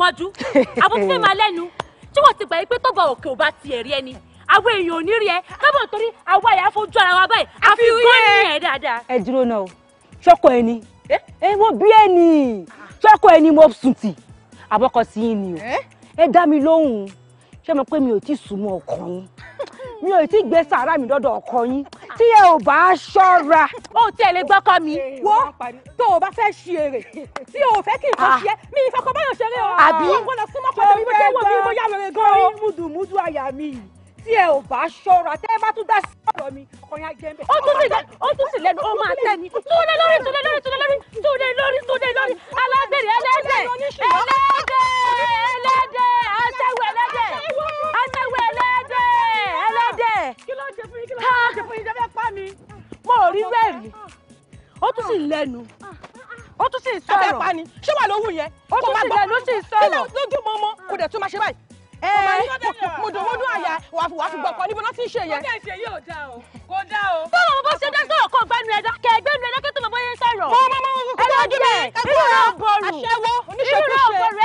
mọ́jú àbúrò fẹ́ máa lẹ́nu tí wọ́n ti gbà yí pé tọ́gbà òkè ò bá tiẹ̀ rí ẹni àwọn èèyàn ò ní rí ẹ kábọ̀ torí àwa yà á ara wa báyìí àfi gbọ́n ní ẹ̀ dáadáa. ẹ dúró náà o ṣọkọ ẹni ẹ wọ́n bí ẹni ṣọkọ ẹni mo sùn tì àbọ̀kọ sí i ni o ẹ dá mi lóhùn ṣé mo pé mi ò tí sùn mọ́ ọkàn yín mi ò tí gbé sàárà mi dọ́dọ̀ ọkọ yín tí ẹ ò bá ṣọ́ra. ó ti ẹ̀ lè gbọ́kọ mi. wo tó o bá fẹ́ ṣe èrè tí o fẹ́ kí n kọ́ ṣe mi ìfọkànbáyọ̀ ṣeré o. àbí tó o fẹ́ gbọ́ tó o fẹ́ gbọ́ mùdùmùdù àyà mi yìí tí ẹ ò bá ṣọ́ra tẹ́ ẹ bá tún dá sí ọ̀rọ̀ mi ọkàn yẹn á jẹ́ ń bẹ̀. ó tún sì lẹ́nu ó tún sì lẹ́nu ó máa tẹ́ ni túnde lórí túnde lórí túnde lórí túnde lórí túnde lórí alágbèrè ẹlẹ́dẹ̀ ẹlẹ́dẹ̀ ẹlẹ́dẹ̀ aṣẹ́wó ẹlẹ́dẹ̀ aṣẹ́wó ẹlẹ́dẹ̀ ẹlẹ́dẹ̀. kí ló ń ṣe fún yín kí ló ń ṣe fún yín jẹ́ pa mi. mo ò rí bẹ́ẹ̀ rí ó tún sì lẹ́nu ó tún sì sọ̀rọ̀ abẹ́pani ṣé wà lówù yẹn kó má gbọ́ ó tún sì lẹ́nu ó sì sọ̀rọ̀ kí lójúmọ́ mọ́ kò dẹ̀ tún máa ṣe báyìí mùdùmùdù àyà wà á fi gbọ̀kọ̀ níbo ló ti ṣe yẹn. ó kẹ́ yóò dá o kò dá o. báwo mo bá ṣe dá sọ̀rọ̀ kó ẹ̀dá kẹ́ ẹ̀dá kí tó mọ̀ bóyá sọ̀rọ̀. mo máa ń kọ́ lójú rẹ̀ inú rẹ̀ ọ̀bọ̀rù aṣẹ́wó oníṣẹ́kùṣe inú rẹ̀ ọ̀bọ̀rù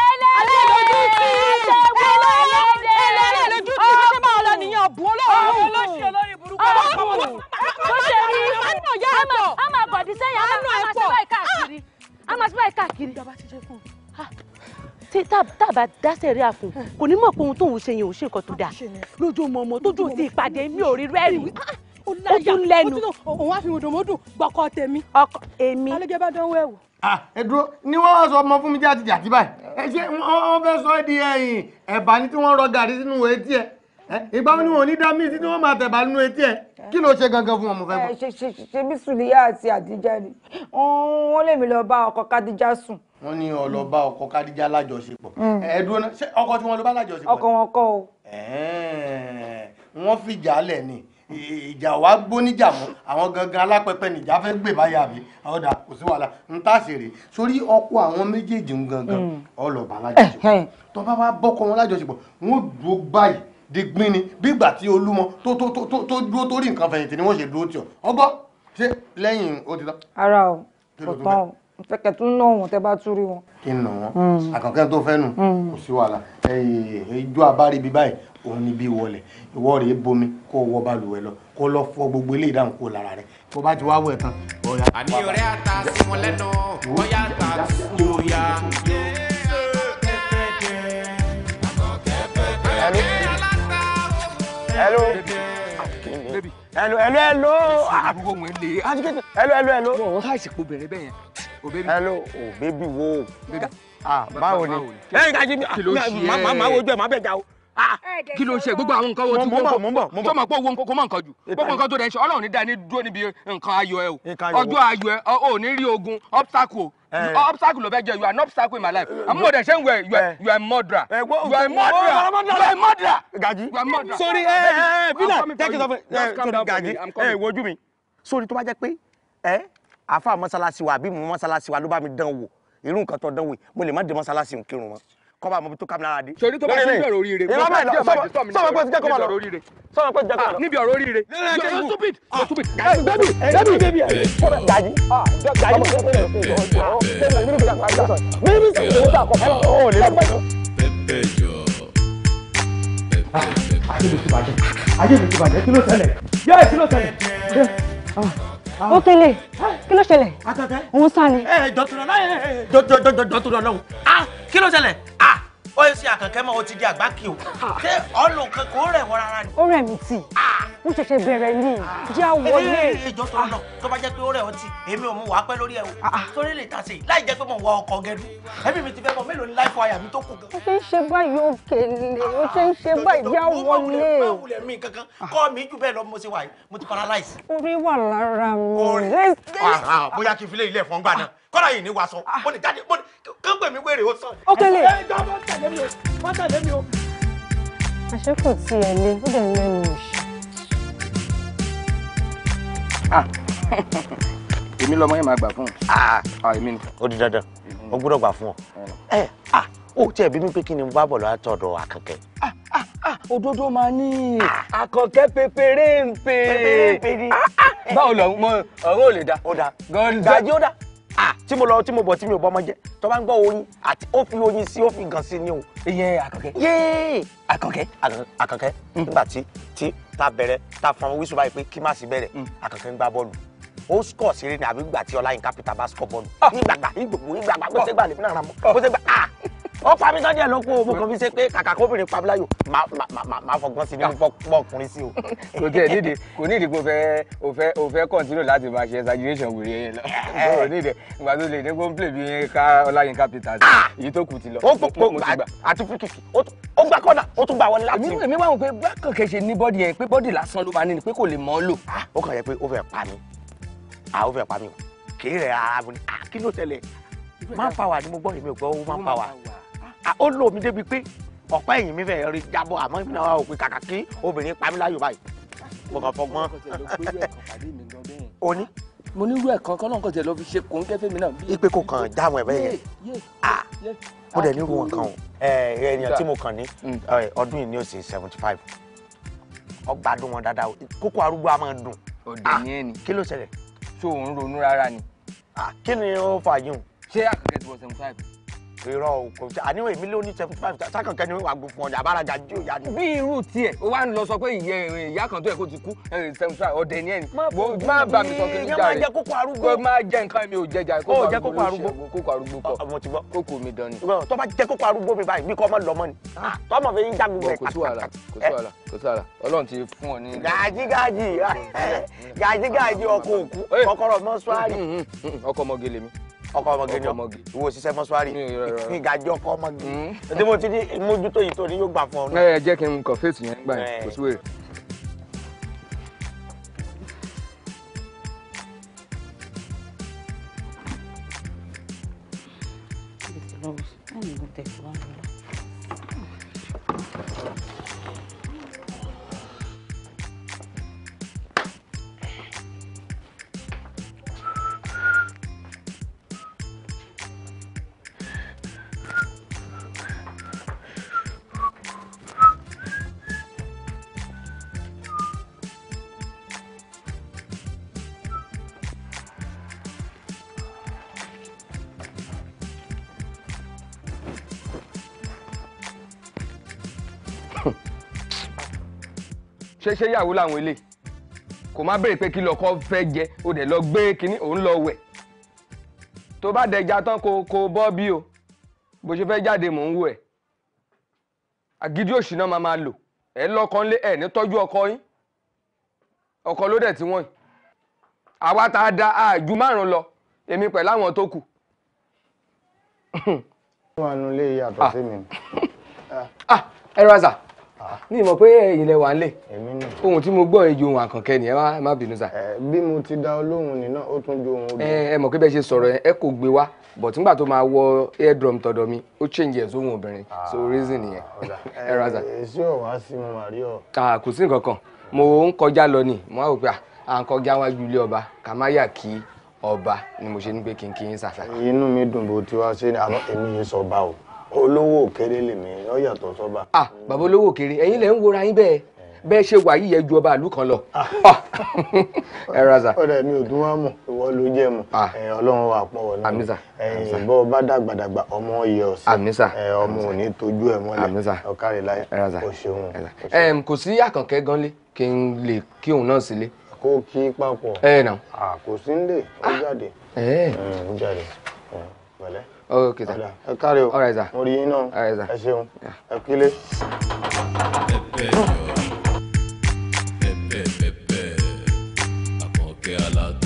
ẹlẹ́ẹ̀lẹ́ lójú tí mo ṣe máa lọ nìyẹn ọ̀bù olóòórùn. olóṣèlú olórí burúkú ọ̀bọ̀rù. bó ṣe rí a máa bọ̀dí ṣé tábà dá sẹ̀ríà fún hmm. kò ní mọ̀ pé ohun tóun ṣe yẹn ò ṣe nǹkan tó dáa lójú ọmọ ọmọ tójú sí ìpàdé mi ò rí rẹ́rìn ah, ó tún lẹ́nu òun á fi mòdòmódò gbọ́kọ tèmi. ọkọ èmi. alẹ́jọ́ bá dánwó ẹ̀wò. Ah, ẹ dúró ni wọ́n sọ ọmọ fún mi jáde jàdí báyìí ẹ ṣe wọ́n fẹ́ sọ ẹ́ di ẹ̀yìn ẹ̀bà ni tí wọ́n rọ gàrí sínú etí ẹ̀ ìgbà wọn ni wọn ò ní dá mísí tí wọn máa tẹ̀bà nínú etí ẹ kí ló ṣe gangan fún ọmọ fẹ́ bọ́. ṣe ṣe ṣe bí sùlíyà àti àdíjà ni wọn lè mi lọ bá ọkọ kádíjà sùn. wọn ní ó lọ bá ọkọ kádíjà lájọṣepọ̀ mm. ẹ dúró náà ṣé ọkọ tí wọn lọ bá lájọṣepọ̀. ọkọ wọn kọ o. wọn fìjà lẹ ni ìjà wa gbó níjà mọ àwọn gangan alápẹpẹ nìjà fẹ́ gbè báyà mi àwọn dà kò sí wàhálà ń tà sèrè sórí ọkọ àwọn méjèèjì ń gangan ó mm. lọ bá bá wá wọn lájọṣepọ̀ wọn dúró báyìí digbin ni bígbà tí olúmọ tó tó tó tó dúró torí nǹkan fẹ̀yìntì ni wọ́n ṣe dúró tì ọ́ ọgbọ́n ṣé lẹ́yìn ó ti tán. ara o kò tán o fẹkẹ tún ná wọn tẹ bá tún rí wọn. kí n nà wọn hmm. àkànkẹ́ tó fẹ́ nù hmm. kò sí wàhálà ijó abárí bíi báyìí òun ni bí wọlé ìwọ rèé bomi kó wọ balùwẹ̀ lọ kó lọ fọ gbogbo ilé ìdáhùn kó lára rẹ tó bá ti wá wẹ̀ tán. àní ọ̀rẹ́ àta wọn lẹ́nu bóyá àta hello hello hello hello ah. ah, hello hello hello. wọ́n ká ìsìnkú bẹ̀rẹ̀ bẹ́ẹ̀ yẹn. Oh, hello o oh, baby wo. ah báwo ni. ẹ ká jí mi máa máa wojú ẹ máa bẹ̀ já o ah. kí ló ṣe gbogbo àwọn nǹkan wo tí wọ́n kó tó mọ̀ pé owó nǹkan kó mọ̀ nǹkan jù gbogbo nǹkan tó rẹ̀ ṣe ọlọ́run ní dání dúró níbi eh, nǹkan ayọ̀ ẹ o ọjọ́ ayọ̀ ẹ o ò ní rí ogun obstacle Eh. obstacle ló fẹ́ jẹ́ you are an obstacle in my life àmọ́ mo dẹ̀ ṣe You are eh. you are a murderer eh, you are a murderer you are a murderer. gaji You sorry ẹ ẹ bila take it off ẹ sorry gaji Hey, ẹ you mean? sorry to my jack pé ẹ àfa mọ́sálásí wa àbí mo mọ́sálásí wa ló bá mi dán wò irú nǹkan tó dán wò mo lè má dé mọ́sálásí n kírun mọ́ kọ́ bá mọ tó kámi lára dé. sori tó bá ṣe ń bẹ̀rẹ̀ oríire. ìyá máa ń lọ sọmọ sọmọ pé ti jẹ́ kó máa lọ sọmọ pé ti jẹ́ kó máa lọ. níbi ọ̀rọ̀ oríire. yóò stupid yóò stupid. dadi dadi dadi dadi dadi mímí sọ̀rọ̀ owó tó àkọ́kọ́ ọ̀hún ní lọ́gbàdo. ayé mi ti bàjẹ́ kí ló ṣẹlẹ̀ yẹ́ kí ló ṣẹlẹ̀. Ah. ó kélé ah. kí ló ṣẹlẹ̀. akẹ́kẹ́ òun sá ni. Eh, dọ̀tún ọlọ́run eh, ah, kí ló ṣẹlẹ̀ ah ó ṣe àkànkẹ́ mọ́ o ti di àgbá kì o ṣé ọ̀lù kan kò rẹ̀ wọ́n rárá ni. ó rẹ̀ mí tì mo ṣẹ̀ṣẹ̀ bẹ̀rẹ̀ ni jẹ́ àwọlé. ẹ ìjọ tó lọ tó bá jẹ́ pé ó rẹ̀ ọtí èmi ò mú wàá pẹ́ lórí ẹ o sórí lè ta sí i láì jẹ́ pé mo wọ ọkọ̀ gẹ́dú ẹbí mi ti fẹ́ mọ̀ mélòó ni láìfọ àyà mi tó kù. ó ṣe ń ṣe báyìí ó kèlè ó ṣe ń ṣe báyìí jẹ́ àwọlé. kọ́ mi jù bẹ́ẹ̀ lọ mo ṣe wà yìí mo ti paralyze. orí wà lára mi. orí bóyá kí n fi lè ilé ẹ̀fọn gbà náà kọ́ra yìí ní wàásọ ah. mo ní jáde mo ní kánpẹ̀ mi wèrè ó sàn. ó kélé. ẹ jọ mọ tẹ̀lé mi o mọ tẹ̀lé mi o. àṣẹ kò tí ẹ lé ó dẹ̀ lẹ́nu òṣì ah. èmi lọmọ yẹn máa gbà fún ọ ah. èmi ni. ó di dandan ó gbọ́dọ̀ gbà fún ọ ẹ eh, ó tiẹ̀ bí mi pé kí ni mo bá bọ̀ látọ̀dọ̀ àkànkẹ́. òdodo máa ní àkànkẹ́ pépéré ń pè é báwo lọ ọ̀run ò lè da gàjí ó da Ah, tí mo lọ tí mo bọ̀ tí mi ò bọ́ ọmọ jẹ́ tó bá ń gbọ́ oyin àti ó fi oyin sí ó fi gàn sí ni o. iye àkànkẹ́. yéé àkànkẹ́ àkànkẹ́ hmm. nígbà tí tí ta bẹ̀rẹ̀ ta fún ọmọ wíṣọ báyìí pé kí má sí bẹ̀rẹ̀ hmm. àkànkẹ́ ń gbá bọ́ọ̀lù ó sọ̀ ṣeré ni àbí gbà tí ọláyínká peter bá sọ̀ bọ́ọ̀lù. nígbàgbà ah! ìgbòho ìgbàgbà ah! bó ṣe gbà lè fi náà ra mọ́ bó ṣe gbà ó pa mí tán díẹ̀ lóko mo kàn fi ṣe pé kàkà kóbìnrin pa mí láyò máa fọgbọ́n sí nínú pọ́ọ̀kùnrin sí o. kò tiẹ̀ nídìí kò nídìí kò fẹ́ o fẹ́ o fẹ́ continue láti máa ṣe exaggeration wèrè yẹn lọ. o nídìí ìgbà tó lè ní kó ń play bí ká ọláyínká peters ah! èyí tó kù ti lọ. ó pò pò àti fúkìkì ó gbá kọ́nà ó tún gbà wọlé láti. èmi èmi wà wọ pé bákan kẹsẹ ní bọ́dì yẹn pé bọ́dì lásán ló máa ní ni pé kò lè mọ́ lò. Ah, ó kàn yẹ pé ó fẹ́ pa mí ah, ó fẹ́ pa mí kì í rẹ̀ ara mi kí ló ṣẹlẹ̀ máa ń pa wà ní mo gbọ́ èmi ò gbọ́ ó máa ń pa wà ó lò mí débi pé ọ̀pá ẹ̀yìn mi fẹ́ rí jábọ̀ àmọ́ ìpínlẹ̀ wa ò pé kàkà kí obìnrin pa mí láyò báyìí mo kàn fọgbọ́n. òní. mo ní irú ẹ̀ kan kọ́nà kọ̀tẹ̀ lọ fi ṣe kò ń kẹ́fẹ́ mi náà. ipe kò kàn dáhùn ẹ̀ bẹ́ẹ̀ yẹn mo dẹ̀ ní irú wọn kan o ènìyàn tí mo kàn ní mm. ọdún yìí ní òsè seventy five ọgbàdùn wọn dáadáa o kókó arúgbó a máa dùn. òde ní ẹ ni kí ló ṣẹlẹ̀. ṣé òun ronú rárá ni. kí ni ó fà yín o. ṣé àkàkẹ́ ti wọ seventy five irọ́ òkò àníwò èmi ló ní seventy five sákànkẹ́ ni wàá gbogbo ọ̀dà abáraga jí òyà ni. bí irú tiẹ̀ ó wá ń lọ sọ pé ìyẹn ìyá kan tó yẹ kó ti kú seventy five ọ̀dẹ̀ ni ẹni. má bà mí sọ kí n jà rẹ̀ máa jẹ kókó arúgbó. máa jẹ nǹkan mi ò jẹjà kókó arúgbó kókó arúgbó kọ ọmọ ti gbọ́ kókó mi dán ni. tó bá jẹ kókó arúgbó mi báyìí bí kò ọmọ lọmọ ni ah. ah, tọmọ fi ń já gbogbo ẹ. kò sí wàhálà kò sí wàhálà kò sí wàhálà Ọlọ́run ti fún ọ ní. gàjígàjì gàjígàjì ọkọ òkú kọ́kọ́rọ́ mọ ọkọ ọmọge ni ọ ìwọ òṣìṣẹ́ mọ́ṣúárì ìgàjọ ọkọ ọmọge ẹtí hmm. mo ti ní mójútó yìí tó ní yóò gbà fún ọ. ẹ jẹ́ kí n kàn fèsì yẹn nígbà yẹn eh. kò sí wèrè. Rose, I'm going to take one. pé ṣé ìyàwó làwọn eléyìí kò má béèrè pé kí lọkọ fẹ́ jẹ o dẹ̀ lọ gbé kínní òun lọ wẹ̀ tó bá dẹja tán kó kó bọ́ bí o bó ṣe fẹ́ jáde mò ń wò ẹ̀ àgídí òṣì náà máa máa lò ẹ̀ lọ́kàn lé ẹ̀ ní tọ́jú ọkọ yín ọkọ ló dẹ̀ tí wọ́n yìí àwa tá a da àjù márùn lọ èmi pẹ̀lú àwọn tó kù. wọ́n á nu ilé yàtọ̀ ah. sí mi. Ah, ẹ rọ́ọ̀sà ní ìmọ̀ pé ẹ̀yin lẹ wà ń lè ohun tí mo gbọ́ èjò ohun àkànkẹ́ ni ẹ má bínú sà. bí mo ti da olóhùn nínú ó tún ju ohun ojú. ẹ mọ̀ pé bẹ́ẹ̀ ṣe sọ̀rọ̀ ẹ kò gbé wá but nígbà tó máa wọ eardrum tọ̀dọ̀ mi ó change ẹ̀ sóhun obìnrin ah, so reason nìyẹn ẹ ra sà. èsì ò wá sí mo mà rí ọ. kò sí nǹkan kan mo ń kọjá lọ ni mo á rò pé à ń kọjá wájú ilé ọba ká má yà kí ọba ni mo ṣe ní pé kí n inú mi dùn bó ti wá ṣe ni àmọ́ èmi yìí sọ bá o olówó òkèrè lèmi ó yàtọ̀ sọ́ba. ah bàbá olówó òkèrè ẹ̀yin lẹ ń wora yín bẹ́ẹ̀ eh. bẹ́ẹ̀ ṣe wà yíyẹ ju ọba àlù kan lọ. Ah. Ah. ẹ raza. ọ̀rẹ́ mi ò dún wá mọ̀ ìwọ ló jẹ́ mọ̀ ah. eh, ọlọ́run wà pọ̀ wọ̀ náà eh, bọ́ ọba dàgbàdàgbà ọmọ iye ọ̀sán ọmọ òní tójú ẹ̀ mọ́lẹ̀ ọ̀kárẹ̀ láyé o ṣeun. kò sí àkànkẹ́ gan lé kí n lè kí òun náà sílé. kó kí papọ̀ kò sí ń lè ó jáde ó Oh, ok sir ẹ káre o ọ̀rẹ́ sà orí yín náà ẹ ṣeun ẹ kílé. ẹ̀bẹ̀ yọ ẹ̀bẹ̀ bẹ̀bẹ̀ àkànkẹ́ aláàtọ̀.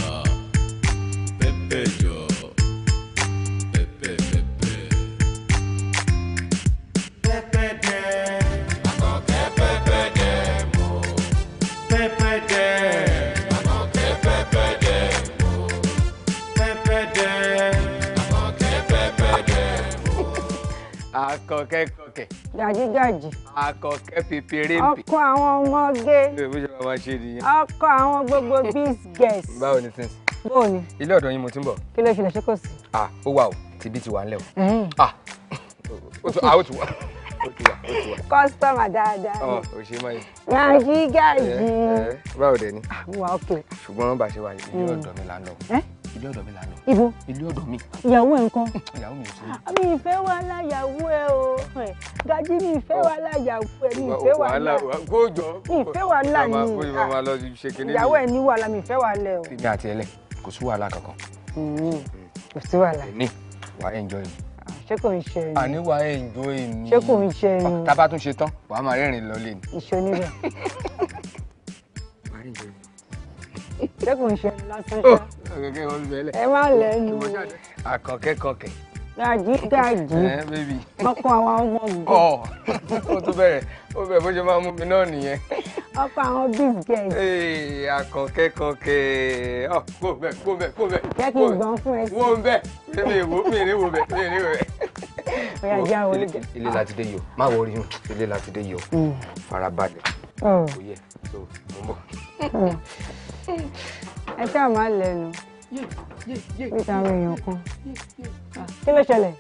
akọkẹ kọkẹ. gàjígàjì. akọkẹ pèpèrè mpè. ọkọ àwọn ọmọge. bó ṣe máa ṣe nìyẹn. ọkọ àwọn gbogbo biz girls. báwo ni sins. báwo ni. ilé ọ̀dọ̀ yín mo ti ń bọ̀. kí ló ṣẹlẹ̀ ṣé kò sí. ah ó wà o tìbí ti wà ńlẹ̀ o. ah ó tún àwọn ó tún wà kọ́sítọ́mà dáadáa. ọ ò ṣe máa yẹ. gàjígàjì. báwo dẹ ni. Ah, wà ókè. ṣùgbọ́n bá ṣe wà yìí mm. ọ̀dọ̀ mi là ilé ọ̀dọ̀ mi là ń lọ. ibo ilé ọ̀dọ̀ mi. ìyàwó ẹ̀ nǹkan. ìyàwó mi ò sí. mi ìfẹ́ wa láyàwó ẹ o gají mi ìfẹ́ wa láyàwó ẹ mi ìfẹ́ wa lá. kó jọ ìfẹ́ wa lá ni ìyàwó ẹ ní wàhálà mi ìfẹ́ wa lẹ o. ìgbà àti ẹlẹ kò sí wàhálà kankan. kò sí wàhálà. ní wàá enjoy mi ṣé kò ń ṣe ẹni. àní wàá enjoy mi. ṣé kò ń ṣe ẹni. tá a tún ṣe tán wàá máa rẹ́rìn lọ lé ni. ìṣonírẹ̀. wàá sẹ́kùn ṣe lásán oh, ṣá. ọ̀kẹ́kẹ́ wọn bẹ̀lẹ̀. ẹ má lẹ́nu. Oh, àkọ́kẹ́ kọkẹ́. dàjí dàjí. ẹ bébì. ọkọ àwọn ọmọ mi. ọ oh, ó tún bẹ̀rẹ̀ ó bẹ̀rẹ̀ bó ṣe máa mú mi náà nìyẹn. ọkọ àwọn big girls. àkọ́kẹ́ kọkẹ́ kó bẹ̀ kó bẹ̀ kó bẹ̀. jẹ́ kí n gbọ́n fún ẹ sí. wo bẹ̀ mi ì wo bẹ̀ ilé láti dé yọ má wọrí yún ilé láti dé yọ hmm. farabalẹ̀. Hmm. ó yẹ so mo ń ẹ tí a máa lẹ́nu bí táwọn èèyàn kan ah. kí ló ṣẹlẹ̀.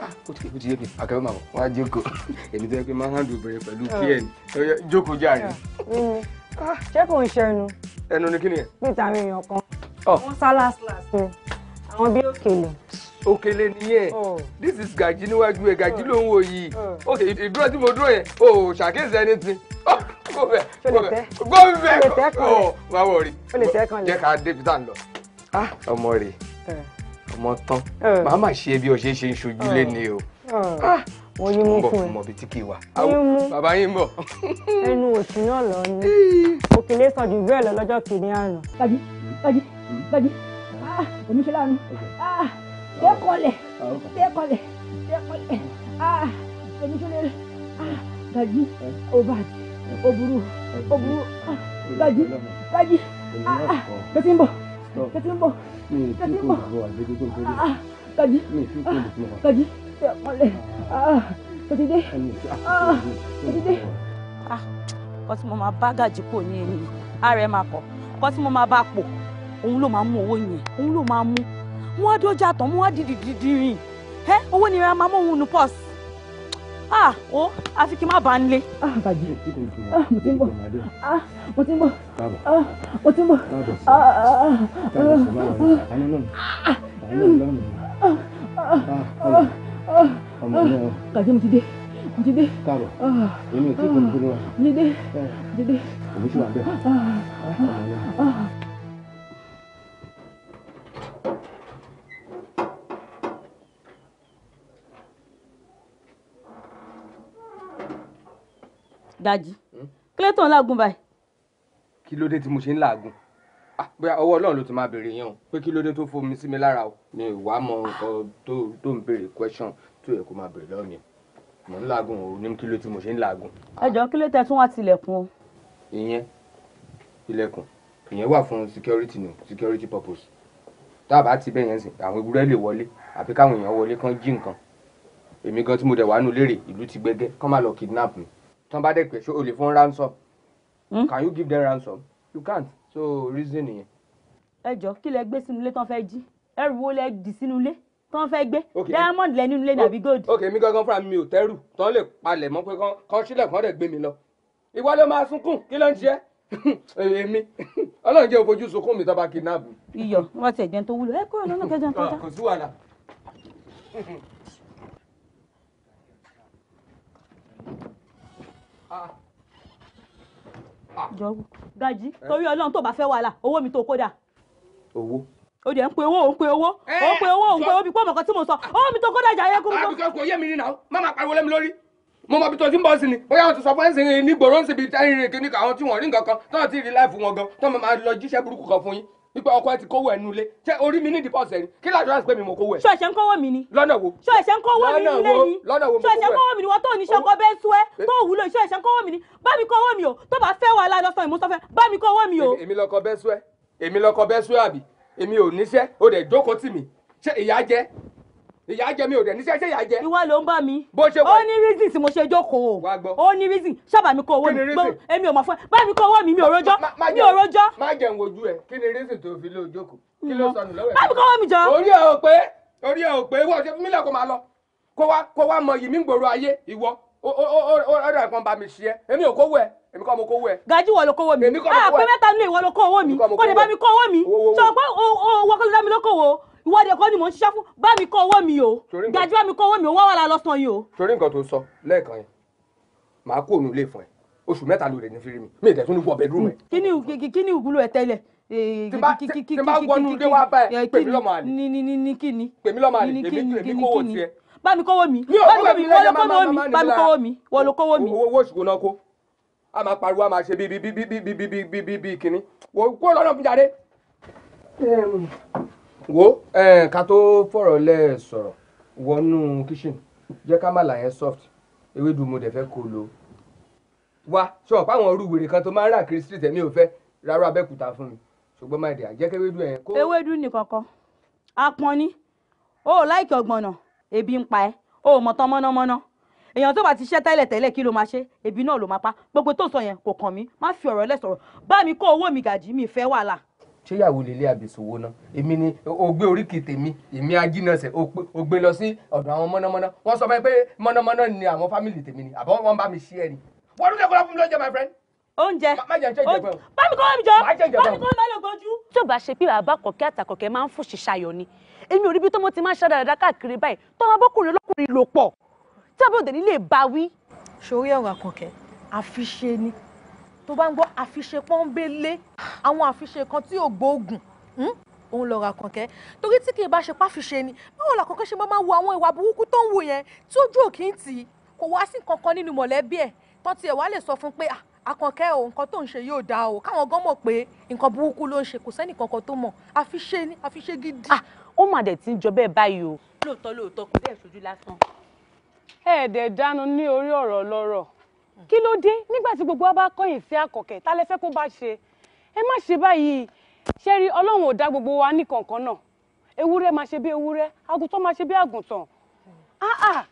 ó ah, ti yé mi àkàrà màmá wọn á jókòó èmi tó yẹ pé máa ń hàndù obìnrin pẹ̀lú pn ah. jókòó járe. ṣé kò ń ṣẹnu. ẹnu ni kí ni ẹ. bí táwọn èèyàn kan. Oh. wọ́n sá àwọn bí òkèlè òkèlè nìyẹn oh. this is gàjí níwájú ẹ gàjí oh. ló ń wò yìí oh. ok ìdúró tí mo dúró yẹn o ò ṣàkíyèsí ẹni tí kò bẹ kò bẹ kò bẹ ọ wà wọ rí jẹ ká débi tá à ń lọ ah. ọmọ rẹ̀ eh. ọmọ tán eh. màá má ṣe bí ọṣẹ ṣe ń ṣojú lé ni o eh. Ah. wọ́n yín mú fún ẹ mọ̀ bí tí kì í wà. yín mú bàbá yín bọ̀. ẹnu òsì náà lọ ni òkèlè sàn jù bẹ́ẹ̀ lọ lọ́jọ́ kìíní àná. bàjí bàjí bàjí oníṣẹ́ láàánú. Ah. Décolle. Décolle. Décolle. Ah, èmi tún lè rí. Ah, Gaji. O Baji. O buru. O buru. Gaji. Gaji. Ah, ah. Tètè ń bọ̀. Tètè ń bọ̀. Tètè ń bọ̀. Ah, Gaji. Ah, Gaji. Décolle. Ah, tètè dé. Eh, ah, tètè dé. Ah, kọ́ tí mo máa bá Gaji kò ní ẹni. Ara ẹ̀ máa kọ̀. Kọ́ tí mo máa bá pò. Òun ló máa mú owó yẹn. Òun ló máa mú wọ́n á dójà tán wọ́n á dìdì dìdì rìn ẹ́ owó ni ra máa mú òun nu pọ́s ah o àfi kí n má bàa ń lé. Ah, bàjẹ́ ah, mo ti ń bọ̀ ah, mo ti ń bọ̀ mo ti ń bọ̀. bàjẹ́ mo ti dé mo ti dé. káàbọ̀ èmi ò tí ì kún un kúrò wa. mo ti dé eh. mo ti dé. òun ṣì wà bẹ́ẹ̀. Dàjí kí ló tó ń làágùn báyìí. kí ló dé tí mo ṣe ń làágùn ah, bóyá ọwọ́ ọlọ́run ló ti máa béèrè yẹn o pé kí ló dé tó fomi sí mi lára o mi wá mọ nǹkan tó ń béèrè question tó yẹ kó máa béèrè lọ́wọ́ mi mò ń làágùn o ní kí ló tí mo ṣe ń làágùn. ẹ jọ kí ló tẹ tún wá tilẹ̀kùn o. ìyẹn ilẹ̀kùn ìyẹn wà fún security ni security purpose tá a bá ti bẹ́ẹ̀ yẹn sìn àwọn ewúrẹ́ lè wọlé àbí káwọn èèyàn wọlé kán jí nǹkan èmi gan tí mo dẹ̀ wà nù lérè ìlú ti gbẹ́gẹ́ kán má lọ kidnap mi tán bá dẹ̀ pé ṣé o lè fún ransom hmm? can you give them ransom you can't so reason nìyẹn. ẹ jọ kí lẹ gbé sínú ilé tán fẹ́ jí ẹrù wo lẹ dì sínú ilé tán fẹ́ gbé diamond lẹ nínú ilé nàbí gold. ok mi gangan fúnra mi ò tẹ́rù tán lè palẹ̀ mọ́ pé kan sílẹ̀ kan dẹ̀ gbé mi lọ ìwọ ló máa sunkún kí ló ń ṣe èmi ọlọ́run jẹ́ òfojú sunkún mi tó bá kidnap. iyọ̀ wọ́n ti ẹ̀jẹ̀ tó wúlò ẹ kúrò lọ́nà kẹjọ nǹkan ah, kò sí wàhálà. jọ̀wọ́ gají torí Ọlọ́run tó bá fẹ́ wàhálà owó mi tó kódà. owó. o dẹ̀ ń pe owó o ń pe owó o ń pe owó o ń pe owó bí pọ́ọ̀mù kan tí mo sọ owó mi tó kódà jà yẹ kó. àbíkẹ́ kò yé mi nínú àwọn má máa pariwo lẹ́mi lórí mo mọ ibi tó ti ń bọ̀ sí ni bóyá wọn ti sọ fún ẹ̀sìn ní gbòòrò ń ṣe ibi táyìn rìn kíní kan àwọn tí wọ́n rí nǹkan kan tó ti rí láìfù wọn gan tó máa lọ jíṣẹ́ burúkú kan fún yín ipa ọkọ ẹ ti kówó ẹ nulẹ ṣé orí mi ní dìpọ́sì ẹ ni kí láti ránṣẹ́ pé mi mo kówó ẹ. ṣọ ẹ̀ṣẹ̀ ń kówó mi ni. lọ́nà wo. ṣọ ẹ̀ṣẹ̀ ń kówó mi nílé ni. lọ́nà wo mo kówó ẹ. ṣọ ẹ̀ṣẹ̀ ń kówó mi ni wọ́n tó ní ṣọkọ bẹ́ẹ̀ sú ẹ tó wúlò ṣọ ẹ̀ṣẹ̀ ń kówó mi ni bá mi kówó mi o tó bá fẹ́ wàhálà lọ́sàn ìmúṣọ́fẹ́ bá mi kówó mi o. èmi lọkọ bẹ́ẹ̀ sú ẹ èmi lọkọ bẹ́ẹ̀ sú ẹ àbí èmi ò níṣẹ́ ìyá jẹ mi ò dẹ̀ níṣẹ́ ṣé ìyá jẹ. ìwọ ló ń bá mi. bó ṣe wà ó ní reason tí mo ṣe jókòó. wá ó ní reason ṣábà mi kó owó mi gbọ́ èmi ò mọ̀ fún ẹ bá mi kó owó mi mi ò rojọ́ mi ò rojọ́. má jẹun wojú ẹ kí ni reason tó fi lóò jókòó kí ló sọnù lọ́wọ́ ẹ. bá mi kó owó mi jọ. orí ẹ ò pé orí ẹ ò pé wọ́n ṣe mílẹ̀ kó máa lọ kó wá kó wá mọ yìí mi ń gbòòrò ayé ìwọ ọ̀rọ̀ ẹ̀kan èmi kọ́ mo kówó ẹ. gaji wọ ló kówó mi. èmi kọ́ mo kówó ah, ẹ. àpẹ mẹ́ta nílé ìwọ ló kó mi kò lè bá mi kó mi sọ pé owó kọ́lé dá mi lókòwò ìwọ́de kọ́ ni mò ń ṣiṣẹ́ fún bá mi kó owó mi o gàjú bá mi kó owó mi o wọ́n wà lá lọ́sàn yìí o. torí nǹkan tó sọ lẹ́ẹ̀kan yẹn màá kó òun lè fún ẹ oṣù mẹ́ta ló rè ní fírí mi mi ìtẹ̀tún ní wọ bẹ́ẹ̀dúrúmù ẹ. kí ni ìwúlò ẹ tẹ́lẹ̀ tí bá wọnú dé wá bá ẹ pèmí lọ́mọ àlè pèmí lọ́mọ àlè èmi kówó tiẹ̀. bá mi kówó mi bá mi kówó mi wọ́n ló kówó mi bá mi kówó mi wọ́n ló kówó mi. owó oṣù kò náà kó a máa pariwo a máa ṣe bíi bíi bíi bíi bíi bíi bíi kínní wò ó kó lọ́nà fún jáde wo ká tó fọ̀rọ̀ lẹ̀ sọ̀rọ̀ wọnú kíṣìn jẹ́ ká má là yẹn soft ewédú mo dẹ̀ fẹ́ kó lo wa ṣe ọ̀pá àwọn orú wèrè kan tó máa ń rà kiri street ẹ̀mí ò fẹ́ rárá abẹ́kúta fún mi ṣùgbọ́n má dẹ̀ àjẹ́ kéwédú ẹ̀ kó. ewédú nìkan apọn ni o ò láìkí ọgbọ̀nà ebi ń pa ẹ́ o ò mọ̀tán mọ́nàmọ́ná èèyàn tó bá ti ṣẹ́ tẹ́lẹ̀ tẹ́lẹ̀ kí ló máa ṣe ebi náà ló máa pa gbogbo tó sọ yẹn kò kàn mí má fi ọ̀rọ̀ lẹ̀ sọ̀rọ̀ bá mi kó owó mi gàjí mi fẹ́ wàhálà ṣé ìyàwó lè lé àbẹ̀sòwò náà èmi ni o gbé oríkì tèmi èmi ajínàṣẹ o gbé lọ sí ọ̀dọ̀ àwọn mọ̀nàmọ́ná wọ́n sọ pé mọ̀nàmọ́ná ni àwọn fámìlì tèmi ni àbọ̀ wọ́n bá mi ṣí ẹ ni. wọ́n tún fún mi lóúnjẹ my friend. oúnjẹ bámi kọ́ mi jọ bámi kọ́ mi lọ gbọ́jú. tí ò bá ṣe pé bàbá kọ̀kẹ́ àtàkọ̀kẹ́ máa ń fò ṣìṣàyọ̀ ni èmi ò rí bí tọ́mọ ti máa ń ṣàdàdà káàkiri báyìí tọ́mọ bọ́kùnrin lọ́kùnrin lò pọ̀ tí àbọ̀dẹ̀ nílé bá wí. ṣòwò ọ̀rọ̀ àkànkẹ́ àfiṣe ni tó bá ń gbọ́ àfiṣe pọ́ńbélé àwọn àfiṣe kan tí ò gbóògùn hmm, òun lọ ra kànkẹ́ torí tí kì í bá ṣe páfiṣe ni báwo la kànkẹ́ ṣe máa máa wo àwọn ìwà burúkú tó ń wò yẹn tí ojú òkè ń tì í kò wá sí kankan nínú mọ̀lẹ́bí ẹ̀ tán tiẹ̀ wá lè sọ fún pé àkànkẹ́ o nǹkan tó ń ṣe yóò dáa o káwọn gan mọ̀ pé nǹkan burúkú ló ń ṣe kò sẹ́nì kankan tó mọ̀ àfiṣe ni àfiṣe gidi. ó mà dẹ̀ ti ń jọ bẹ́ẹ̀ báyìí o. lóòótọ́ lóòótọ́ kò dẹ́ ṣojú lásán. ẹ̀ẹ́dẹ̀ dánu ní orí ọ̀rọ̀ lọ́rọ̀ kí ló dé nígbà tí gbogbo wa bá kọ̀yìn sí àkọ̀kẹ́ ta lẹ fẹ́ kó bá ṣe ẹ má ṣe báyìí ṣé rí ọlọ́run ò dá gbogbo wa ní kankan náà ewúrẹ́ máa ṣe bí ewúrẹ́ àgùntàn máa ṣe bí àgùntàn.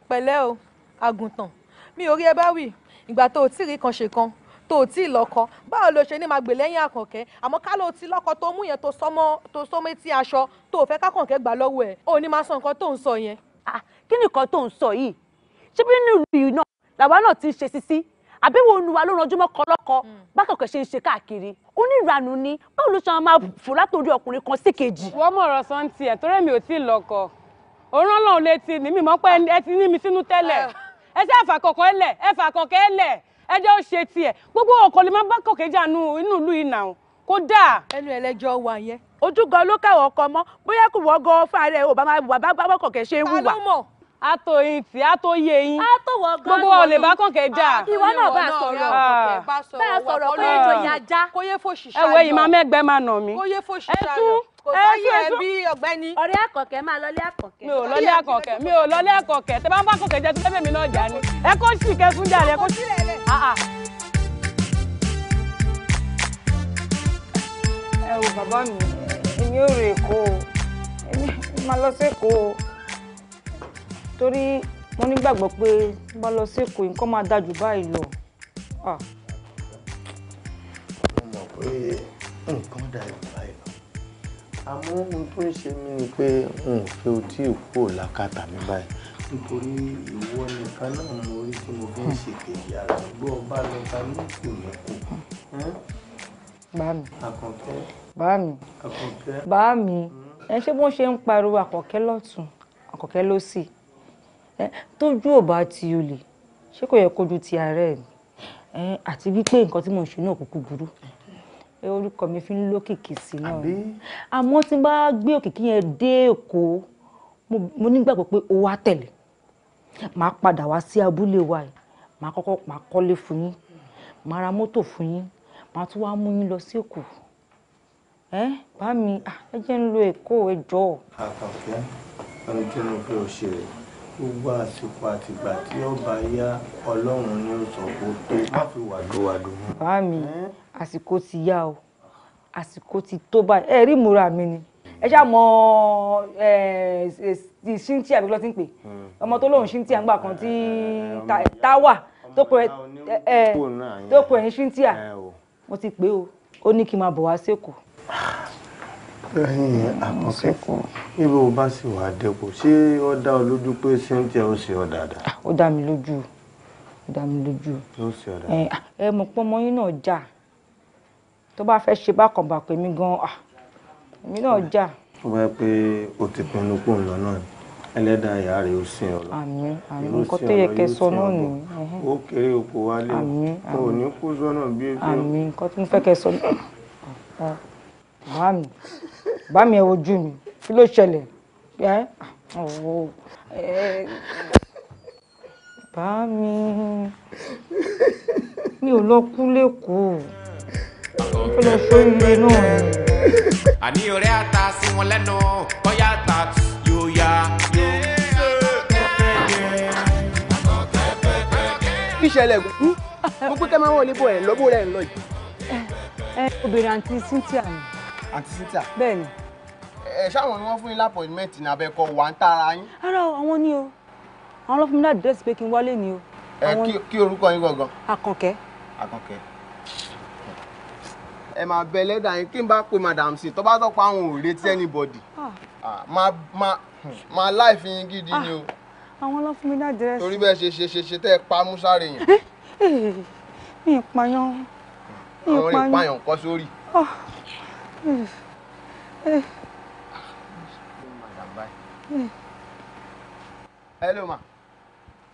pẹ̀lẹ́ o àgùntàn mi ò rí ẹ bá wì ìgbà tó o tí rí kan ṣe kan tó o tí ì lọ́kọ báwo lo ṣe ní máa gbè lẹ́yìn àkànkẹ́ àmọ́ ká ló ti lọ́kọ tó mú yẹn tó sọmọ tó sọmọ etí aṣọ tó o fẹ́ kákànkẹ́ gbà lọ́wọ́ ẹ̀ ò ní máa sọ nǹkan tó ń sọ yẹn. kí ni nǹkan tó ń sọ yìí ṣé bí nínú ìlú náà làwa náà ti ṣe sisi àbẹ̀wò olùwà ló ranjúmọ́ kọlọ́kọ hmm. bákọ̀kọ̀ ṣe ń ṣe káàkiri onírànù ni báwo ló ṣe máa fò látòrí ọkùnrin kan sí kejì. wọ́n mọ̀ ọ̀rọ̀ sàn tiẹ̀ torí mi ò tí ì lọ́kọ òun ọlọ́run létí ni mi mọ̀ pé ẹ ti ní mi sínú tẹ́lẹ̀ ah. ẹ ṣe àfàkọ̀kọ̀ ẹ lẹ̀ ẹ fàkọ̀kọ̀ ẹ lẹ̀ ẹ jẹ́ ó ṣe tiẹ̀ gbogbo ọkọ̀ lè má bá kọ̀kẹ́ jánu inú ìlú yìí nà kódà. ẹnu ẹlẹ́jọ́ wà yẹn. ojú gan ló káwọ ọkọ mọ bóyá kò wọ gan fún ara ò bá máa wà bá kọ̀kẹ́ ṣe ń wùwà. ta ló mọ̀ a tó yin tí a tó yé yín gbogbo wa ò lè bá kànkẹ́ jà. Ah, ìwọ náà bá sọ̀rọ̀ bá sọ̀rọ̀ pé ètò ìyá já. ẹwẹ́ yìí máa mẹ́gbẹ́ máa nà mí. ẹtún ẹtún bí ọ̀gbẹ́ni. ọ̀rẹ́ àkànkẹ́ máa lọlé àkànkẹ́. mi ò lọlé àkànkẹ́ mi ò lọlé àkànkẹ́ tẹ bá ń bá kànkẹ́ jẹ tó fẹ́ mi náà jà ni. ẹ kó sì kẹfún jàre ẹ kó sì. Ah, ah. ẹ wo bàbá mi èmi ò rè kó o èmi máa lọ sí Èkó o torí mo nígbàgbọ́ pé bá lọ sí èkó nǹkan máa dájú báyìí lọ. mo mọ̀ pé nǹkan dájú báyìí lọ àmọ́ ohun tó ń ṣe mí ni pé n ò fẹ́ o tí ì kúrò lákàtà mi báyìí nítorí ìwọ nìkan náà mo rí tí mo fi ń ṣèkèjì ara gbọ́ ọba lọ́ta ní ìpínlẹ̀ èkó. báàmì àkànkẹ́. báàmì àkànkẹ́. báàmì ẹ ṣé bó ṣe ń pariwo àkànkẹ́ lọ́tún àkànkẹ́ lósì tójú ò bá ti olè ṣé kò yẹ kójú ti ààrẹ mi àti wípé nǹkan tí mò ń ṣe náà kúkú burú orúkọ mi fi ń lókìkí sí náà àmọ́ tí n bá gbé òkìkí yẹn dé èkó mo nígbàgbọ́ pé ó wá tẹ̀lé màá padà wá sí abúlé wa yìí màá kọ́kọ́ màá kọ́lé fún yín màá ra mọ́tò fún yín màá tún wá mú yín lọ sí èkó bá mi ẹ jẹ́ ń lo èkó ẹ jọ̀ọ́. àkànfẹ́ ẹni tí mo fẹ́ ọ ṣe rẹ̀ gbogbo àsìkò àtìgbà tí ọba yá ọlọ́run ní òṣòfò tó má fi wàdúwàdù. bá mi àsìkò ti yá o àsìkò ti tó báyìí ẹ rí ìmúra mi ni ẹ ṣáà mọ ti cynthia bí wọ́n ti ń pè hmm. ọmọ tó lóun cynthia ńgbà kan tí eh, táwà tó pè ní cynthia eh, mo ti pè o ó ní kí n máa bọ̀ wá sí èkó. Ah lẹ́yìn àkọsíkò. níbo bá sì wà dẹ́kù ṣé ó dá ọ lójú pé cynthia ó ṣe ọ dáadáa. Ah, ó dá mi lójú ó dá mi lójú. ó ṣe ọ dáadáa. Ah, ẹ mọ̀ pé ọmọ yín náà jà tó bá fẹ́ ṣe bákan bá pè mí gan-an ah, èmi náà jà. ó bá yẹ pé o ti pinnu kó ń lọ náà ni ẹlẹ́dàá ìyá rẹ̀ ó sìn ọ̀rọ̀ àmín àmín nǹkan tó yẹ kẹ́ sọ náà nì ó kéré oko wálé àmín àmín ò ní kó sọ́nà bí ebi àmín nǹkan tó ń fẹ́ kẹ́ sọ náà bá mi ẹ wojú mi kí ló ṣẹlẹ̀ ẹ ọwọ́ ẹ bá mi mi ò lọ kú lẹ́kọ̀ọ́ kí lọ sọ ilé náà ni. àní ọ̀rẹ́ ata sí wọn lẹ́nu bóyá ata yóò yá yóò. kí ṣẹlẹ̀ gùn mo pé kẹ́ máa wọlé bọ̀ ẹ̀ lọ́bù rẹ̀ ń lọ yìí. obìnrin àǹtí Cynthia ni àǹtí Cynthia. bẹ́ẹ̀ni. ẹ ṣáwọn ni wọn fún yín lápọ̀ìmẹ́ǹtì ní abẹ́kọ̀ wà ń tara yín. ara àwọn ni o àwọn lọ́fún mi láti dẹ́sí pé kí n wálé ni o. ẹ kí orúkọ yín gangan. àkànkẹ́. àkànkẹ́. ẹ máa bẹ lẹ́dà yín kí n bá pe madam sí tó bá tọ́ pa àwọn ò retí ah. anybody. Ah. Ah, máa láìfi yín gidi ni o. àwọn lọ́fún mi láti dẹ́sí. torí bẹ́ẹ̀ ṣe ṣe ṣe ṣe tẹ́ ẹ pa musa rèèyàn. Eh, mi ì payán. mi ì payán. àwọn ìpayàn kọ sórí. hello ma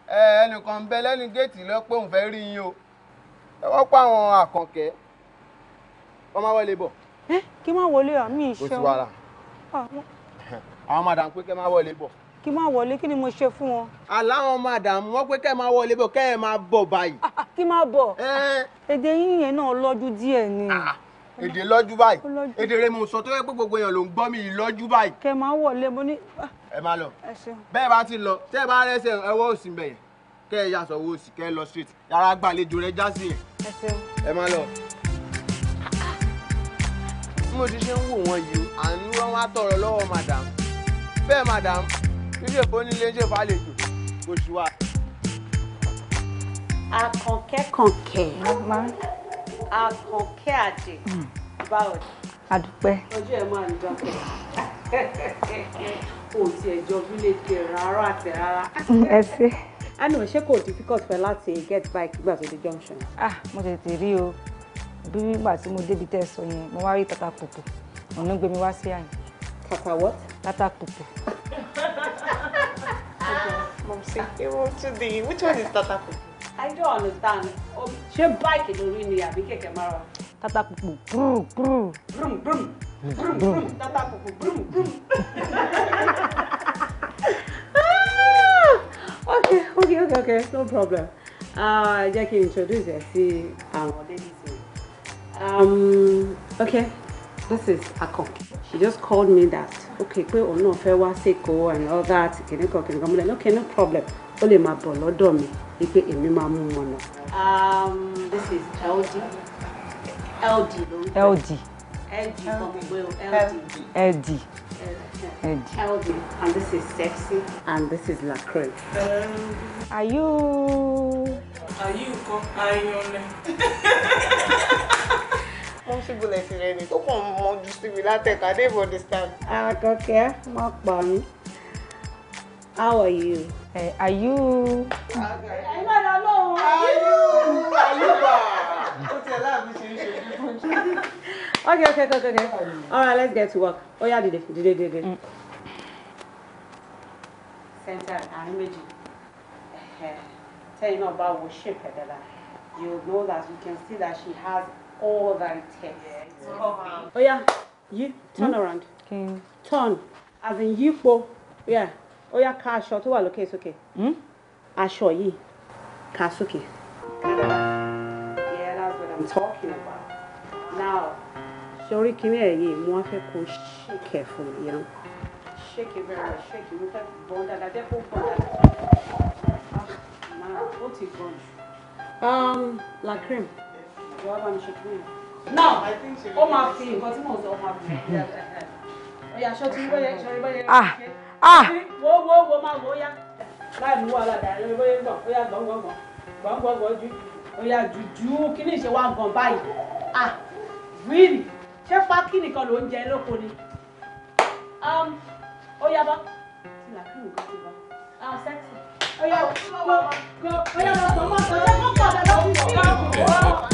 ẹ eh, ẹnìkan bẹ lẹ́nu géètì lọ pé òun fẹ́ rí o ẹ wọ́n pa àwọn àkànkẹ́ wọ́n máa ẹ eh, kí n má wọlé ah, madam kí n má wọlé kí ni mo ṣe madam wọ́n pé kẹ́ máa wọlé bọ̀ kẹ́ ẹ ah, ah, kí n má èdè lọ́jú báyìí èdè rẹ̀ mo sọ tó yẹ pé gbogbo èèyàn ló ń gbọ́ mi yìí lọ́jú báyìí. kẹ máa wọlé mo ní. Ah, ẹ máa lọ bẹ́ẹ̀ bá ti lọ tẹ́ ẹ bá rẹ́sẹ̀ ẹwọ́ òsì bẹ̀yẹn kẹ́ ẹ yàtọ̀ owó òsì kẹ́ ẹ lọ street yàrá gbàlejò rẹ já sí yẹn. ẹ máa lọ. bí mo ti ṣe ń wò wọ́n yìí àánú wọn wá tọrọ lọ́wọ́ madam bẹ́ẹ̀ madam ilé ìfowónílé ń ṣe fàlejò kò sí wa. akànkẹ́ kànkẹ́. Àkànkẹ́ Àdè báwo ni. adúpẹ́. ọjọ́ ẹ̀ máa ń dọ́kẹ́ kò tiẹ̀ jọ fílẹ̀jì rárá àti rárá. ẹ ṣe. a nù ṣé kò difficult fẹ́ láti get bike nígbà tó dé junction. ah mo tètè rí o bí nígbà tí mo débi tẹ́ sọ yẹn mo wá rí tata pòpò òun ló gbé mi wá sí àyìn. tata what. tata pòpò. Mom, see, which one is tata pòpò? I don't understand. Oh, ṣé báìkì lórí ni àbí kẹ̀kẹ́ márùn? Tata pupu brum brum. Brum brum. Brum brum. Tata pupu brum brum. Ah! Okay, okay, okay, okay, no problem. Ah, jẹ́ kí n introduce ẹ sí àwọn ladies. Um, okay this is akon she just called me that okay pé òun náà fẹ́ wá sèkó and all that kìnnìkan kìnnìkan mo lẹ́nu okay no problem ó lè máa bọ̀ lọ́dọ̀ mi ni pé èmi máa mú wọn lọ. Um, this is ld ld ld ld kọ́mọ̀gbé o ld ld ld ld and this is sexy and this is lacroix. Um, are you. are you kan mo ń ṣubú ni tó kàn mọ ju síbi látẹ̀ka dé ìbò understand. akọkẹ mo pọ ní how are you. ẹ are you. lọ lóhùn. are you are you ba. láàbí ṣe ń ṣe ojú okay okay okay okay all right let's get to work oya dìde dìde dìde. Mm. center àárín méjì tẹ́yìn náà bá wo shape ẹ̀ dáadáa you know that you can see that she has all thy tests. Oh yeah, you turn hmm? around. Okay. Turn, as in you yípo. Yeah. Oh yeah, ká aṣọ tó okay, it's okay. Hmm? Aṣọ yìí. Ká sókè. Yeah, that's what I'm talking about. Now, sorry, kini ẹ e yìí mo wá fẹ́ shake ẹ fún you know. Shake it very well, shake it. Mo fẹ́ bọ́n dáadáa, jẹ́ kó bọ́n dáadáa. Ah, máa ó ti bọ́n Um, La cream now ó máa fi nǹkan tí mò ń sọ ó máa fi ọyà aṣọ tí wọ́n yẹ ṣe ọyẹ bọ́yẹ ṣe wo wo wo máa wo ya láì mú wàhálà dà ẹ̀rọ bọ́yẹ gbọ̀n ó yà gbọ̀ngbọ̀ngbọ̀n gbọ̀ngbọ̀ngbọ̀n ju ó yà jùjú kí ni ìṣe wa gan báyìí ah really ṣé pákí nìkan ló ń jẹ lóko ni ó yá bá ti là kí nìkan ti bá ah sexy ó yá go go ó yá lọ sọ mọ́ sọ yẹ kó pọ̀ dáadáa kú kọ́.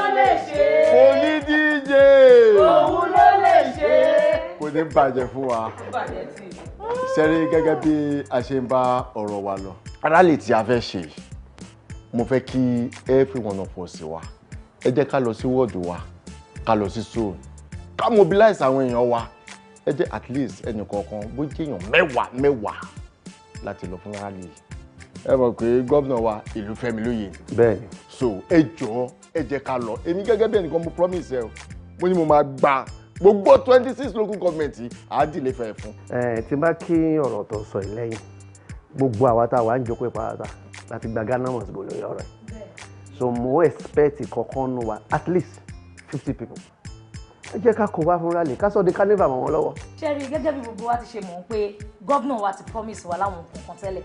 ló lè ṣe. mo ní DJ. òun ló lè ṣe. kò ní bàjẹ́ fún wa. sẹ́rí gẹ́gẹ́ bí a ṣe ń bá ọ̀rọ̀ wa lọ. rálì tí a fẹ́ ṣe mo fẹ́ kí every one of us wa ẹ jẹ́ ká lọ sí wọ́ọ̀dù wa ká lọ sí zone ká mobilize àwọn èèyàn wa ẹ jẹ́ at least ẹnì kọ̀ọ̀kan bó jẹ́ èèyàn mẹ́wàá mẹ́wàá láti lọ fún rálì yìí ẹ mọ̀ pé gómìnà wa ìlú Fẹ́mi Olóyè bẹ́ẹ̀ so ẹ jọ̀ọ́ ẹ jẹ́ ká lọ èmi gẹ́gẹ́ bí ẹnìkan mo promise ẹ o mo ní mo máa gba gbogbo twenty six local government àádìlẹ̀ fẹ́ fún. ẹ tí n bá kí ọ̀rọ̀ tó sọ yìí lẹ́yìn gbogbo àwa tá a wà ń jókòó ìpàdà láti gba ghana must go lórí ọ̀rọ̀ yìí so mo expect kankan nu wa at least fifty people ẹ jẹ́ ká kó wá fún rally ká sọ di carnival mọ́ wọn lọ́wọ́. sẹ́rí gẹ́gẹ́ bí gbogbo wa ti ṣe mọ̀ pé gómìnà wa ti promise wa láwọn nǹkan tẹ́lẹ̀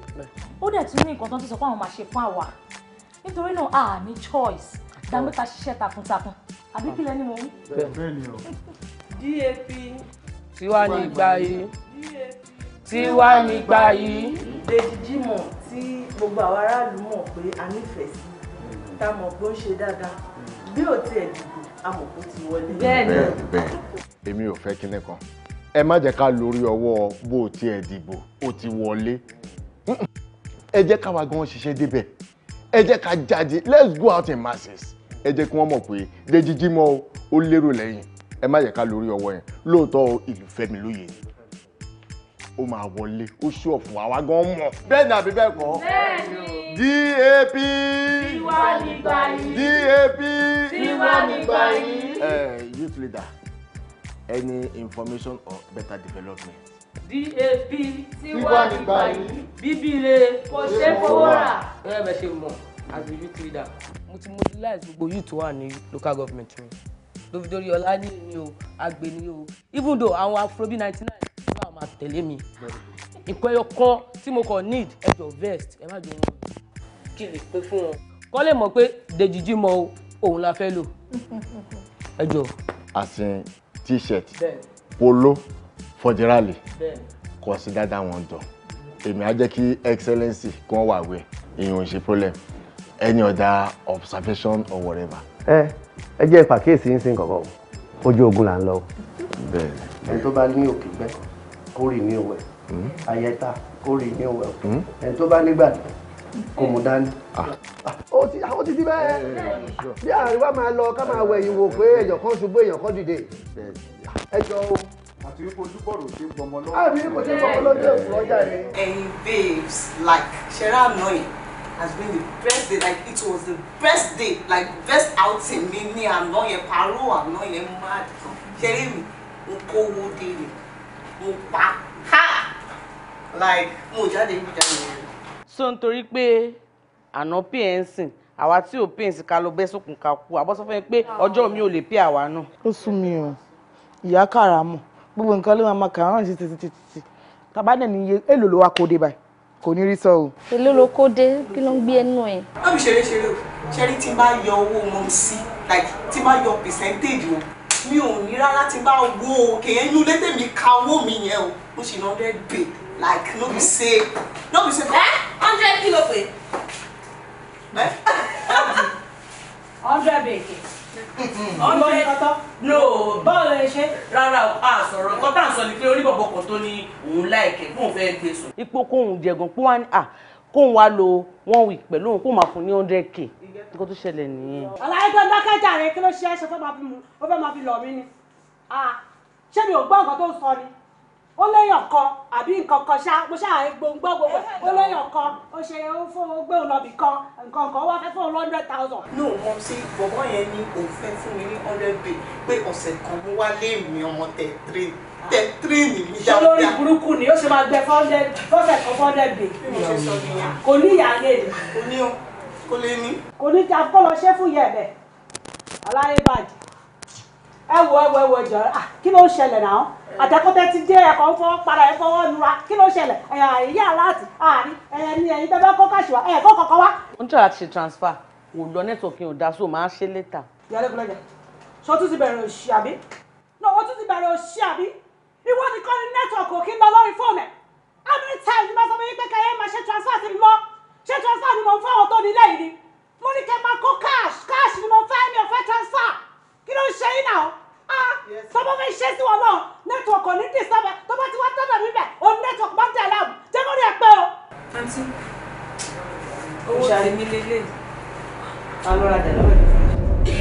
ó dẹ̀ tún ní nǹkan tó ti sọ pé àwọn máa ṣe fún àwa nítorí náà a choice dàmí ká ṣiṣẹ́ takuntakun àbí kílẹ̀ ni mò ń. bẹ́ẹ̀ ni o. DAP. tiwa ní ìgbà yìí. tiwa ní ìgbà yìí. Dèjì Jímọ̀ tí gbogbo àwọn aráàlú mọ̀ pé a nífẹ̀ẹ́ sí tá mọ̀ pé ó ń ṣe dáadáa bí ò tiẹ̀ dìbò a ti wọlé. bẹ́ẹ̀ ni bẹ́ẹ̀ èmi ò fẹ́ kinní kan ẹ má jẹ́ ká lórí ọwọ́ bó o tiẹ̀ dìbò ó ti wọlé ẹ jẹ́ káwa gan ṣiṣẹ́ débẹ̀ ẹ jẹ́ ká jáde let's go out in masses ẹ jẹ́ kí wọ́n mọ̀ pé Dèjì ó lérò lẹ́yìn ẹ má yẹ ká lórí ọwọ́ yẹn lóòótọ́ ìlú Fẹ́mi lóye ó máa wọlé ó ṣú ọ̀fun àwa gan mọ̀. bẹ́ẹ̀ ni àbí bẹ́ẹ̀ kọ́. bẹ́ẹ̀ ni DAP. DAP. youth leader any information or better development. DAP tiwa nígbà yìí. bíbí re kò ṣe fowó rà. bẹ́ẹ̀ bẹ́ẹ̀ ṣe mọ̀ as a youth leader mo ti mobilize gbogbo youth wà ní local government mi dovidori ọlání ni o agbe ni o even though àwọn afrobi ninety nine ti bá àwọn máa tẹ̀lé mi nǹkan ẹyọ kan tí mo kàn need ẹjọ vest ẹ má jẹ wọn kí lè pé fún wọn kọ́ lè mọ̀ pé dèjìjì mọ òun la fẹ́ lò ẹjọ. asin t-shirt polo fọjirali kò sí dáadáa wọn dán èmi á jẹ́ kí excellency kí wọ́n wà wẹ̀ èèyàn ò ṣe problem any other observation or whatever. ẹ ẹ jẹ́ ìpàkíyèsí ń sin kọ̀kọ́ ojú ogun là ń lọ. bẹ́ẹ̀ ni. ẹni tó bá ní òkè gbẹ́kọ̀ kó rì ní òwe àyẹ̀tà hmm? kó rì ní òwe hmm? ẹni tó bá nígbàdàn kò mú dání. Ah. Ah, ó ti ah, ó ti di bẹ́ẹ̀ bí àríwá máa lọ ká máa wẹ̀ ìwò pé èèyàn kan ṣubú èèyàn kan dìde ẹjọ́ o. àti wípé ojú bọ̀rọ̀ ṣe ń gbọmọ lọ́wọ́. àbí kò ṣe ń gbọmọ lọ́wọ́ ọjà ni. ẹ̀yin babes like ṣẹ́rá àná yìí has been the best day like it was the best day like best outing Me ní àná yẹn paro àná yẹn mad ṣeré me. mo kówó délé mo ha like mo jáde níbi jáde rẹ. so nítorí pé àná pnc àwa tí ò pnc ká lọ bẹ́ sókun ká kú àbọ́sọ fẹ́ pé ọjọ́ mi ò lè pé àwa náà. ó sún mi o ìyá kàrà mọ̀ gbogbo nǹkan ló máa ma kà á hàn títí títí tàbá dẹ̀ níye èlò ló wá kó dé báyìí kò ní rí sọ o. èló ló kó dé kí ló ń gbé ẹnu ẹ. ó mi ṣeré ṣeré o ṣẹ́rí tí bá yọ owó wọn sí like tí n bá yọ percentage wọn mi ò ní rárá tí n bá wo kèyàn inú létè mi ka owó mi yẹn o mo sì ná hundred bay like no be say no be say. ẹ hundred kilo pe. hundred bay ọ̀dẹ no báwo lè ṣe. rárá o a sọ̀rọ̀ nǹkan tá à ń sọ ni pé oníbọ̀bọ̀ kan tó ní òun láìkẹ́ kóun fẹ́ gbé sùn. ipò kóun jẹ̀gàn pọ́n wá ní à kóun wá lo one week pẹ̀lú òun kó máa fún ní hundred k nǹkan tó ṣẹlẹ̀ nìyẹn. ọ̀làyé tó ń dákẹ́jà rẹ̀ kí ló ṣe é ṣe fẹ́ máa fi lọ̀ mí ni ṣé mi ò gbọ́ nǹkan tó ń sọ ni ó léyàn kan àbí nǹkan kan ṣá mo ṣáà gbòǹgbò gbogbo ó léyàn kan ó ṣe ó fún un gbé òun lọ́bì kan nǹkan kan wá fẹ́ fún un hundred thousand. no mo ṣe bọ̀bọ̀ yẹn ni òun fẹ́ fún mi ní hundred bay pé ọ̀sẹ̀ kan mo wá lé mi ọmọ tẹ̀ tírì tẹ̀ tírì mi dáadáa. ṣé lórí burúkú ni ó ṣe máa gbẹ fọ́ndẹ̀ fọ́sẹ̀ kan fọ́ndẹ̀ bay. bí mo ṣe sọ nìyẹn. kò ní ìyá lè ní. kò ní o kò lè ní. kò ní kí a kọ́ lọ ṣe bẹ́ẹ̀ ẹ wo ẹ wo ẹ wo ẹjọ ah, kí ló ń ṣẹlẹ̀ náà àtẹkùtẹ ti dé ẹkọ ń para ẹ fọwọ́ nura kí ló ń ṣẹlẹ̀ ẹyà ìyá aláàtì àárín ẹyẹ ní ẹyin tẹ bá kọ káṣí wa ẹyẹ kọ kọkọ wa. wọ́n jọ àti transfer kò lọ nẹ́tọ̀ọ̀kì ò dá so máa ṣe létà. ìyáálé kúlẹ̀ jẹ sọ tún ti bẹ̀rẹ̀ òṣì àbí náà wọ́n tún ti bẹ̀rẹ̀ òṣì àbí ìwọ nìkan ni nẹ́tọ̀ọ̀kì ò kí ń lọ lórí fóònù ẹ̀ how many times ma sọ fún yín pé kẹyẹ máa ṣe transfer sí mi mọ́ ṣe transfer ni mo ń fẹ́ àwọn tó nílẹ̀ yìí ni mo ní kẹ máa kó cash cash ni mo fẹ́ mi ò fẹ́ transfer kí ló ń ṣe yín náà ah tọ́mọ fẹ́ ṣe sí wọn náà nẹ́tíwọ̀kì ní dìsábẹ́ tó bá ti wá tọ́dọ̀ mi bẹ̀ òun nẹ́tíwọ̀kì máa ń dẹ̀ láàmú jẹ́ kó rí ẹ pé o. àǹtí owó ti mi lélẹ̀ alọ́ra dẹ̀ lọ́wọ́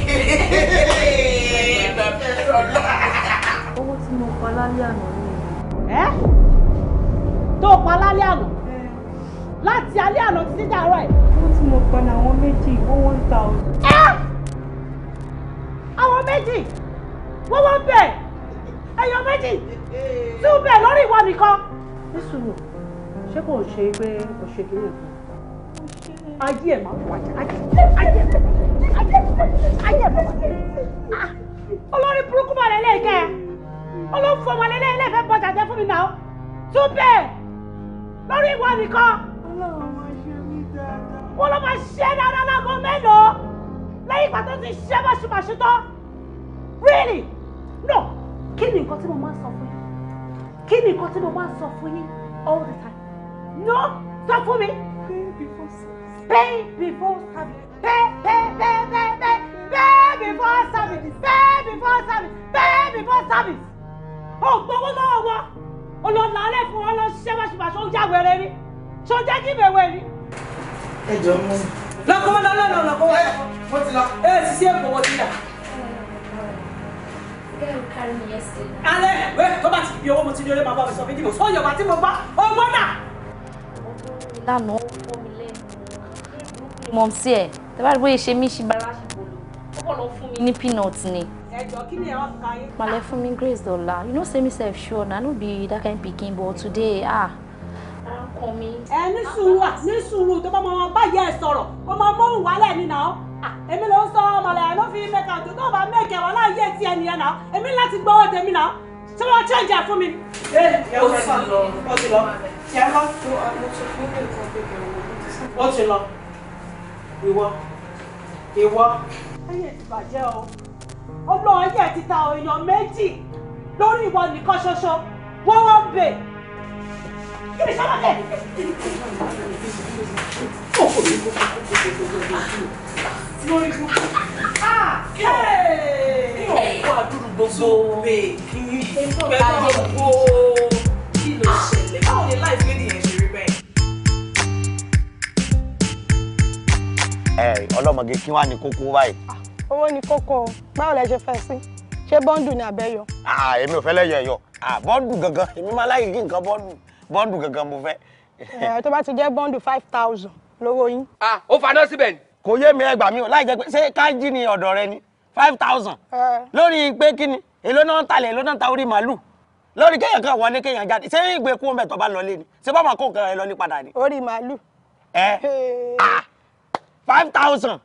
owó tí mo pa lálẹ́ àná ni. ẹ́ tó pa lálẹ́ àná láti alẹ́ àná títí dàárọ̀ ẹ̀. owó tí mo pa ní àwọn méjì owó ń ta ọ̀sán àwọn méjì wọ́n wọ́n bẹ̀ ẹ̀yọ méjì tí ó bẹ̀ lórí ìwọ nìkan. nísùnù ṣé kò ṣe pé kò ṣe kí nìkan ayé ẹ̀ máa wájà ayé ẹ̀ ayé ẹ̀ máa wájà ah, olórí burúkú máa lè lẹ́ẹ̀kẹ́ olóńfò máa lè lẹ́ẹ̀lẹ́ fẹ́ bọ́jà jẹ́ fún mi náà tún bẹ̀ lórí ìwọ nìkan wọ́n lọ́ máa ṣe dáadáa wọ́n lọ́ máa ṣe dáadáa lágọ́ mélòó lẹ́yìn ìgbà tó ti ṣe báṣubàṣu tán really no kí ni nǹkan tí mo máa ń sọ fún yín kí ni nǹkan tí mo máa ń sọ fún yín all the time no sọ fún mi. pay before service. pay before service. pay pay pay pay pay pay before service. pay before service. pay before service. o gbowó lọ́wọ́ wọn o lọ làálẹ̀ fún wọn lọ ṣiṣẹ́ báṣubàṣu ó yá wẹ̀rẹ̀ ni ṣó kí bẹ̀wẹ̀ ni. ẹ jọ mọ lọkọ wọn lọlọ lọ lọkọ wọn. Eh, mo ti lọ. Eh, ẹ ẹ sisi èkó wọ síta. alẹ́ ẹ̀ tó bá ti fi owó mo ti ní olè máa bá mi sọ fún jìbò sọ yọ̀bà tí mo bá owó náà. lánàá ó fọ́ mi lẹ́nu mọ̀ sí ẹ̀ tẹ́ bá rí bóyá ṣe mí ṣe bára ṣe bolo ó kọ̀ lọ fún mi ní peanut ni. ẹjọ kí ni ẹ wá fi ka yín. malẹ fún mi grace dọla you know say me sef sure na no be that kind pikin but today ah ẹ ní sùúrù à ní sùúrù tó bá máa báyìí ẹ sọ̀rọ̀ kó máa mọ́hùn wálẹ̀ nínà ọ́ èmi ló ń sọ ọmọlẹ̀ ẹ̀ ló fi mẹ́ka tó tó bá mẹ́kẹ̀ wọ́n láàyè ẹ̀ tiẹ̀ nìyẹn náà èmi láti gbọ́ ọ́ tèmi náà ṣé wọ́n change ẹ̀ fún mi. ṣé ẹ ó sì lọ ó ti lọ ṣe é lọ. ó ti lọ ìwọ ìwọ. ayé ti bàjẹ́ o ọlọ́ọ̀yẹ́ ti ta èèyàn méjì lórí ìwọ nìkan ṣoṣo wọ́n wọ́n bè. Give me some of ọlọ́mọge kí wàá ní kókó báyìí. Owó ni kókó báwo lẹ ṣe fẹ́ sí? Ṣé bọ́ńdù ni àbẹ́yọ? Ah, èmi ò fẹ́ lẹ́yọ̀ ẹ̀yọ̀ ah, bọ́ńdù gangan èmi máa láyè rí nǹkan bọ́ńdù bọ́ǹdù gangan mo fẹ́. ẹ tó bá ti jẹ́ bọ́ǹdù five thousand lówó yín. ah ó faná síbẹ̀ ni. kò yé mi ẹgbàá mi o láì jẹ́ pé ṣé kájí ni ọ̀dọ̀ rẹ ni five thousand. lórí pé kí ni èló náà ń talẹ̀ èló náà ń ta orí màálù lórí kéèyàn kan wọlé kéèyàn jáde ṣé ìgbé kú ọmọ ẹ̀tọ́ bá lọlé ni ṣé bá máa kó nǹkan ẹ lọlé padà ni. orí màálù. ẹ ah five thousand.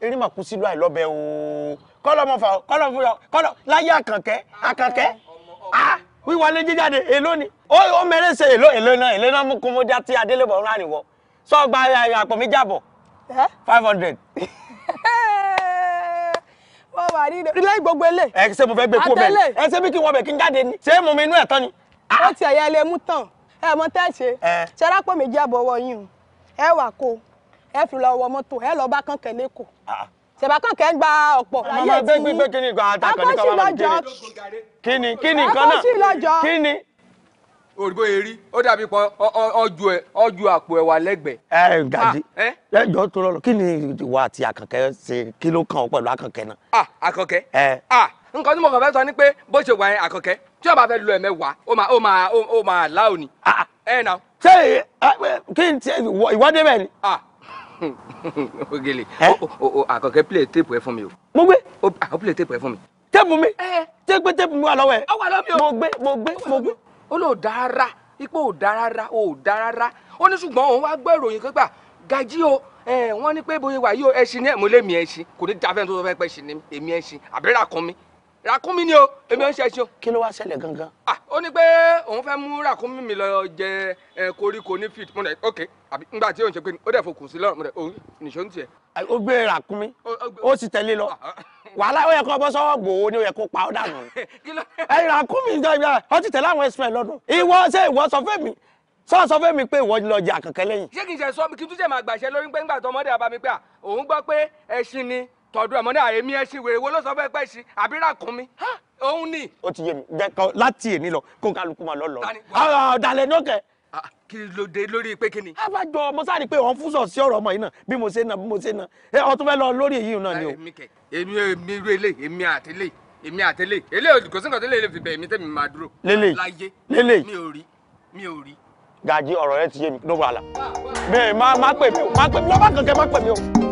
erin mà kú sílùú àìlọ́bẹ̀ o kọ́lọ́mọ fà kọ́lọ́ fún yọ kọ́lọ́ láyé àkànkẹ́ àkànkẹ́ ah wíwọlé jíjáde èló ni ó ó mẹ́rẹ́ ṣe èlò èlò náà èlò náà mú kún mọ́já tí adélébọ̀ ń ránìwọ̀ sọ gba àpò mi jàbọ̀ five hundred. wọ́n wà ní ilé gbogbo ilé. ẹ ṣe mo fẹ́ gbé kúrò bẹ́ẹ̀ ẹ ṣe bí kí n wọ bẹ̀ kí n jáde ni ṣé mo mi inú ẹ̀ tán ni. Ah, ah. ó ti ẹ̀yà ilé mú tán ẹ mọ tẹ́ ṣe ṣarápọ̀ mi jàbọ̀ wọ yín ẹ wà kó ẹ fi lọ wọ mọ́tò ẹ lọ bá kankan lẹ́kọ̀ọ́ ṣẹ̀bà kankan gba ọ̀pọ̀ ayé ti yín akọ́sí lọ́jọ́ kíni kíni kan náà kíni òrìbó erí ó dàbí pọ ọjọ ẹ ọjọ àpò ẹwà lẹ́gbẹ̀ẹ́. ẹ gàdí ah, ẹ jọ tó lọ kí ni ìwà àti àkànkẹ́ ṣe kí ló kàn ọ pẹ̀lú àkànkẹ́ náà. a ah, àkànkẹ́ a ah, nǹkan tí mo kàn fẹ́ sọ ni pé bó ṣe wà yẹn àkànkẹ́ tí o bá fẹ́ lo ẹ̀mẹ́wàá ó máa ó máa ó máa là ó ni. ẹ nà. ṣé kí n tiẹ̀ ìwádìí bẹ́ẹ̀ ni. ògèlè àkànkẹ́ play tape ẹ fún mi o. mo gbé. àkànkẹ́ play tape ẹ fún mi. tẹ́pù mi tẹ́pù mi wà lọ́wọ́ ẹ. ó wà lọ́wọ́ mi o. mo gbé mo gbé mo gbé ó lò dá rárá ipò ò dá rárá ò dá rárá ó ní ṣùgbọ́n òun wá gbọ́ ìròyìn kan gbà gají o wọ́n ní pé bóyá wà yìí o ẹṣin ní ẹ̀mú lémi ẹṣin kò ní dáfẹ́ tó sọ fẹ́ pẹ́ ṣin ní èmi ẹṣin àbí ràkúnmí ràkúnmí ni o èmi ò ń ṣe ẹṣin o. kí ló wá ṣẹlẹ̀ gangan. ah ó ní pé òun fẹ́ mú ràkúnmí mi lọ jẹ koríko ní fit mo rẹ̀ ok àbí ngbà tí òun ṣe pé ó dẹ̀ fokùn sí lọ́rùn mo rẹ̀ òun nìṣó ń tiẹ̀. ó gbé ràkúnmí ó sì tẹ̀lé lọ ah, ah wàhálà ó yẹ kó bọ́ sọ́wọ́ gbòó ni ó yẹ kó pa ọ́ dànù. ẹ̀yin àkúmí ìjọba ọtí tẹ̀lé àwọn ẹ̀sìn rẹ̀ lọ́dún ìwọ ṣé ìwọ sọ fẹ́mi sọ sọ fún mi pé ìwọ lọ jẹ àkànkẹ lẹ́yìn. ṣé kìí ṣe sọ mi kí tún ṣe máa gbàṣẹ lórí pé ńgbà tó ọmọdé àbá mi pé à òun gbọ́ pé ẹṣin ni tọ̀dọ̀ ẹ̀mọ́dé àyèmí ẹṣin wèrè wo ló sọ fẹ́ pẹ́ ṣi àbí ràkún mi òun ni. ó ti yé mi láti èní lọ kó kálukú máa lọ lọ. ọ̀dàlẹ̀ ní òkè Ah, kí ló dé lórí pé kí ni. abájọ mo sáré pé òun fúnṣọ sí ọ̀rọ̀ ọmọ yìí náà bí mo ṣe na bí mo ṣe na ẹ ọtún fẹ́ lọ lórí èyí náà ni o. Eh, èmi kẹ èmi èmi ru eléyìí èmi àtẹlẹ èmi àtẹlẹ eléyìí kò sí nǹkan tó lè fi bẹ èmi tẹ̀mí máa dúró. lélẹ̀ lélẹ̀ mi ò rí mi ò rí. gàjí ọ̀rọ̀ rẹ ti yé mi ló wà á la má pè mí o má pè mí lọ́ba kankan má pè mí o.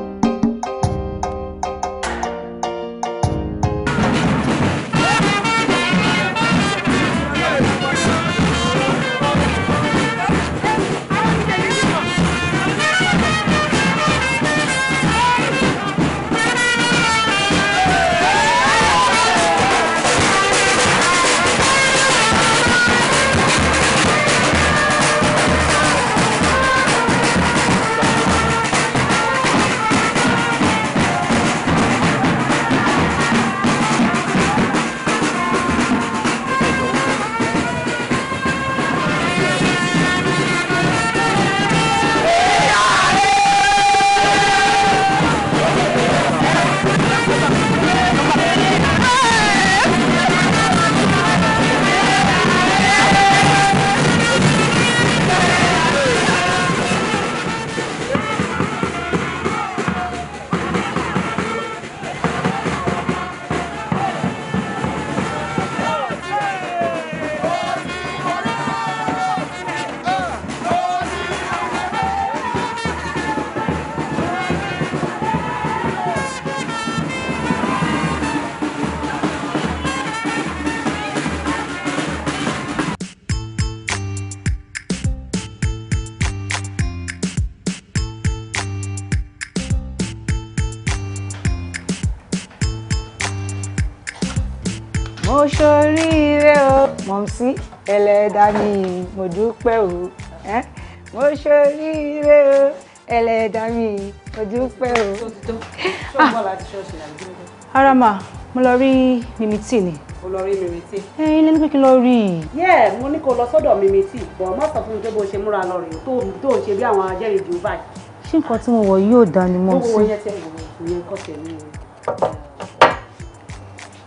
sí ẹlẹ́dàá mi mo dúpẹ́ o mo ṣoríire o ẹlẹ́dàá mi mo dúpẹ́ o. Ah. ara mà mo lọ rí mímítì ni o lọ rí mímítì. ẹ ilé ní pé kí n lọ rí i. yẹ mo ní kó lọ sọ́dọ̀ mímítì bọ má sọ fún mi pé bó ṣe múra lọ rèé tó tó ń ṣe bí àwọn ajẹ́rìí jù báyìí. ṣé nǹkan tí mo wọ̀ yóò dání mọ́ sí. gbogbo yẹn tẹ ìwọ ìyẹn kọ tẹ̀lé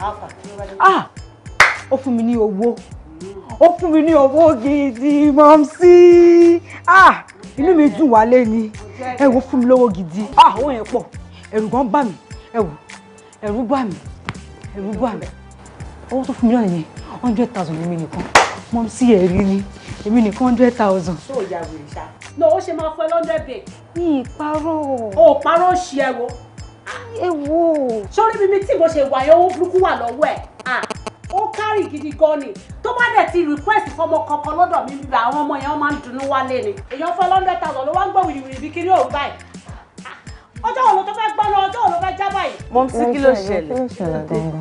o. ah ó fún mi ní owó ó fún mi ní owó gidi mọ́mísí ah, inú mi dùn wálé ni ẹ wò fún mi lówó gidi ah, owó yẹn pọ̀ ẹ̀rù gan bà mí ẹ wò ẹ̀rù bà mí ẹ̀rù bà mí owó tó fún mi náà nìyẹn hundred thousand èmi nìkan mọ́mísí ẹ̀rí ni èmi nìkan hundred thousand. ṣé o yà wèrè ṣá. náà ó ṣe máa fọ ẹ lọ́ndẹ̀ bẹ́ẹ̀. mi ì parọ́. o parọ́ ṣì ẹ wo. ẹ wo. sórí mi mi tí mo ṣe wà yẹn owó burúkú wà lọ́wọ́ ẹ̀ ó kárì gidi gan ni tó bá dẹ̀ ti request fọmọ kankan lọ́dọ̀ mi bíbá àwọn ọmọ yẹn wọ́n máa ń dunnú wálé ni èèyàn fẹ́ lọ́ndẹ̀ tàwọn ló wá ń gbọ́ wìrìwìrì bí kiri òun báyìí ọjọ́ wo ló tó fẹ́ gbọ́nà ọjọ́ wo ló fẹ́ já báyìí. mo ń sí kí ló ṣẹlẹ̀.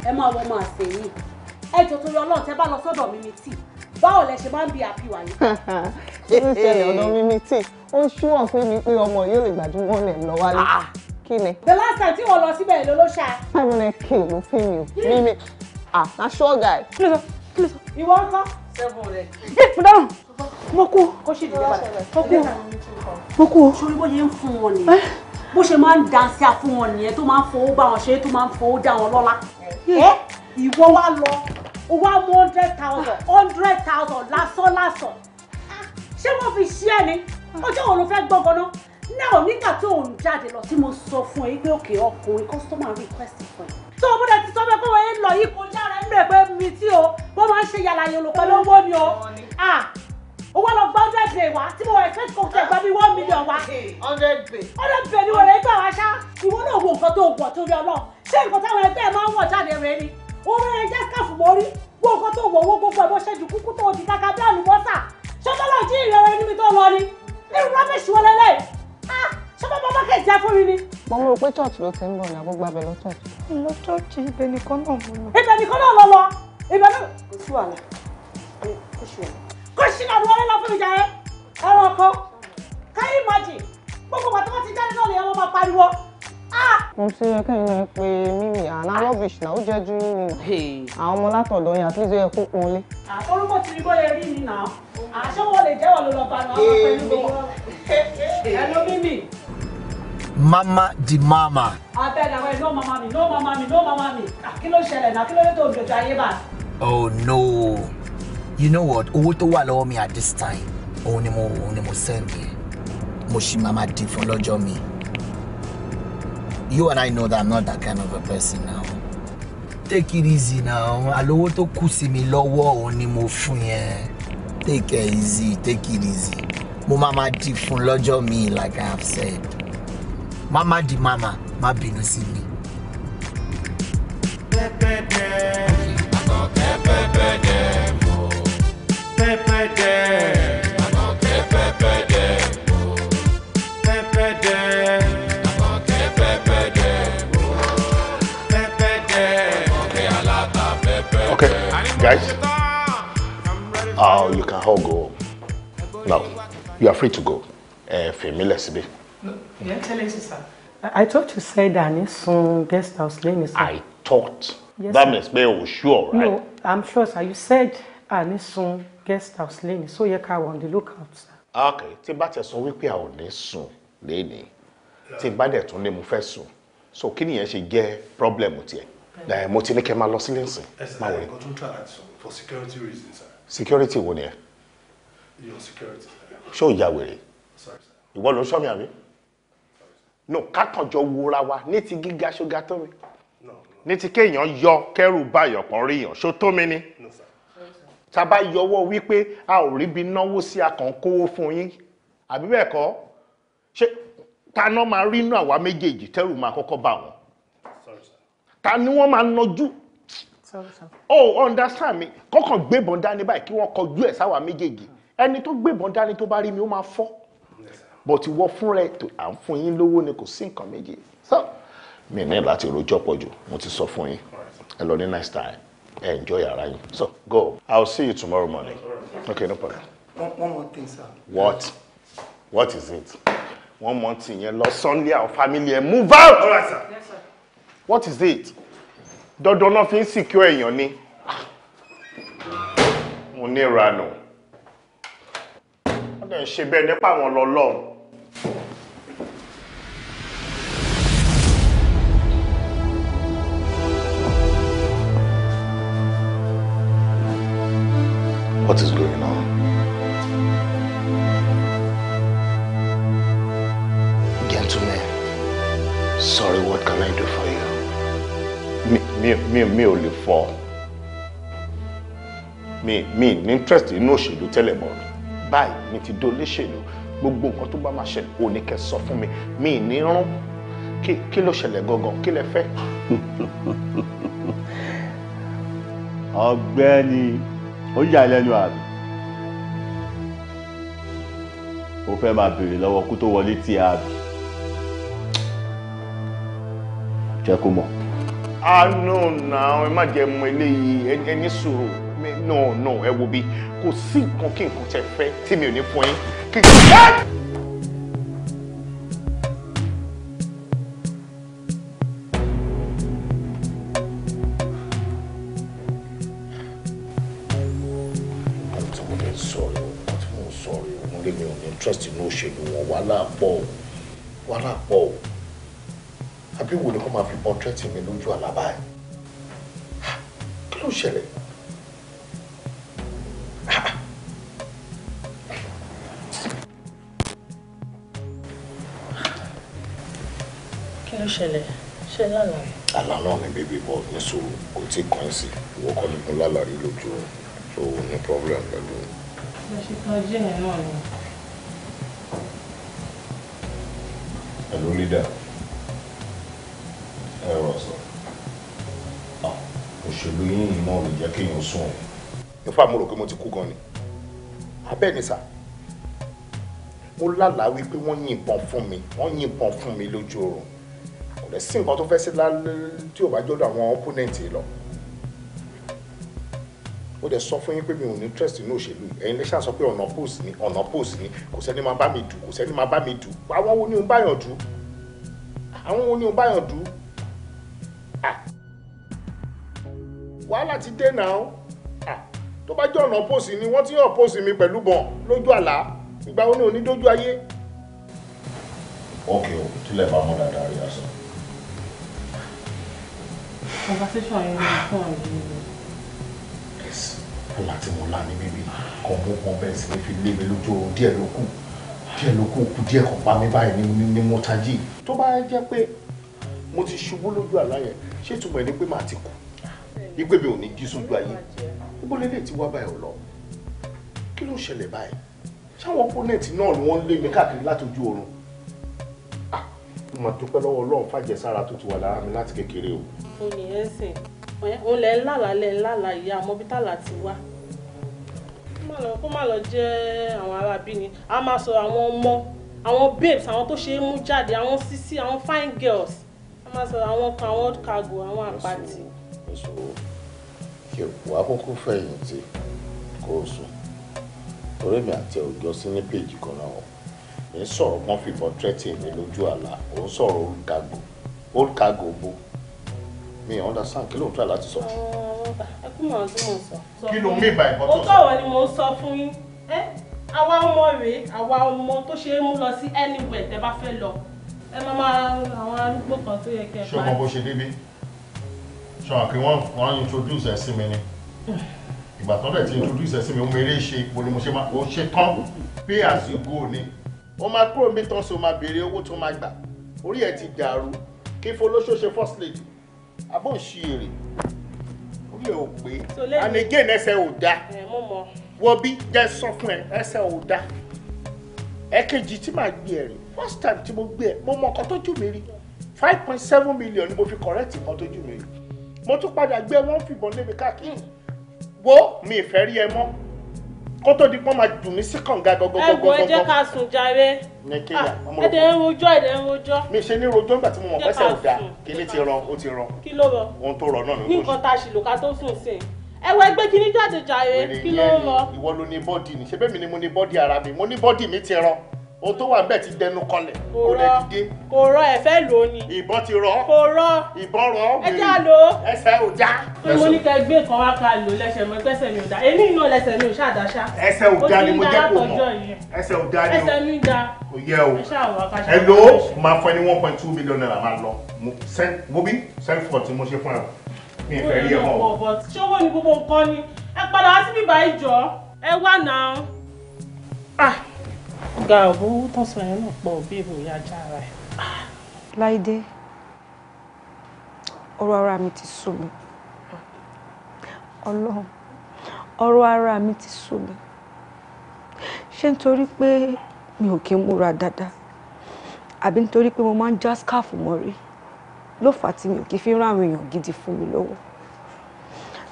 ẹ máa wọ máa sè yín ẹ jọ torí ọlọ́run tẹ bá lọ sọ́dọ̀ mi tì báwo lẹ ṣe máa ń bi àbí wáyé. kí ló ṣẹlẹ̀ ọ̀dọ̀ mi tì ó ń ṣúwọ̀n fún mi pé ọmọ yóò lè gbàdúgbò lẹ̀ lọ wálé ah! kí ni. the last time tí wọ́n lọ síbẹ̀ ló ló ṣá. five hundred k ló fún mi o mímí ah na sure guy. Please, please. You want ló sọ. ìwọ ń bá. sẹ́gun rẹ̀. ẹ mo dáhùn mo kú mo kú mo kú. sori bó ṣe ń fún wọn nìyẹn eh? bó ṣe máa ń dansí àfún wọn nìyẹn tó máa ń fowó bá wọn ṣe tó máa wa eh. eh? lọ o wa mú hundred thousand ah. hundred thousand lásán lásán ah, ṣé wọ́n fi ṣí ẹ ni ah. ọjọ́ wo ló fẹ́ gbọ́ngàn náà náà nígbà tó ń jáde lọ tí mo sọ fún ẹ pé òkè ọkùnrin customer request fún ẹ tó o bọ́dọ̀ ti sọ pé kọ́wọ́ yẹn lọ yìí kọjá rẹ̀ ń rẹ̀ pé mi tí o wọ́n máa ń ṣe yàrá yòlò pẹ̀lú owó ni o owó lọ gba hundred bay wa tí mo expect kò tẹ̀ gba bí one million wa hundred bay hundred bay ni wọ́n rẹ̀ gbà wá ṣá ìwọ náà wo nǹkan tó wọ̀ torí ọlọ́ ṣé nǹkan táwọn ẹgbẹ́ ẹ máa ń wọ̀ jáde rẹ ni owó rẹ̀ jẹ́ skáfù mórí wo nǹkan tó wọ̀ owó gbogbo ẹ̀ bó ṣe jù kúkú tó ti kaka bí àlùbọ́sà ṣọ́tọ́lọ́ọ̀jì ìrẹ̀rẹ̀ níbi tó lọ ni irú rọ́bìṣì wọlé lẹ́yìn ah! ṣé bàbá bá kẹ̀ já fún mi ni. mo mú o pé church ló ti ń bọ̀ ní àgbógbá abẹ lọ church. lọ church ibẹ̀ nìkan náà mo lọ. ibẹ̀ nìkan náà lọ lọ ibẹ̀ náà kò sí wàhálà kò sí wàhálà. kò sí náà wọlé lọ fún mi jàre ẹ̀rọ ọkọ káyé ìmájì gbogbo bàtà wọn ti jáde náà lè ẹ̀rọ máa pariwo. mo ti yẹ kẹ́yìn náà pé mímì àná rubbish náà ó jẹ́ ju nínú àwọn ọmọ látọ̀dọ̀ yẹn àti ìṣe ẹ̀kú kun lé. àforúkọ ti rí bọ́lẹ̀ rí mi náà àṣọ wọn lè jẹ́wọ́ ló lọ bá náà wọn pẹ̀lú gbogbo ẹ̀ ló mímì mama di mama. abẹ́rẹ́ àwọn ẹ̀ no mama mi no mama mi no mama mi ah, kí ló ṣẹlẹ̀ náà kí ló dé tó gbèjọ ayé bá. oh no you know what owó tó wà lọ́wọ́ mi at this time òun ni mo òun ni mo send yẹn mo ṣì máa máa dín fún lọ́jọ́ mi you and I know that I'm not that kind of a person now take it easy now àlówó tó kù sí mi lọ́wọ́ òun ni mo fún yẹn take it easy take it easy mo máa máa dín fún lọ́jọ́ mi like I have said mama di mama ma bínú sí mi. pẹ́pẹ́dẹ́ guys. Oh, you can all go. Now, you are free to go. Uh, Femi, let's be. Yeah, excellency, sir. I thought you said Anisun guest house lane, sir. I thought. Yes, that sir. means pé o sure, right? No, I'm sure, sir. You said Anisun ah, guest house lane, so yẹ ká wà on the lookout, sir. Okay, tí bá we sọ wípé a ò ní sùn lénìí, tí bá dẹ̀ tún ní mo fẹ́ sùn, so kí nìyẹn ṣe jẹ́ problem tiẹ̀? Ẹ mo ti ní kẹ́ máa lọ sílé nsìn. Ẹ try láti sùn for security reasons, sir. Security wo ni Your security. Ṣé o ya wèrè? Ìwọ ló ń ṣọ́ mi àbí? no kákànjọ wura wa ní ti gíga ṣóga tó mi ní ti kéèyàn yọ kẹrù báyọ̀ kan rí yàn ṣó tó mi ni tàbá yọwọ́ wípé a ò ríbi náwó sí akàn kówó fún yín àbí bẹ́ẹ̀ kọ́ ṣé taná máa rí inú àwa méjèèjì tẹ́rù máa kọ́kọ́ bá wọn ta ni wọ́n máa nọjú oh understand mi kọ́kàn gbébọn dání báyìí kí wọ́n kọjú ẹ̀ sáwa méjèèjì ẹni tó gbébọn dání tó bá rí mi ó máa fọ́ but ìwọ fúnra ẹ̀ tó à ń fún yín lówó ni kò sí nǹkan méjì so mi ní láti rojọ́ pọ̀ jù mo ti sọ fún yín ẹ lọ ní nice time ẹ enjoy your yín so go i will see you tomorrow morning okay no problem. one more thing sir. what what is it one more thing yẹn lọ sunday our family ẹ move out. all right sir. Yes, sir. what is it dandan náà fi ń secure èèyàn ni mo ní ìranù wọ́n dẹ̀ ń ṣe bẹ́ẹ̀ nípa àwọn lọ́lọ́run. What is going on? Gentlemen, sorry, what can I do for you? Mi mi me, me. ò lè fọ́. Mi mi ní interest inú òṣèlú tẹ́lẹ̀ mọ́. Báyìí do. ti dó léṣèlú. Gbogbo nǹkan tó bá máa ṣẹlẹ̀ ò ní kẹ́ sọ fún mi. Mi ní rán. Kí ló ṣẹlẹ̀ gangan? Kí lẹ fẹ́? Ọ̀gbẹ́ni ó yà ẹ́ lẹ́nu àbí ó fẹ́ máa béèrè lọ́wọ́ kú tó wọlé tí a bì jẹ́ kó mọ̀. ah no na ẹ má jẹ́ mọ eléyìí ẹ ní sùúrù no no ẹ wo bí kò sí nǹkan kí nǹkan tẹ́ fẹ́ tí mi ò ní fún yín kí. ṣèlú wọn wàhálà pọ̀ o wàhálà pọ̀ o àbí wo ni kò máa fi pọ́ńtẹ́ẹ̀tì mi lójú àlàbà ẹ̀ kí ló ṣẹlẹ̀ kí ló ṣẹlẹ̀ ṣe lálàá rẹ̀. àlá náà ni bébí bọ ní sùúrù kò tí ì kàn sí ìwọ kọ́ ni mo lálàá rí lójú o so no problem pẹ̀lú. bá a ṣe tán jíìnì náà ni. onídà ẹ̀rọ sọ òṣèlú yín iná ò lè jẹ́ kéèyàn sùn o. ìfọ àmọ́ rò pé mo ti kú gan ni abẹ́ ni sà mo lálàá wípé wọ́n yìnbọn fún mi wọ́n yìnbọn fún mi lójú oorun kò lè sí nǹkan tó fẹ́ sí lálẹ́ tí ò bá jọ́dọ̀ àwọn opponent lọ ó dẹ̀ sọ fún yín pé mi ò ní interest nínú òṣèlú ẹ̀yin lẹ́sà sọ pé ọ̀nà post ni ọ̀nà post ni kò sẹ́ni máa bá mi dù kò sẹ́ni máa bá mi dù àwọn wo ni ń báyàn dù àwọn oní òbáyọ̀dú wàhálà ti dé náà tó bá jẹ́ ọ̀nà pósì ni wọ́n ti yàn pósì mi pẹ̀lú bọ̀n lójú àlá ìgbà wo ni òní dójú ayé. ok o tílẹ̀ bá mọ́ dáadáa rí aṣọ. conversation yẹn ni fún ọ̀rẹ́ mi. yes ọ̀la tí mo lá ní bíbí kàn mú pọn bẹ́ẹ̀ sí fi lé mi lójú oorun díẹ̀ ló díẹ̀ ló kó kú díẹ̀ kó pa mí báyìí ni ni mo tají tó bá jẹ́ pé mo ti ṣubú lójú àlá yẹn ṣé túmọ̀ ẹni pé màá ti kú ipe mi ò ní jí sójú ayé gbogbo lélẹ̀ tí wá báyìí lọ kí ló ń ṣẹlẹ̀ báyìí ṣáwọn opponent náà ni wọ́n ń lé mi káàkiri látọjú oorun mo dúpẹ́ lọ́wọ́ ọlọ́run fàjẹsára tó ti wà lára mi láti kékeré o. o ní ẹsìn òun lẹ ń lálàá lẹ ń lálàá ìyá wá kó má lọ jẹ́ àwọn ará ni a máa sọ àwọn ọmọ àwọn babes àwọn tó ṣe é mú jáde àwọn sisi àwọn fine girls a máa sọ àwọn kan àwọn cargo àwọn àpàtì. wà á kúkú fẹ̀yìntì kó o sùn torí mi àti ọjọ́ sí ní péjì kan náà mi sọ̀rọ̀ wọ́n fìbọn tẹ́tì mi lójú àlá ò ń sọ̀rọ̀ old cargo old cargo bo mi understand kí ló ń tọ́ láti sọ túmọ̀ tí mo sọ. kí ló mí ìbà ìbọn tó sọ. ó tọ̀wọ̀ ni mo ń sọ fún yín. àwa ọmọ rèé àwa ọmọ tó ṣe é mú lọ sí anywhere tẹ́ bá fẹ́ lọ ẹ máa máa àwọn arúgbó kan tó yẹ kẹ́ ẹ bá. ṣọmọ bó ṣe débi ṣọmọ pé wọn wọn introduce ẹ sí mi ni ìgbà tó dẹ̀ ti introduce ẹ sí mi ó mèrè ṣe ipò ni mo ṣe máa ó ṣe tán pay as you go ni ó máa kúrò níbi tán so máa béèrè owó tó máa gbà orí ẹ ti dàrú kí folóṣó ṣe first lady abó ń ṣí èrè orí ẹ̀ pé and again ẹsẹ̀ ò da wọ bí jẹ́ sọ fún ẹ ẹsẹ̀ ò da ẹ̀kejì tí màá gbé ẹ̀ rí first time tí mo gbé ẹ̀ mo mọ ọkọ tó jù mí rí five point seven million ni mo fi correct nǹkan tó jù mí rí mo tún padà gbé wọn fìbọn lébi káàkiri hmm. wo mi ìfẹ́ rí ẹ mọ́ kó tó di pọ́n máa jù mí sí kànga gọgọgọgọ. ẹ wo ẹ jẹ́ ká sùn jàre. Ah, ẹ dẹ̀ ń rojọ́ ẹ dẹ̀ ń rojọ́. mi ṣe ní rojọ́ nígbà tí mo mọ̀ pẹ́sẹ̀ ò dáa kíní ti rọ ó ti rọ. kí ló rọ ohun tó rọ náà ni. nǹkan ta ṣì lò ká tó sùn sí i. ẹ wo ẹgbẹ́ kíní jáde jàre kí ló rọ. ìwọ ló ní bọ́dì ni ṣebí mi ni mo ní bọ́dì ara mi mo ní bọ́dì mi ti rọ ohun tó wà ń ti dẹnu kọlẹ̀ kò lè dìde. kò rọ ẹ fẹ́ lò ó ni. ìbọn ti rọ. kò rọ. ìbọn rọ. ẹ já lò ó. ẹsẹ̀ ò já. pé mo ní kẹ́ gbé kan wá ká lò lẹ́sẹ̀ mọ́ ẹgbẹ́sẹ̀ mi ò dá èmi náà lẹ́sẹ̀ mi ò ṣàdáṣá. ẹsẹ̀ ò dá ni mo jẹ́ kó mọ̀ ẹsẹ̀ ò dá ni o. ẹsẹ̀ mi dá. kò yẹ o ẹ lò ó máa fọ ní one point two million naira máa lọ mo bí send for ti mo ṣe fún ẹ mi ìfẹ́ rí ẹ mọ́. ṣọwọ́ ni gbogbo nǹkan ni ẹ padà wá síbí báyìí jọ ẹ wà náà. Ah ga ọ̀bọ owó tọ̀sán yẹn náà pọ̀ bí èbò ìyá ajá ara ẹ̀. láìdé ọ̀rọ̀ ara mi ti sú mi ọlọ́run ọ̀rọ̀ ara mi ti sú mi ṣé nítorí pé mi ò kí ń múra dáadáa àbí nítorí pé mo máa ń já skáàfù mọ́rí ló fà á tí mi ò kí fi ń ráwọn èèyàn gidi fún mi lọ́wọ́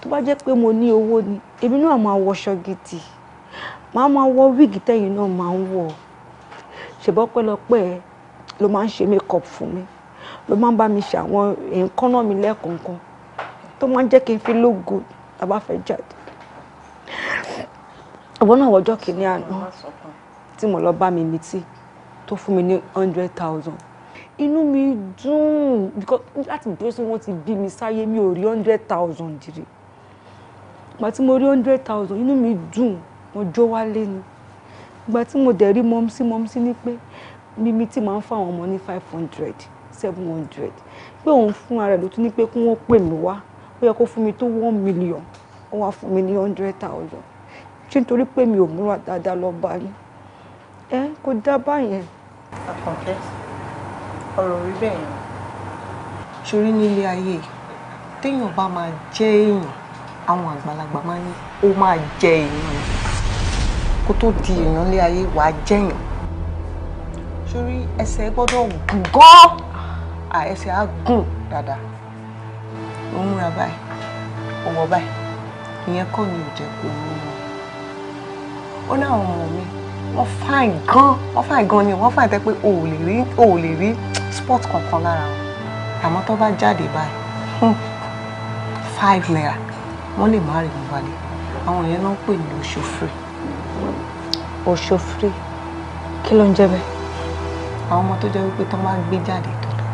tó bá jẹ́ pé mo ní owó ni èmi náà máa wọṣọ gidi màá máa wọ wíìgì tẹ́yìn náà máa ń wọ̀ ṣùgbọ́n pẹ́lọpẹ́ ló máa ń ṣe makeup fún mi ló máa ń bá mi ṣe àwọn nǹkan náà mi lẹ́ẹ̀kọ̀ọ̀kan tó máa ń jẹ́ kí n fi lógo tàbá fẹ́ jáde ìwọ náà wọjọ́ kìíní àná tí mo lọ bá mi mi tí tó fún mi ní hundred thousand inú mi dùn because láti bẹ̀rẹ̀ sí wọ́n ti bí mi sáyé mi ò rí hundred thousand jìrì màá tí mo rí hundred thousand inú mi dùn mo jó wálé ni ìgbà tí mo dẹ̀ rí mọ́mísí mọ́mísí ni pé mímí tí máa ń fún àwọn ọmọ ní five hundred seven hundred pé òun fún ara rẹ̀ ló tún ní pé kí wọ́n pè mí wá ó yẹ kó fún mi tó one million ó wá fún mi ní hundred thousand ṣé nítorí pé mi ò múra dáadáa lọ bá yín ẹ kò dá báyẹn. àkànkẹ́ ọ̀rọ̀ rí bẹ́ẹ̀ yẹn ṣorí nílé ayé téèyàn bá máa jẹ́ èèyàn àwọn àgbàlagbà máa ní ó máa jẹ èèyàn kó tó di èèyàn lé ayé wàá jẹ̀yàn sórí ẹsẹ̀ gbọ́dọ̀ gùn gan à ẹsẹ̀ á gùn dáadáa ó múra báyìí ó wọ báyìí ìyẹn kọ́ ni ò jẹ́ kó wú wọn ó ní àwọn ọmọ mi wọ́n fine gan wọ́n fine gan ni wọ́n fine tẹ́ pé o ò lè rí o ò lè rí sport kankan lára wọn àmọ́ tó bá jáde báyìí five naira wọ́n lè má rí mi wálé àwọn yẹn náà ń pè ní oṣù free òṣòfrí kí ló ń jẹ́ bẹ́ẹ̀ àwọn ọmọ tó jẹ́ wípé tán máa ń gbé jáde tọ̀dọ̀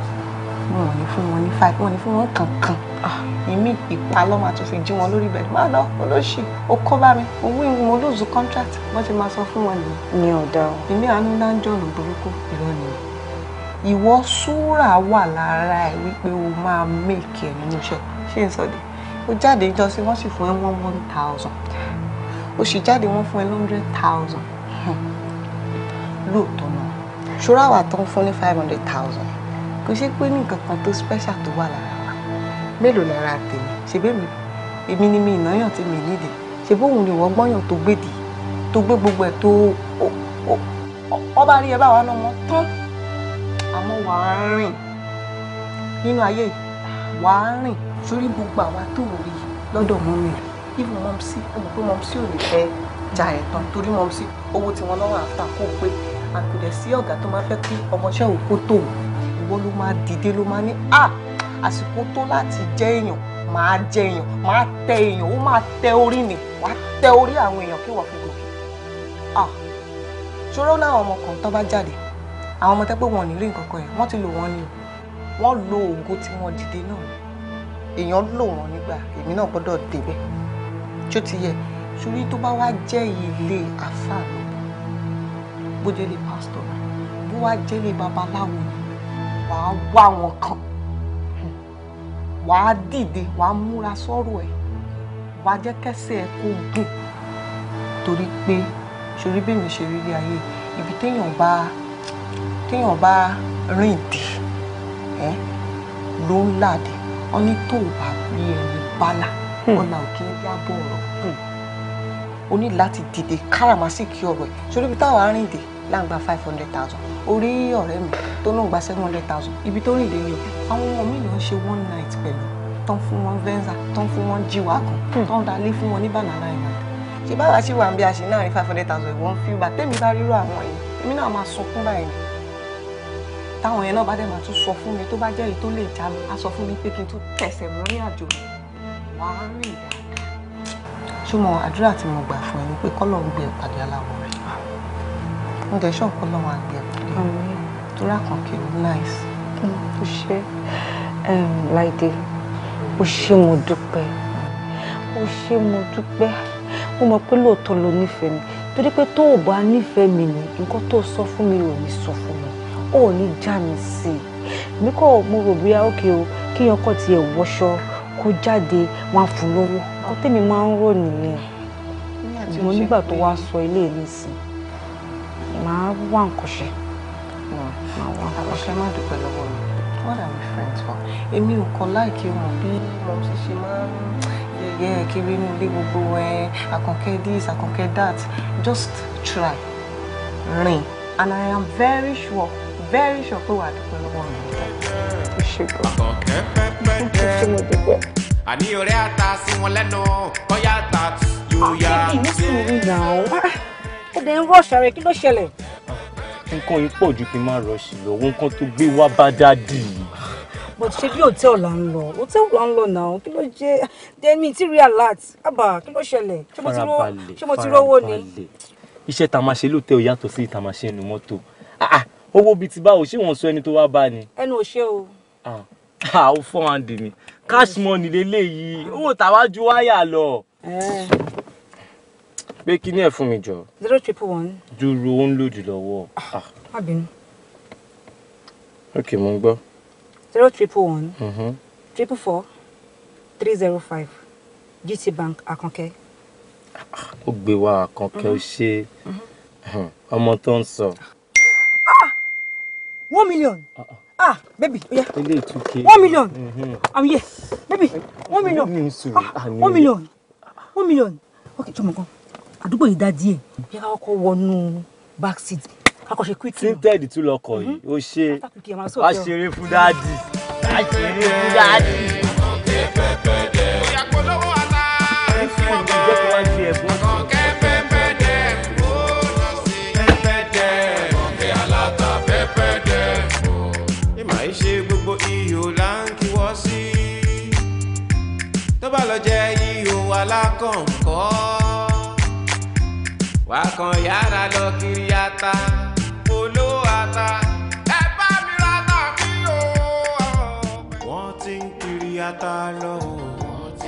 wọn ò ní fún wọn ní five wọn ò ní fún wọn kankan ah, èmi ìpa lọ́mọ àti òfin jí wọn lórí bẹ̀rẹ̀ má lọ olóṣì ó kọ́ bá mi owó ìwọ̀n mo lóòzù contract wọ́n ti máa sọ fún wọn nìyẹn. mi ò dá o. èmi àánú náà ń jọ̀nà burúkú ìrọ̀ nìyẹn ìwọ súrà wà lára ẹ wípé o máa make ẹ nínú iṣẹ́ ṣé n sọdẹ o jáde ìjọsìn wọn sì fún ẹ one one thousand o sì jáde wọn fún ẹ one hundred thousand lóòótọ́ náà ṣọ́ra wà tán fún ní five hundred thousand kò ṣe pé ní nǹkan kan tó special tó wà lára wa mélòó lára tèmi ṣebí mi èmi ni mi ìnáyàn tí mi nídìí ṣebí òun ni wọ́n gbọ́yàn tó gbèdì tó gbé gbogbo ẹ̀ tó ọba rí ẹ bá wa náà mọ́ tán àmọ́ wà á rìn nínú ayé yìí wà á rìn sórí gbogbo àwa tó rí lọ́dọ̀ mú mi ibi mọ́mísí ó mọ̀ pé mọ́mísí ò ní fẹ́ ja ẹ̀ tán torí mọ́mísí owó tí wọ́n lọ́wọ́ àfta kó pé àkùdẹ̀ sí ọ̀gá tó máa fẹ́ kí ọmọṣẹ́ òun kó tòun ìwọ ló máa dìde ló máa ní à àsìkò tó láti jẹ́ èèyàn máa jẹ́ èèyàn máa tẹ èèyàn ó máa tẹ orí ni wàá tẹ orí àwọn èèyàn kí wàá fi gòkè à ṣòro láwọn ọmọ kan tó bá jáde àwọn ọmọ tẹ́gbẹ́ wọn ò ní rí nǹkan kan yẹn wọ́n ti lò wọ́n ni wọ́n lo ògo tí wọ́n dìde náà èèyàn lò wọ́n nígbà èmi náà gbọ́dọ̀ débẹ̀ tí ó ti yẹ sórí tó bá wá jẹ́ ilé àfààní bó jẹ́ lè pásítọ̀ rẹ̀ bó wá jẹ́ lè babaláwo ni wàá wá wọn kan wàá dìde wàá múra sọ́rọ̀ ẹ̀ wàá jẹ́ kẹ́sẹ̀ ẹ̀ kó gùn torí pé ṣorí bèmi ṣe rí ilé ayé ibi téèyàn bá téèyàn bá rìn dì ẹ́ ló ń làdì wọ́n ní tó o bá rí ẹni bálà hmm. ọ̀nà òkè yábọ̀ ọ̀rọ̀ o ní láti dìde káràmásìkì ọ̀rọ̀ ẹ̀ sórí ibi táwa rìn dé láǹgbà five hundred thousand orí ọ̀rẹ́ mi tó náà gba seven hundred thousand ibi tó rìn dé yìí o àwọn ọmọ mi ló ń ṣe one night pẹ̀lú tó ń fún wọn venza tó ń fún wọn jíwá kan tó ń dalé fún wọn ní banana island ṣe báwa ṣì wà ń bí a ṣe náà rí five hundred thousand ìwọ̀n fi gbà tẹ́mi bá rírọ àwọn yìí èmi náà máa sunkún báyìí táwọn yẹn náà bá dẹ̀ máa tún sọ fún mi tó bá jẹ́ èyí tó lè já mi á sọ fún mi pé kí n tún tẹ̀sẹ̀ mọ́ ní àjò wàá rìn dá ṣùgbọ́n àdúrà tí mo gbà fún ẹ ni pé kọ́lọ̀ ń gbé ẹ pàdé aláwọ̀ rẹ̀ mo dẹ̀ ṣọ́ nǹkan lọ́wọ́ àgbẹ̀ pàdé torí àkànkè ní láìsí. Mm, ó ṣe láìdé ó ṣe mo dúpẹ́ ó ṣe mo dúpẹ́ mo mọ̀ pé lóòótọ́ lo nífẹ̀ẹ́ mi torí pé tó o bá nífẹ̀ẹ́ mi ni nǹkan tó o sọ fún mi ò ní sọ fún mi ò ní já mi sí i mi kò mo rò bí i ok o kí yan kọ́ tiẹ̀ wọṣọ kó jáde wọn á fún lówó kó máa ń rò nìyẹn mo nígbà tó wá sọ ilé mi sí màá wá nǹkan ṣe. má dúpẹ́ lọ́wọ́ mi what are we friends for? èmi ò kọ́ láìkí wọn bí mo ṣe ṣe máa ń yẹ̀yẹ́ kiri inú ilé gbogbo ẹ̀ àkànkẹ́ this àkànkẹ́ that just try rìn and I am very sure very sure pé wàá dúpẹ́ lọ́wọ́ mi ṣùgbọ́n ọ̀kẹ́ pẹ́pẹ́kẹ́ kí mo dúpẹ́. àní ọ̀rẹ́ ata sí wọn lẹ́nu kọ́yà ta yóò ah, yá. ọ̀kẹ́ mi sì ń yà ọ́ ó dẹ̀ ń rọ̀ṣà rẹ̀ kí ló ṣẹlẹ̀. nǹkan yìí pọ̀ ju kí n má rọ̀ṣì lọ owó nǹkan tó gbé wá bá dáàdì. bó ti ṣe bí hòtẹ́ẹ̀lì là ń lọ hòtẹ́ẹ̀lì là ń lọ náà kí ló jẹ́ dẹ́mi tí rí alert àbá kí ló ṣẹlẹ̀ ṣé mo ti rówó ni. iṣẹ́ tá máa ṣe lóòótọ́ yàtọ̀ sí ìta máa ṣe ẹnu mọ́tò ah, ah, owó bíi ti báwo ṣé wọ́n sọ ẹni tó wá bá ni. ẹnu ò ṣe o àwọn four hand mi cash money lélẹ́yìí owó tàwájú wáyà lọ eh. pé kí ni ẹ fún mi jọ. zero triple one. dúró ó ń lòdì lọ́wọ́. Ah. má bínú. ok mo ń gbọ́. zero triple one. Mhm. triple four three zero five GT Bank Àkànkẹ́. ó gbé wa Àkànkẹ́ ó mhm. ṣe mhm. ọmọ tó ń sọ. Ah! one million. Uh-uh ah baby oya oh one million am mhm. here baby one million ah one million one million ok jọmọ kan àdúgbò yìí dá díẹ̀ yẹ ká kọ́kọ́ wọnú back seat akọ̀ṣe quick. tinted tún lọkọ̀ yìí mhm. ó ṣe àṣeré fún dáàdì àṣeré fún dáàdì. wà kàn yàrá lọ kiri ata oló ata ẹ bá mi ra ata mi o. wọ́n ti ń kiri ata lọ o.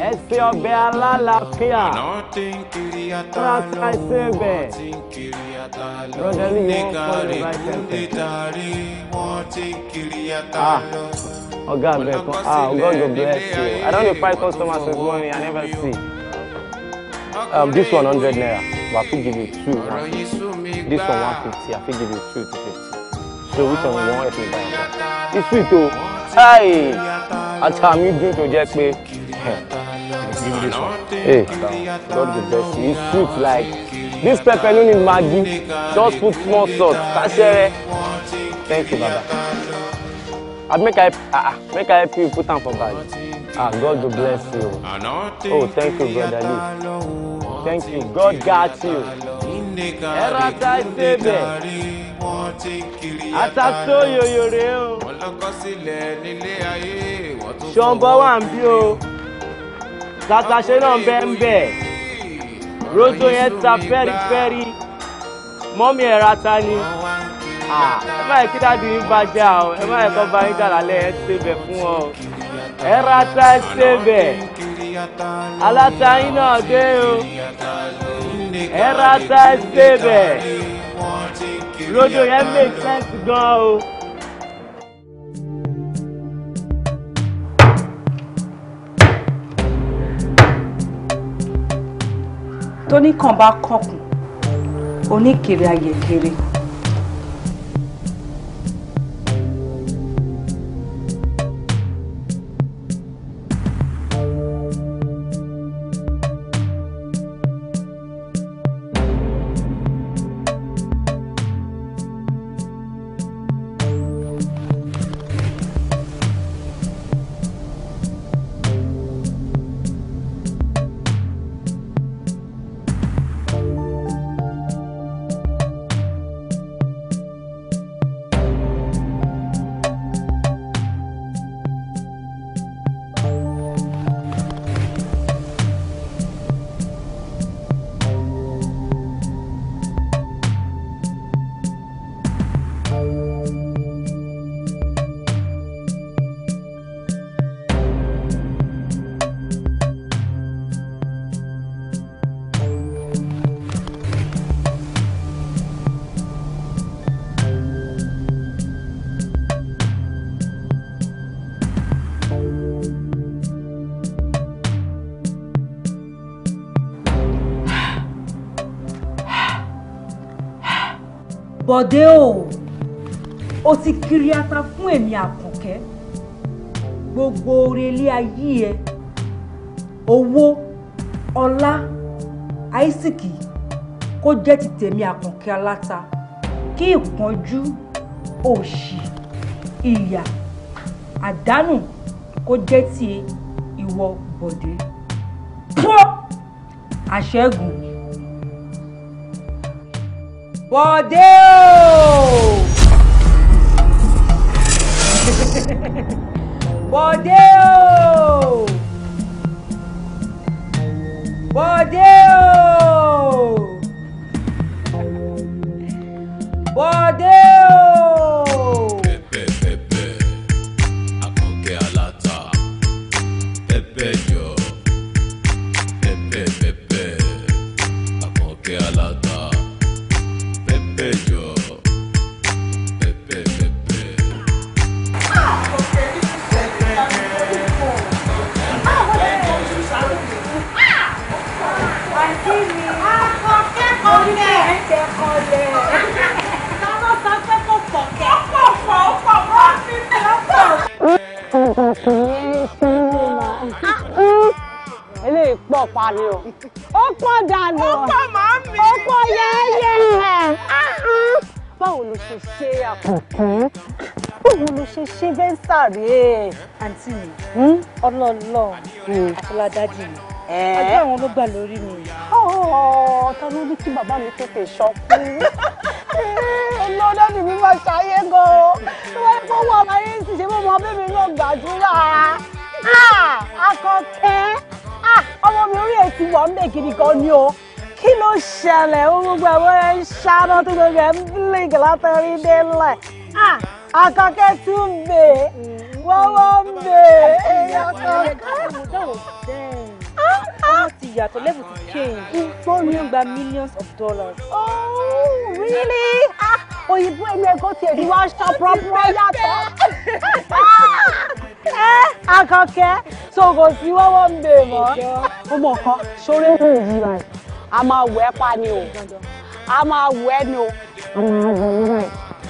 ẹ ṣe ọbẹ̀ alálàáfíà. wọ́n ti ń kiri ata lọ o. wọ́n ti ń kiri ata lọ o. nígbàre kúndé wọ́n ti ń kiri ata lọ. Ọ̀gá abẹ kan, ah, God go bless you. I don dey fight customers since morning, I never see. Um, this one hundred naira, but I fit give you two. this one one fifty, I fit give you two to fifty. So which one you want, help me buy? It's sweet o. Oh. Hi, ata mi dùn tó jẹ́ pé. Give this one. Hey, Not the best. It's sweet like this pepper no need maggi. Just put small salt. That's it. Thank you, Baba. Make I, uh, make I help you put on for bag. Ah, God will bless you. Oh, thank you, brother Lee. Thank you. God got you. Ẹ̀rọ ta ṣe bẹ̀. Àtàtó yòyò rèé o. Ṣọ̀nbọ̀ wà ń bí o. Tàtàṣe náà ń bẹ́ ń bẹ̀. Roto yẹn ta fẹ́rifẹ́ri. Mọ́mí ẹ̀ra ta ni. Ah, ẹ má yẹ kí dáàdi yín bá jà o. Ẹ má yẹ kó bá yín dà lálẹ́ ẹ ṣe bẹ̀ fún ọ ẹ ra ta ṣebẹ̀ aláta yín náà dé o ẹ ra ta ṣebẹ̀ rodo yẹn make sense gan o. tóníkàn bá kọkùn oníkèrè ayẹ̀kẹ̀rẹ̀. bọ̀dé o o ti kiri ata fún èmi àkànkẹ́ gbogbo oore ilé ayé ẹ owó ọlá àìsìkì kó jẹ́ ti tèmi àkànkẹ́ aláta kí ìpọ́njú òṣì ìyà àdánù kó jẹ́ ti ìwọ bọ̀dé. àṣẹ́gun. Bọ̀dé o! Bọ̀dé o! dànù. ó pọ̀ dànù. ó pọ̀ màámi. ó pọ̀ yẹ́yẹ́. báwo ló ṣe ṣe àkùnkùn báwo ló ṣe ṣe bẹ́ẹ̀ sáré. àǹtí mi hmm? ọlọ́ọ̀lọ́ àfọládájì hmm. mi ọjọ́ àwọn ló gbà lórí mi. ọ̀ọ́ta ló ní kí bàbá mi tètè ṣọ́kú. olóòdó ni mi máa ṣayé gan-an wọ́n ń fọwọ́ àlàyé sì ṣe mọ́ ọmọ bẹ́ẹ̀ mi náà gbàdúrà. Ah, akọ̀kẹ́ ọmọ mi orí èsì wà ń bẹ̀ gidi gan ni o kí ló ṣẹlẹ̀ ó gbogbo àwọn ẹ̀ ń ṣáná tó gbogbo ẹ̀ ń blink látọrí délẹ̀ àkàkẹ́ tún ń bè wọ́wọ́ ń bè wọ́n ti yàtọ̀ level to change fóònù yóò gba millions of dollars. oh really ah, òyìnbó ẹni ẹ̀kọ́ tiẹ̀ ní wàá ṣá pọ́npọ́n yàtọ̀ akọkẹ́ ah, eh, tó kò sí wọ́wọ́ ń bè mọ́. ọmọ kan ṣoré ń rìn yìí rẹ̀ a máa wẹ̀ pa ni o a I'm a ni o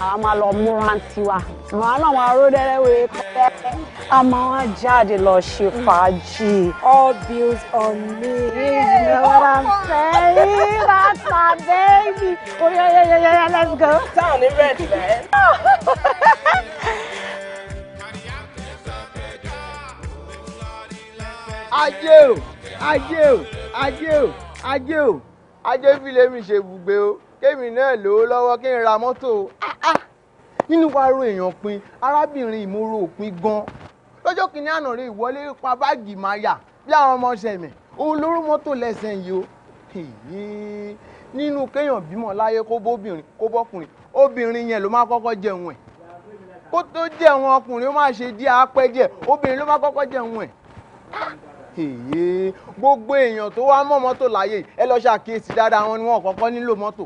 àwa máa lọ múra tiwa màá náà máa ró dẹ́rẹ́wé pẹ́pẹ́ a máa wá jáde lọ ṣe fàájì all bills on me ìnáwó fẹ́ yeah, yeah, yeah, yeah. let's go. town ní red lẹ́ẹ̀. ajé o ajé o ajé o ajé o ajé fi lèmi ṣe ibùgbé o kémi náà lówó lọ́wọ́ kí n ra mọ́tò ah, ah. nínú wa ro èèyàn pin arábìnrin ìmúro òpin gan lọ́jọ́ kìíní àná rẹ̀ ìwọlé pa báàgì máa yà bí àwọn ọmọ ṣẹ̀mẹ̀ òun lóró mọ́tò lẹ́sẹ̀ yìí o nínú kéèyàn bímọ láyé kó bóbìnrin kó bọ́kùnrin obìnrin yẹn ló máa kọ́kọ́ jẹun ẹ̀ kó tó jẹun ọkùnrin ó máa ṣe díẹ̀ apẹ́ díẹ̀ obìnrin ló máa kọ́kọ́ jẹun ẹ̀ ah, gbogbo èèyàn tó wá mọ́ mọ́tò láyé ẹ lọ ṣàkíyèsí dáadáa wọn ni wọn kọ́kọ́ nílò mọ́tò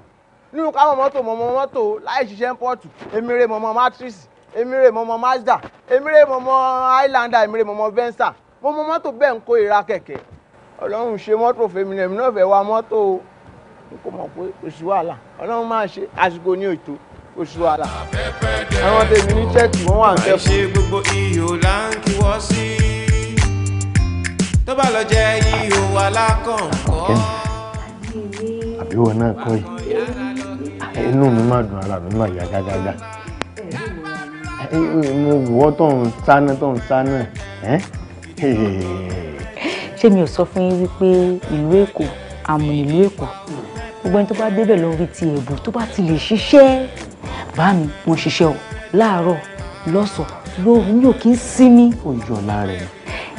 nínú káwọn mọ́tò mọ́mọ́ mọ́tò láì ṣiṣẹ́ emire mọ́mọ́ matrix emire mọ́mọ́ mazda emire mọ́mọ́ highlander emire mọ́mọ́ venza mọ́mọ́ mọ́tò bẹ́ẹ̀ ń kó ìra kẹ̀kẹ́ ọlọ́run ṣe mọ́tò fèmí ẹ̀mí náà fẹ́ wa mọ́tò n kò mọ̀ pé kò sí wàhálà ọlọ́run máa ṣe àsìkò ní ètò kò sí wàhálà àwọn tèmi ní ṣẹ́ẹ̀kì wọ́n wà ń kẹ́kọ̀ọ́. àbí wọn náà kọ́ yìí inú mi má dùn ara mi má yá gágágá mo wọ́ tó ń sáná tó ń sáná ṣé mi ò sọ fún yín wípé ìlú èkó àmùn ìlú èkó gbogbo ẹni tó bá débẹ̀ lọ rí ti ẹ̀bù tó bá ti lè ṣiṣẹ́ bá mi wọn ṣiṣẹ́ o láàárọ̀ lọ́sàn-án lóru mi ò kí ń sinmi. ó yọ lára ẹ.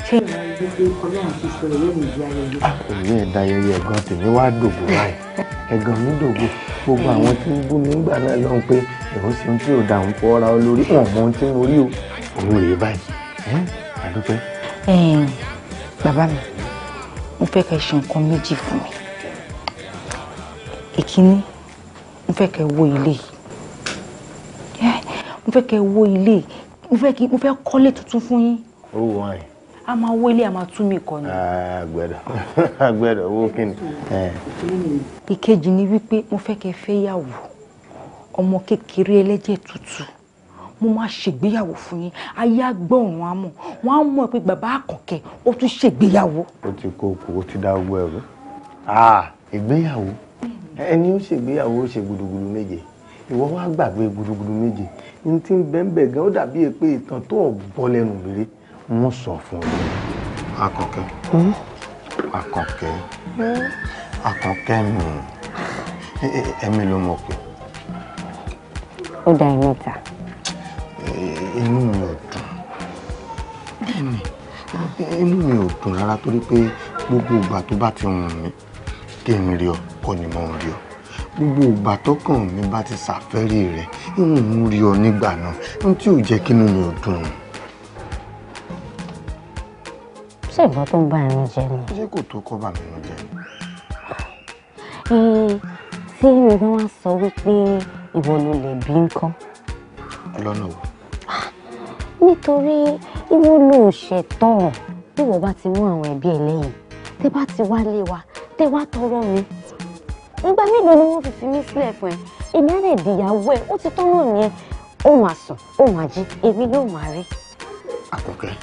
ṣé ìlú ayé pé ọlọ́run ti mi di ayẹyẹ. àpò ah, ẹ̀dá ayẹyẹ ẹ̀gàn tèmi wá dògbò báyìí ẹ̀gàn mi dògbò gbogbo àwọn tí ń bú mi nígbà náà lọ́n pé èmi ṣe ń tí ò dà ń fọ́ ọ́ra olórí wọn mọ ohun tí mo rí o òun rèé báyìí àdúpẹ́. bàbá mi mo fẹ́ kẹ́ ṣe nǹkan méjì fún mi ìkíní mo fẹ́ kẹ́ wó ilé mo fẹ́ kẹ́ wó ilé mo fẹ́ kọ́lé tuntun fún yín. owó wáyé a máa wọlé a máa tún mi kọ ni. àgbẹ̀dọ̀ ah, àgbẹ̀dọ̀ owó kí ni. Eh. ìkejì ni wípé mo fẹ́ kẹ́ fẹ́ yàwó ọmọ kékeré ẹlẹ́jẹ̀ tútù mo máa ṣègbéyàwó fún yín ayé àgbọ̀ ọ̀run àmọ́ wọn á mọ̀ pé bàbá àkànkẹ́ ó tún ṣègbéyàwó. ó ti kó okò ó ti dá ogbó ẹrú ah, ìgbéyàwó ẹni ó ṣègbéyàwó ó ṣe gudugudu méje ìwọ wá gbàgbé gudugudu méje ní ti ń bẹ́ẹ̀ bẹ́ẹ̀ gan ó dàbí pé ìtàn tó ọ̀ bọ́ lẹ́nu rere wọ́n sọ fún ọ akọ̀kẹ́ hmm? akọ̀kẹ́ hmm? akọ̀kẹ́ mi ẹ̀mí ló mọ̀ pé. ó da ẹ̀ mẹ́ta. inú mi ò dùn bẹ́ẹ̀ni inú mi ò dùn rárá torí pé gbogbo ìgbà tó bá ti wùn mí kí n rí ọ kọ́ ni mo ń rí ọ gbogbo ìgbà tọkàn mi bá ti ṣàfẹ́rí rẹ̀ ń rí ọ nígbà náà ohun tí ò jẹ́ kí inú mi ò dùn. ṣé nǹkan tó ń bá ẹran jẹ ni. ṣé kò tó kọ́ bà mí lọ jẹ. tí mi bá wá sọ wípé ìwọ ló lè bí nǹkan. lọ́nà wo. nítorí ìwọ ló ń ṣẹ̀tàn bí wọ́n bá ti mú àwọn ẹbí ẹ lẹ́yìn tẹ́ bá ti wá lé wa tẹ́ wá tọrọ mi ìgbà mélòó ni wọ́n fi fi mí sílẹ̀ fún ẹ èmi á lè dìyàwó ẹ ó ti tọ́nà yẹn òun àsùn òun àjí èmi yóò máa rí. àkọ́kẹ́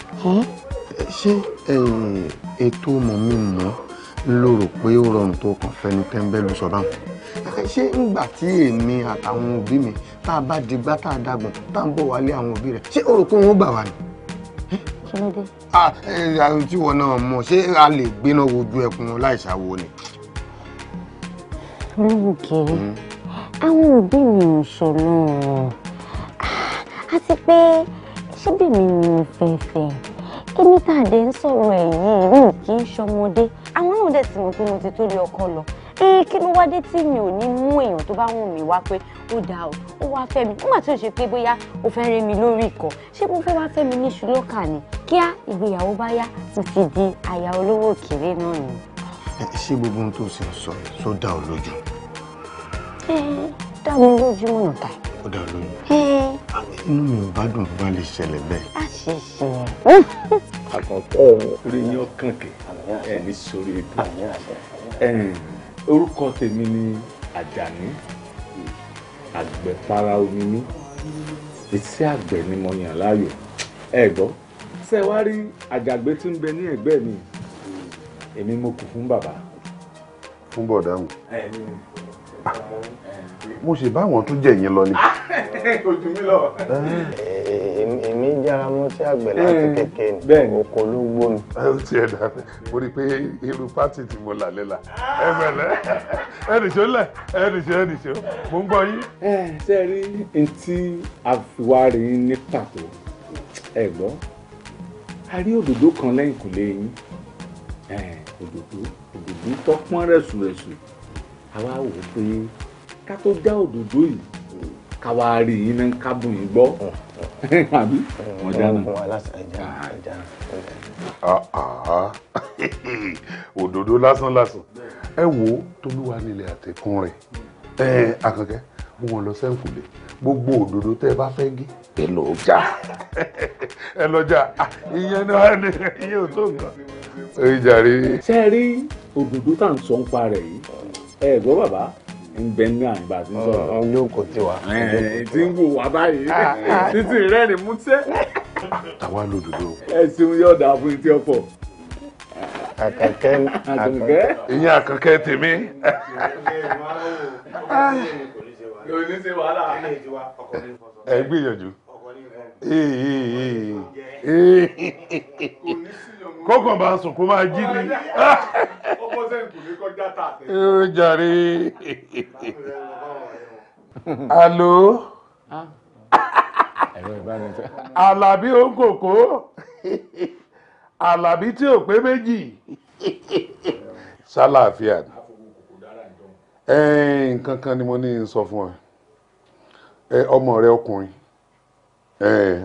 ṣé eh, ètò mọ̀mímọ́ ló rò pé ó rọrùn tó kàn fẹ́ ní tẹ́ńbẹ́lú sọ báwọn eh, ṣé ńgbà tí èmi àtàwọn òbí mi tá a bá di gbá tá a dàgbọ̀n tá a ń bọ̀ wálé àwọn òbí rẹ̀ ṣé o rò pé wọ́n gbà wá ni. kílódé. àwọn ah, eh, tí wọn náà mọ ṣé a lè gbéná wojú ẹkùn wọn láì ṣàwo ni. olùkẹ́ hmm. àwọn òbí mi ò ṣọlọ́run ah, àti pé ṣé bèmi ni mo fẹ́ fẹ́ èmi tá a dé ń sọ̀rọ̀ ẹ̀ yìí mi kì í ṣọmọdé àwọn náà dẹ̀ ti mọ̀ pé mo ti tó lé ọkọ lọ ee kí ló wá dé tí mi ò ní mú èèyàn tó bá wù mí wá pé ó dáa o ó wá fẹ́ mi nígbà tí ò ṣe pé bóyá o fẹ́ rí mi lórí ikọ̀ ṣé mo fẹ́ wá fẹ́ mi níṣu lọ́kà ni kíá ìgbéyàwó bá yá mo ti di aya olówó òkèèrè náà ni. ṣé gbogbo ohun tó ṣe ń sọ sọ dá ọ lójú. ẹ dá mi lójú mọ̀nà táyì ó dá lóyún. inú mi ò bá dùn bá lè ṣẹlẹ̀ bẹ́ẹ̀. a ṣe ṣe ẹ. àkọ́kọ́ orí yín ọkàn kì ẹ ní sórí ibú. orúkọ tèmi ni àjàní àgbẹ̀fara omi ní iṣẹ́ àgbẹ̀ ni mo yàn láàyò ẹ gbọ́ ṣe wá rí àjàgbé tí ń bẹ ní ẹ̀gbẹ́ mi èmi mo kù fún bàbá. fún bọ̀dá mo ṣe báwọn tún jẹ yín lọ ni. ojú mi lọ. èmi jára mọ́ tí àgbẹ̀ láti eh, kékeré ni oko ló gbó mi. ó ti ẹ̀ dà mo rí i pé irú pátì tí mo là lélà ẹ bẹ̀rẹ̀ ẹnìṣó lẹ̀ ẹnìṣó ẹnìṣó mo ń gbọ́ yín. ṣé ẹ rí n tí àfiwárí ní pàtó ẹ gbọ́ a rí òdòdó kan lẹ́yìn kùlé yín òdòdó òdòdó tó pọ́n rẹ̀sùrẹ̀sù àwa wò ó pé ká tó já òdòdó yìí ká wá rí yín náà ká bù yín gbọ́ àbí wọ́n já náà. Ah, ah, ah. òdòdó lásán lásán ẹ wo tolúwa nílẹ̀ àtẹ̀kùn rẹ̀ ẹ àkànkẹ́ mú wọn lọ sẹ́ǹkùlé gbogbo òdòdó tẹ́ ẹ bá fẹ́ gé ẹ lọ já ẹ lọ já ìyẹn ni wàá ní iye ò tó nǹkan. ṣe é rí òdòdó tá à ń sọ ń pa rẹ̀ yìí ẹ gbọ́ bàbá ń bẹ ní àyìnbá tí ń sọ̀rọ̀. ọ̀hún yóò kò tí wa. tí ń wò wá báyìí títí rẹ̀ ni mú tẹ́. àtàwa lòdòdó. ẹ ṣeun yóò dáa fún etí ọ̀pọ̀. àkànkẹ́ àkànkẹ́. ìyẹn àkànkẹ́ tèmi. ẹ gbìyànjú. kò ní sí kọ́kàn bá sùn kó máa jí ni. ọmọ sẹ́yìn kò ní kọjá tà tẹ́. ó jàre. alo. Àlàbí òǹkòkò Àlàbí tí ò pé méjì sálàáfíà ni nǹkan kan ni mo ní sọ fún ẹ ọmọ rẹ ọkùnrin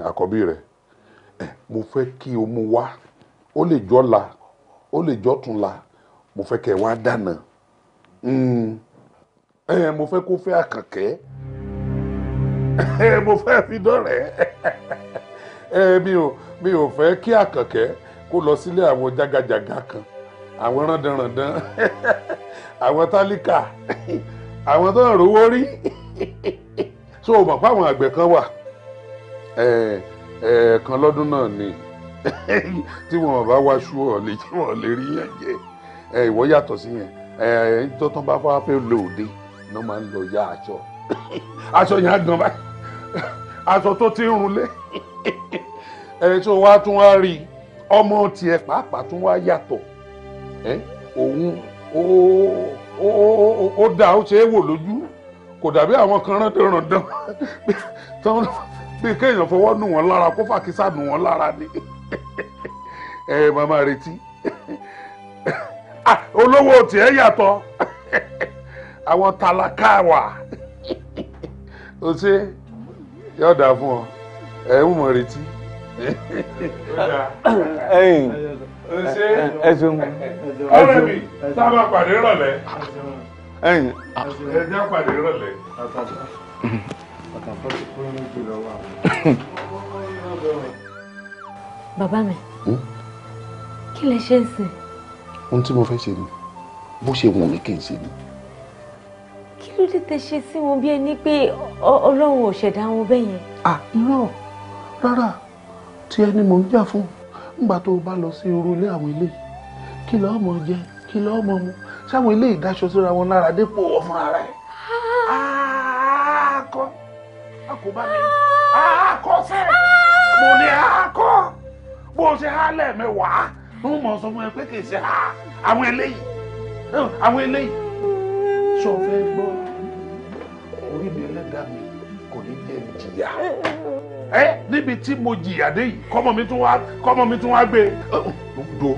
àkọ́bí rẹ mo fẹ́ kí o mú wá ó lè jọ́ la ó lè jọ́ tún la mo fẹ́ kẹ́ ẹ wá dáná hmm. mo fẹ́ kó fẹ́ àkànkẹ́ mo fẹ́ fi dọ́rẹ̀ẹ́ mi ò mi ò fẹ́ kí àkànkẹ́ kó lọ sílé àwọn jágajàga kan àwọn randanrandan àwọn tálíkà àwọn tó ń rówó rí so mọ̀ fáwọn àgbẹ̀ kan wà ẹ̀ẹ̀kan lọ́dún náà ni. tí wọn bá wáṣú ọ̀lẹ́ tí wọn lè rí yẹn jẹ ẹ ìwọ yàtọ̀ sí yẹn ẹ tọ́tàn bá fọwọ́ fẹ́ lò òde náà máa ń lọ ya aṣọ aṣọ yẹn á gan báyìí aṣọ tó ti ń runlé ẹ tó wá tún wá rí ọmọ tiẹ̀ pàápàá tún wá yàtọ̀ ẹ òun ó dá ó ṣe é wò lójú kò dàbí àwọn kan rántí ràndán bí kéèyàn fọwọ́ nù wọ́n lára kó fàkísà nù wọ́n lára ni ẹ máa máa retí ah, olówó tiẹ̀ yàtọ̀ àwọn tálákà wà o ṣe yóò dáa fún ọ ẹ ń mọ̀ retí. ẹ ṣeun ọ̀rẹ́ mi sábà pàdé rọ̀lẹ́ ẹ jẹ́ pàdé rọ̀lẹ́ àtàkùn àtàkùn bàbá mi kí lè ṣe ń sìn. ohun tí mo fẹ́ ṣe ni bó ṣe wù mí kí n ṣe ni. kí ló dé tẹ ṣe sí wọn bí ẹni pé ọlọ́run ò ṣẹ̀dá wọn bẹ́ẹ̀ yẹn. à irọ́ rárá tí ẹni mò ń jà fún nígbà tó o bá lọ sí irú ilé àwọn ilé kí lọ́ọ́ mọ̀ jẹ kí lọ́ọ́ mọ̀ mu sáwọn ilé ìdáṣọ síra wọn lára dépò ọ̀fun ara ẹ̀. akọ ah! akọ bá mi akọ ah! sẹ́ẹ̀ mo ní akọ bó o ṣe há lẹ́ẹ̀mẹ́wàá ló mọ̀ sọ fún ẹ pé kì í ṣe há àwọn eléyìí àwọn eléyìí sọ fẹ́ gbọ́ orí mi ẹlẹ́dàá mi kò ní jẹ́ jìyà ẹ níbi tí mo jìyà dé yìí kọ́mọ mi tún wá kọ́mọ mi tún wá gbé do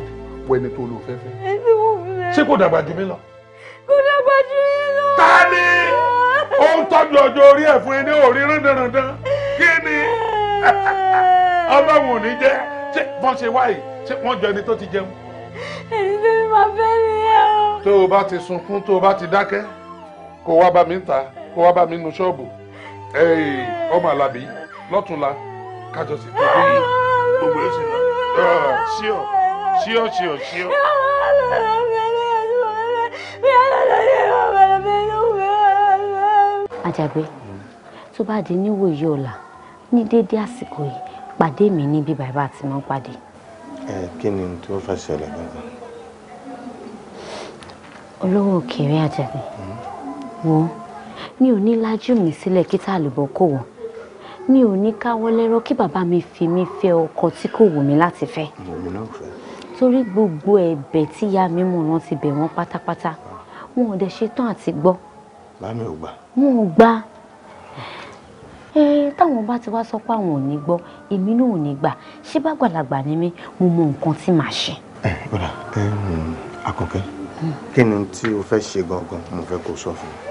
wọ ẹni tó lò fẹ́fẹ́ ṣé kò dàgbà jù mí lọ. kò dàgbà jù mí lọ. ta ni ó ń tọ́jú ọjọ́ orí ẹ̀ fún ẹni òrí rán dandan kí ni ọlọ́run ò ní jẹ́ ṣé bọ́n ṣe wáyé ṣé wọ́n jọ ẹni tó ti jẹun. èyí tó ní máa fẹ́ nìyẹn o. tó o bá ti sunkún tó o bá ti dákẹ́ kó wá bá mi ń ta kó wá bá mi nu ṣọ́ọ̀bù ọmọ alábí lọ́túnla kájọ sí tó dé yìí gbogbo ẹ̀ ṣe lọ ṣíọ ṣíọ ṣíọ ṣíọ. Àjàgbé tó bá di níwòye ọ̀la ní déédéé àsìkò yìí pàdé mi níbi bàbá àti mọ́ pàdé. ẹ kí ni tó fẹ́ ṣẹlẹ̀ gbọ́dọ̀. olówó òkèèrè àjàgbé wo mi ò ní lájú mi sílẹ̀ kí tá àlùbọ́ kò wọ̀ mi ò ní káwọ́ lẹ́rọ̀ kí bàbá mi fi mí fẹ́ ọkọ tí kò wù mí láti fẹ́. èmi náà fẹ́. torí gbogbo ẹ̀bẹ̀ tí ìyá mi mú wọn ti bẹ̀ wọ́n pátápátá wọn ò dẹ̀ ṣetán àti gbọ́. bá mi ò gbà. wọn ò gbà ẹ táwọn bá ti wá sọ pé àwọn ò ní gbọ́ èmi náà ò ní gbà ṣé bá gbàlagbà ni mí mo mọ nǹkan tí màá ṣe. ẹ ọ̀la ẹ hmm, àkọ́kẹ́ kí ni tí o fẹ́ ṣe gangan mo fẹ́ kó sọ fún mi.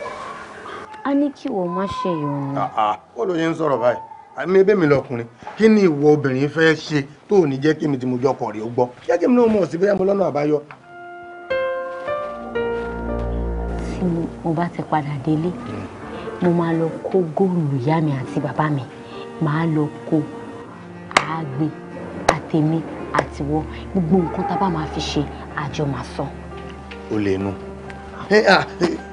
a ní kí wọ́n má ṣe ìròyìn. Ah, ah, ó lóye ń sọ̀rọ̀ báyìí àmì ẹbí mi lọkùnrin kí ni ìwọ obìnrin fẹ́ ṣe tó ò ní jẹ́ kí mi ti mo jọ kọ̀ rí o gbọ́ kí ẹ mi náà mọ̀ sí mo lọ́nà àbáyọ tí mo bá ti padà délé hmm mo máa lọ kó góòlù ìyá mi àti bàbá mi máa lọ kó àgbè àtẹ̀mí àtiwọ́ gbogbo nǹkan tá a bá máa fi ṣe àjọ máa sọ. o lè nu. Hey, ah, hey. Eh, ah.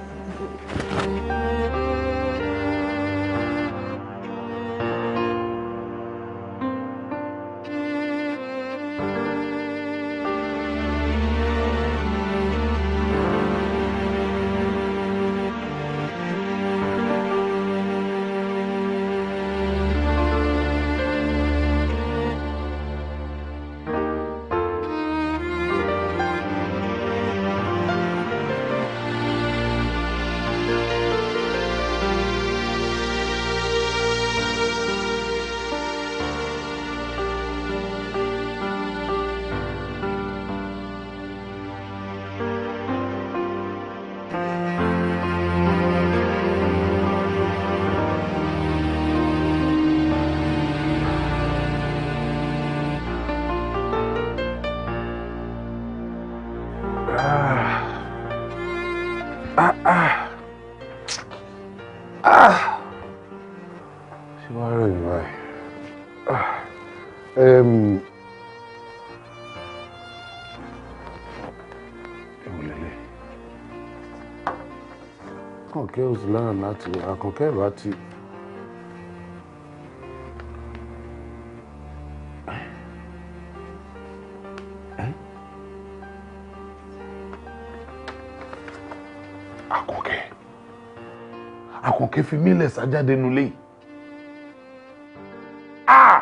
girls lára láti àkànkẹ́ ìbá ti. àkànkẹ́ àkànkẹ́ fi mí lẹ̀ sájáde nulẹ̀ yìí. Ah!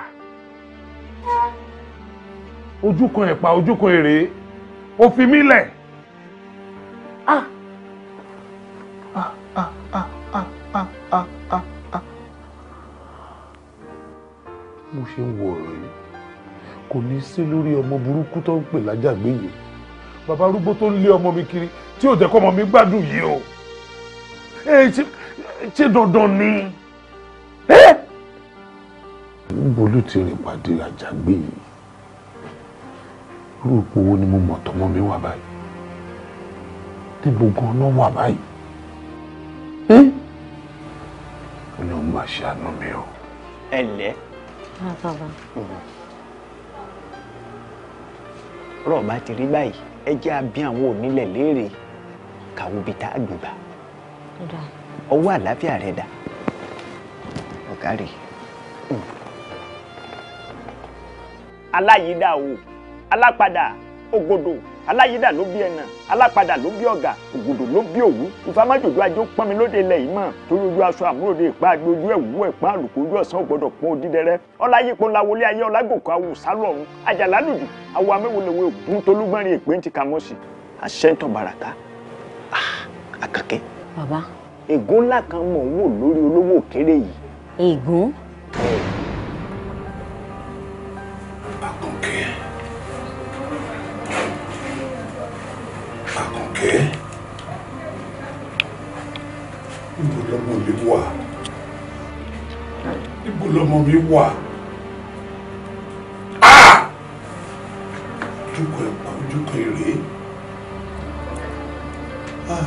ojú kan ẹ̀pà ojú kan èrè ó fi ikú tó ń pè lájàgbé yìí bàbá arúgbó tó ń lé ọmọ mi kiri tí ò jẹ́ kọ́ ọmọ mi gbádùn yìí o ẹ ṣe dandan ni. níbo ló ti rìn pàdé àjàgbé yìí irú ipò wo ni mo mọ̀ tọmọ mi wà báyìí níbo gan ló wà báyìí ọlọ́run máa ṣàánú mi o. ẹ ǹlẹ́ ọ̀rọ̀ bá ti rí báyìí ẹ jẹ́ abí àwọn onílẹ̀ léèrè kàwọ́ bíi tá a gbìgbà ọwọ́ àlàáfíà rẹ̀ dà ọ̀gá rè aláyídà o alápadà ògodò aláyídà ló bí ẹnà alápadà ló bí ọ̀gà ògùdò ló bí òwú ìfamọ́jòjò ajé ó pọ́nmi lóde ilẹ̀ yìí mọ̀ torí ojú aṣọ àmúròde ìpá agbe ojú ẹ̀wú ẹ̀pá àlùkò ojú ọ̀sán ògbọ́dọ̀ pọ́n odídẹrẹ́ ọláyípo lawolé ayé ọlágòkò awùsálọ̀ ọ̀run àjàlálùdì awo amẹ́wòlewé ògùn tolúgbọ́nrin ìpè ń ti kàmọ́sì àṣẹ́ńtọ̀ bàràká ah, àkàkẹ́. bàbá. mi wà á ojúkọ ẹ̀pọ̀ ojúkọ èrè á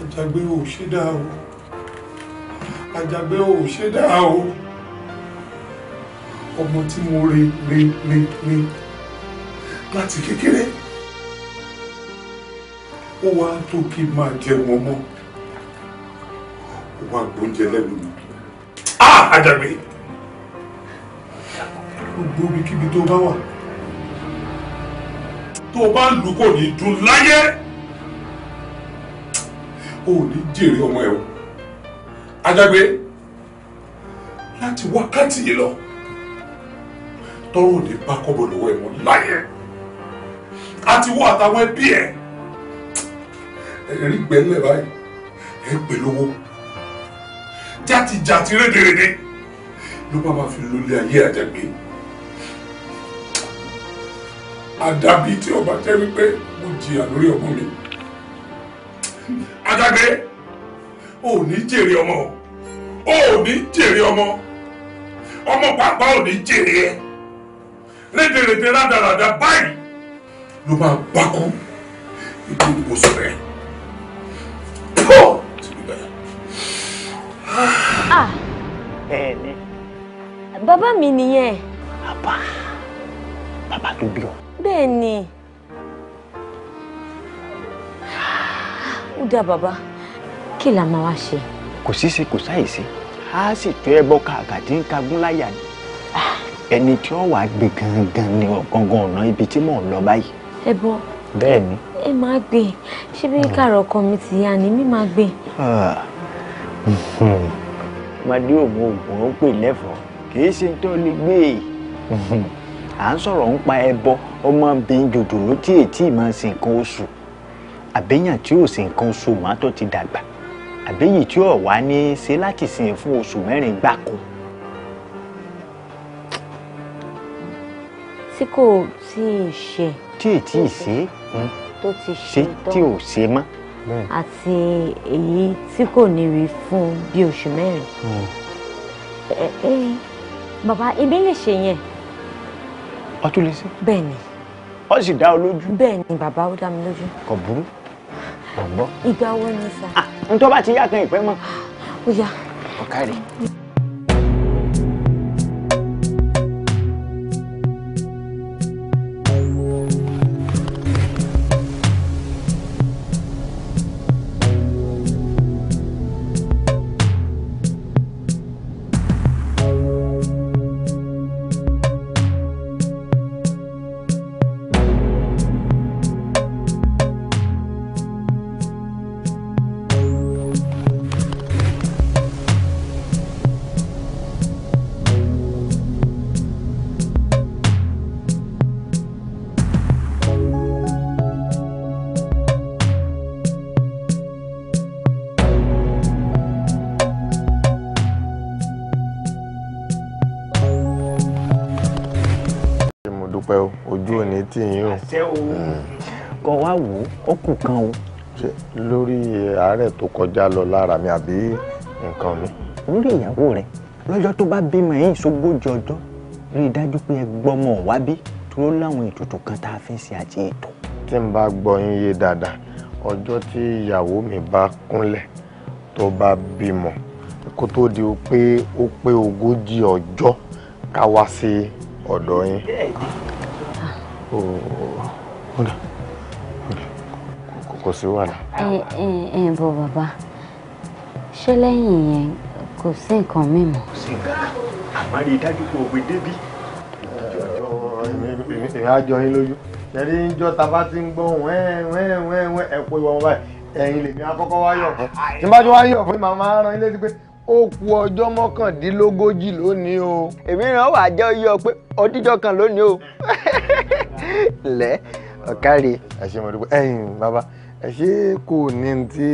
àjàgbé ò ṣe dáa o àjàgbé ò ṣe dáa o ọmọ tí mo re re re re láti kékeré ó wá tó kí máa jẹun ọmọ ó wá gbóúnjẹ lẹ́nu mi. Ah, I Adami gbogbo ibikíbi tó bá wà tó bá lù kò ní dùn láyé ò ní jèrè ọmọ ẹ o adágbé láti wákàtí yìí lọ tọrọ ní bá kọ́bọ̀ lọ́wọ́ ẹ mọ́ láyé àti wọ àtàwọn ẹbí ẹ ẹrí gbẹlẹ báyìí ẹ pè lówó játijàti rédèrèdè ló bá máa fi lólé ayé àjàgbé àdàbí tí ọba jẹ́ wípé mo jìyà lórí ọmọ mi adágbé ò ní jèrè ọmọ ò ní jèrè ọmọ ọmọ pàápàá ò ní jèrè ẹ rédèrèdè rádaràdà báyìí ló máa bákú ibi ìbùsùn rẹ. Ah, bẹ́ẹ̀ni. Bàbá mi nìyẹn. Bàbá, bàbá tó bí ọ bẹ́ẹ̀ ni ó dáa bàbá kí la máa wá ṣe. kò sí ṣe kò sáyèsí a sì tó ẹbọ kàkàtí ń kagún láyà ni ẹni tí ó wàá gbé gangan ni ọ̀gangan ọ̀nà ibi tí mò ń lọ báyìí. ẹbọ bẹ́ẹ̀ ni. ẹ máa gbé ṣé bí hmm. káàrọ̀ ọkọ mi ti yá ni mi máa gbé. màdí òun òògùn ó pè lẹ́fọ̀ọ́ kì í ṣe tó lè gbé e à ń sọ̀rọ̀ ń pa ẹbọ ọmọbìnrin jòjòló tí ètí máa ń sin nǹkan oṣù àbẹ́yàn tí ò sin nǹkan oṣù mọ́ ti dàgbà àbẹ́yì tí ò wá ní í ṣe láti sin fún oṣù mẹ́rin gbáko. tí kò tí ì ṣe. tí ì ì ṣe hmm, tó ti ṣe tí ò ṣe mọ́. àti èyí tí kò ní rí fún bí oṣù mẹ́rin. Hmm. bàbá ebi lè ṣe yẹn ọtún lè sí. bẹ́ẹ̀ ni. ó sì dá ọ lójú. bẹ́ẹ̀ ni bàbá ó dá mi lójú. kò burú kò gbọ́. ìgbà wo ni sà. Ah, n tó bá ti yá kan ìpẹ́ mọ́. ó yá. ọ̀kárì. tì yín o. àṣẹ o. kọ wá wò ó kù kan o. ṣe lórí àárẹ̀ tó kọjá lọ lára mi àbí nǹkan mi. lórí ìyàwó rẹ lọ́jọ́ tó bá bímọ yín sógójì ọjọ́ rí i dájú pé ẹ gbọ́mọ wá bí dúró láwọn ètùtù kan tá a fẹ́ ṣe àti ètò. tí n bá gbọ́ yín yé dáadáa ọjọ́ tí ìyàwó mi bá kúnlẹ̀ tó bá bímọ kó tó di pé ó pé ogójì ọjọ́ ká wá sí ọ̀dọ̀ yín. kò sí wàhálà. ẹ ẹ ẹ bọ bàbá ṣé lẹ́yìn yẹn kò sí nǹkan mi mọ́. kò àmọ́ rí i dájú pé òwe débí. ìhà yín lójú ń jọ ta bá ti ń gbọ́ ti wá yọ̀ fún màmá ilé pé ó ku ọjọ́ mọ́kàndínlógójì lónìí o. èmi náà jẹ́ lẹ́ ọ̀kárí ẹ̀ṣẹ̀ mo dúpẹ́ ẹ̀yìn bàbá ẹ̀ṣẹ̀ kò ní ti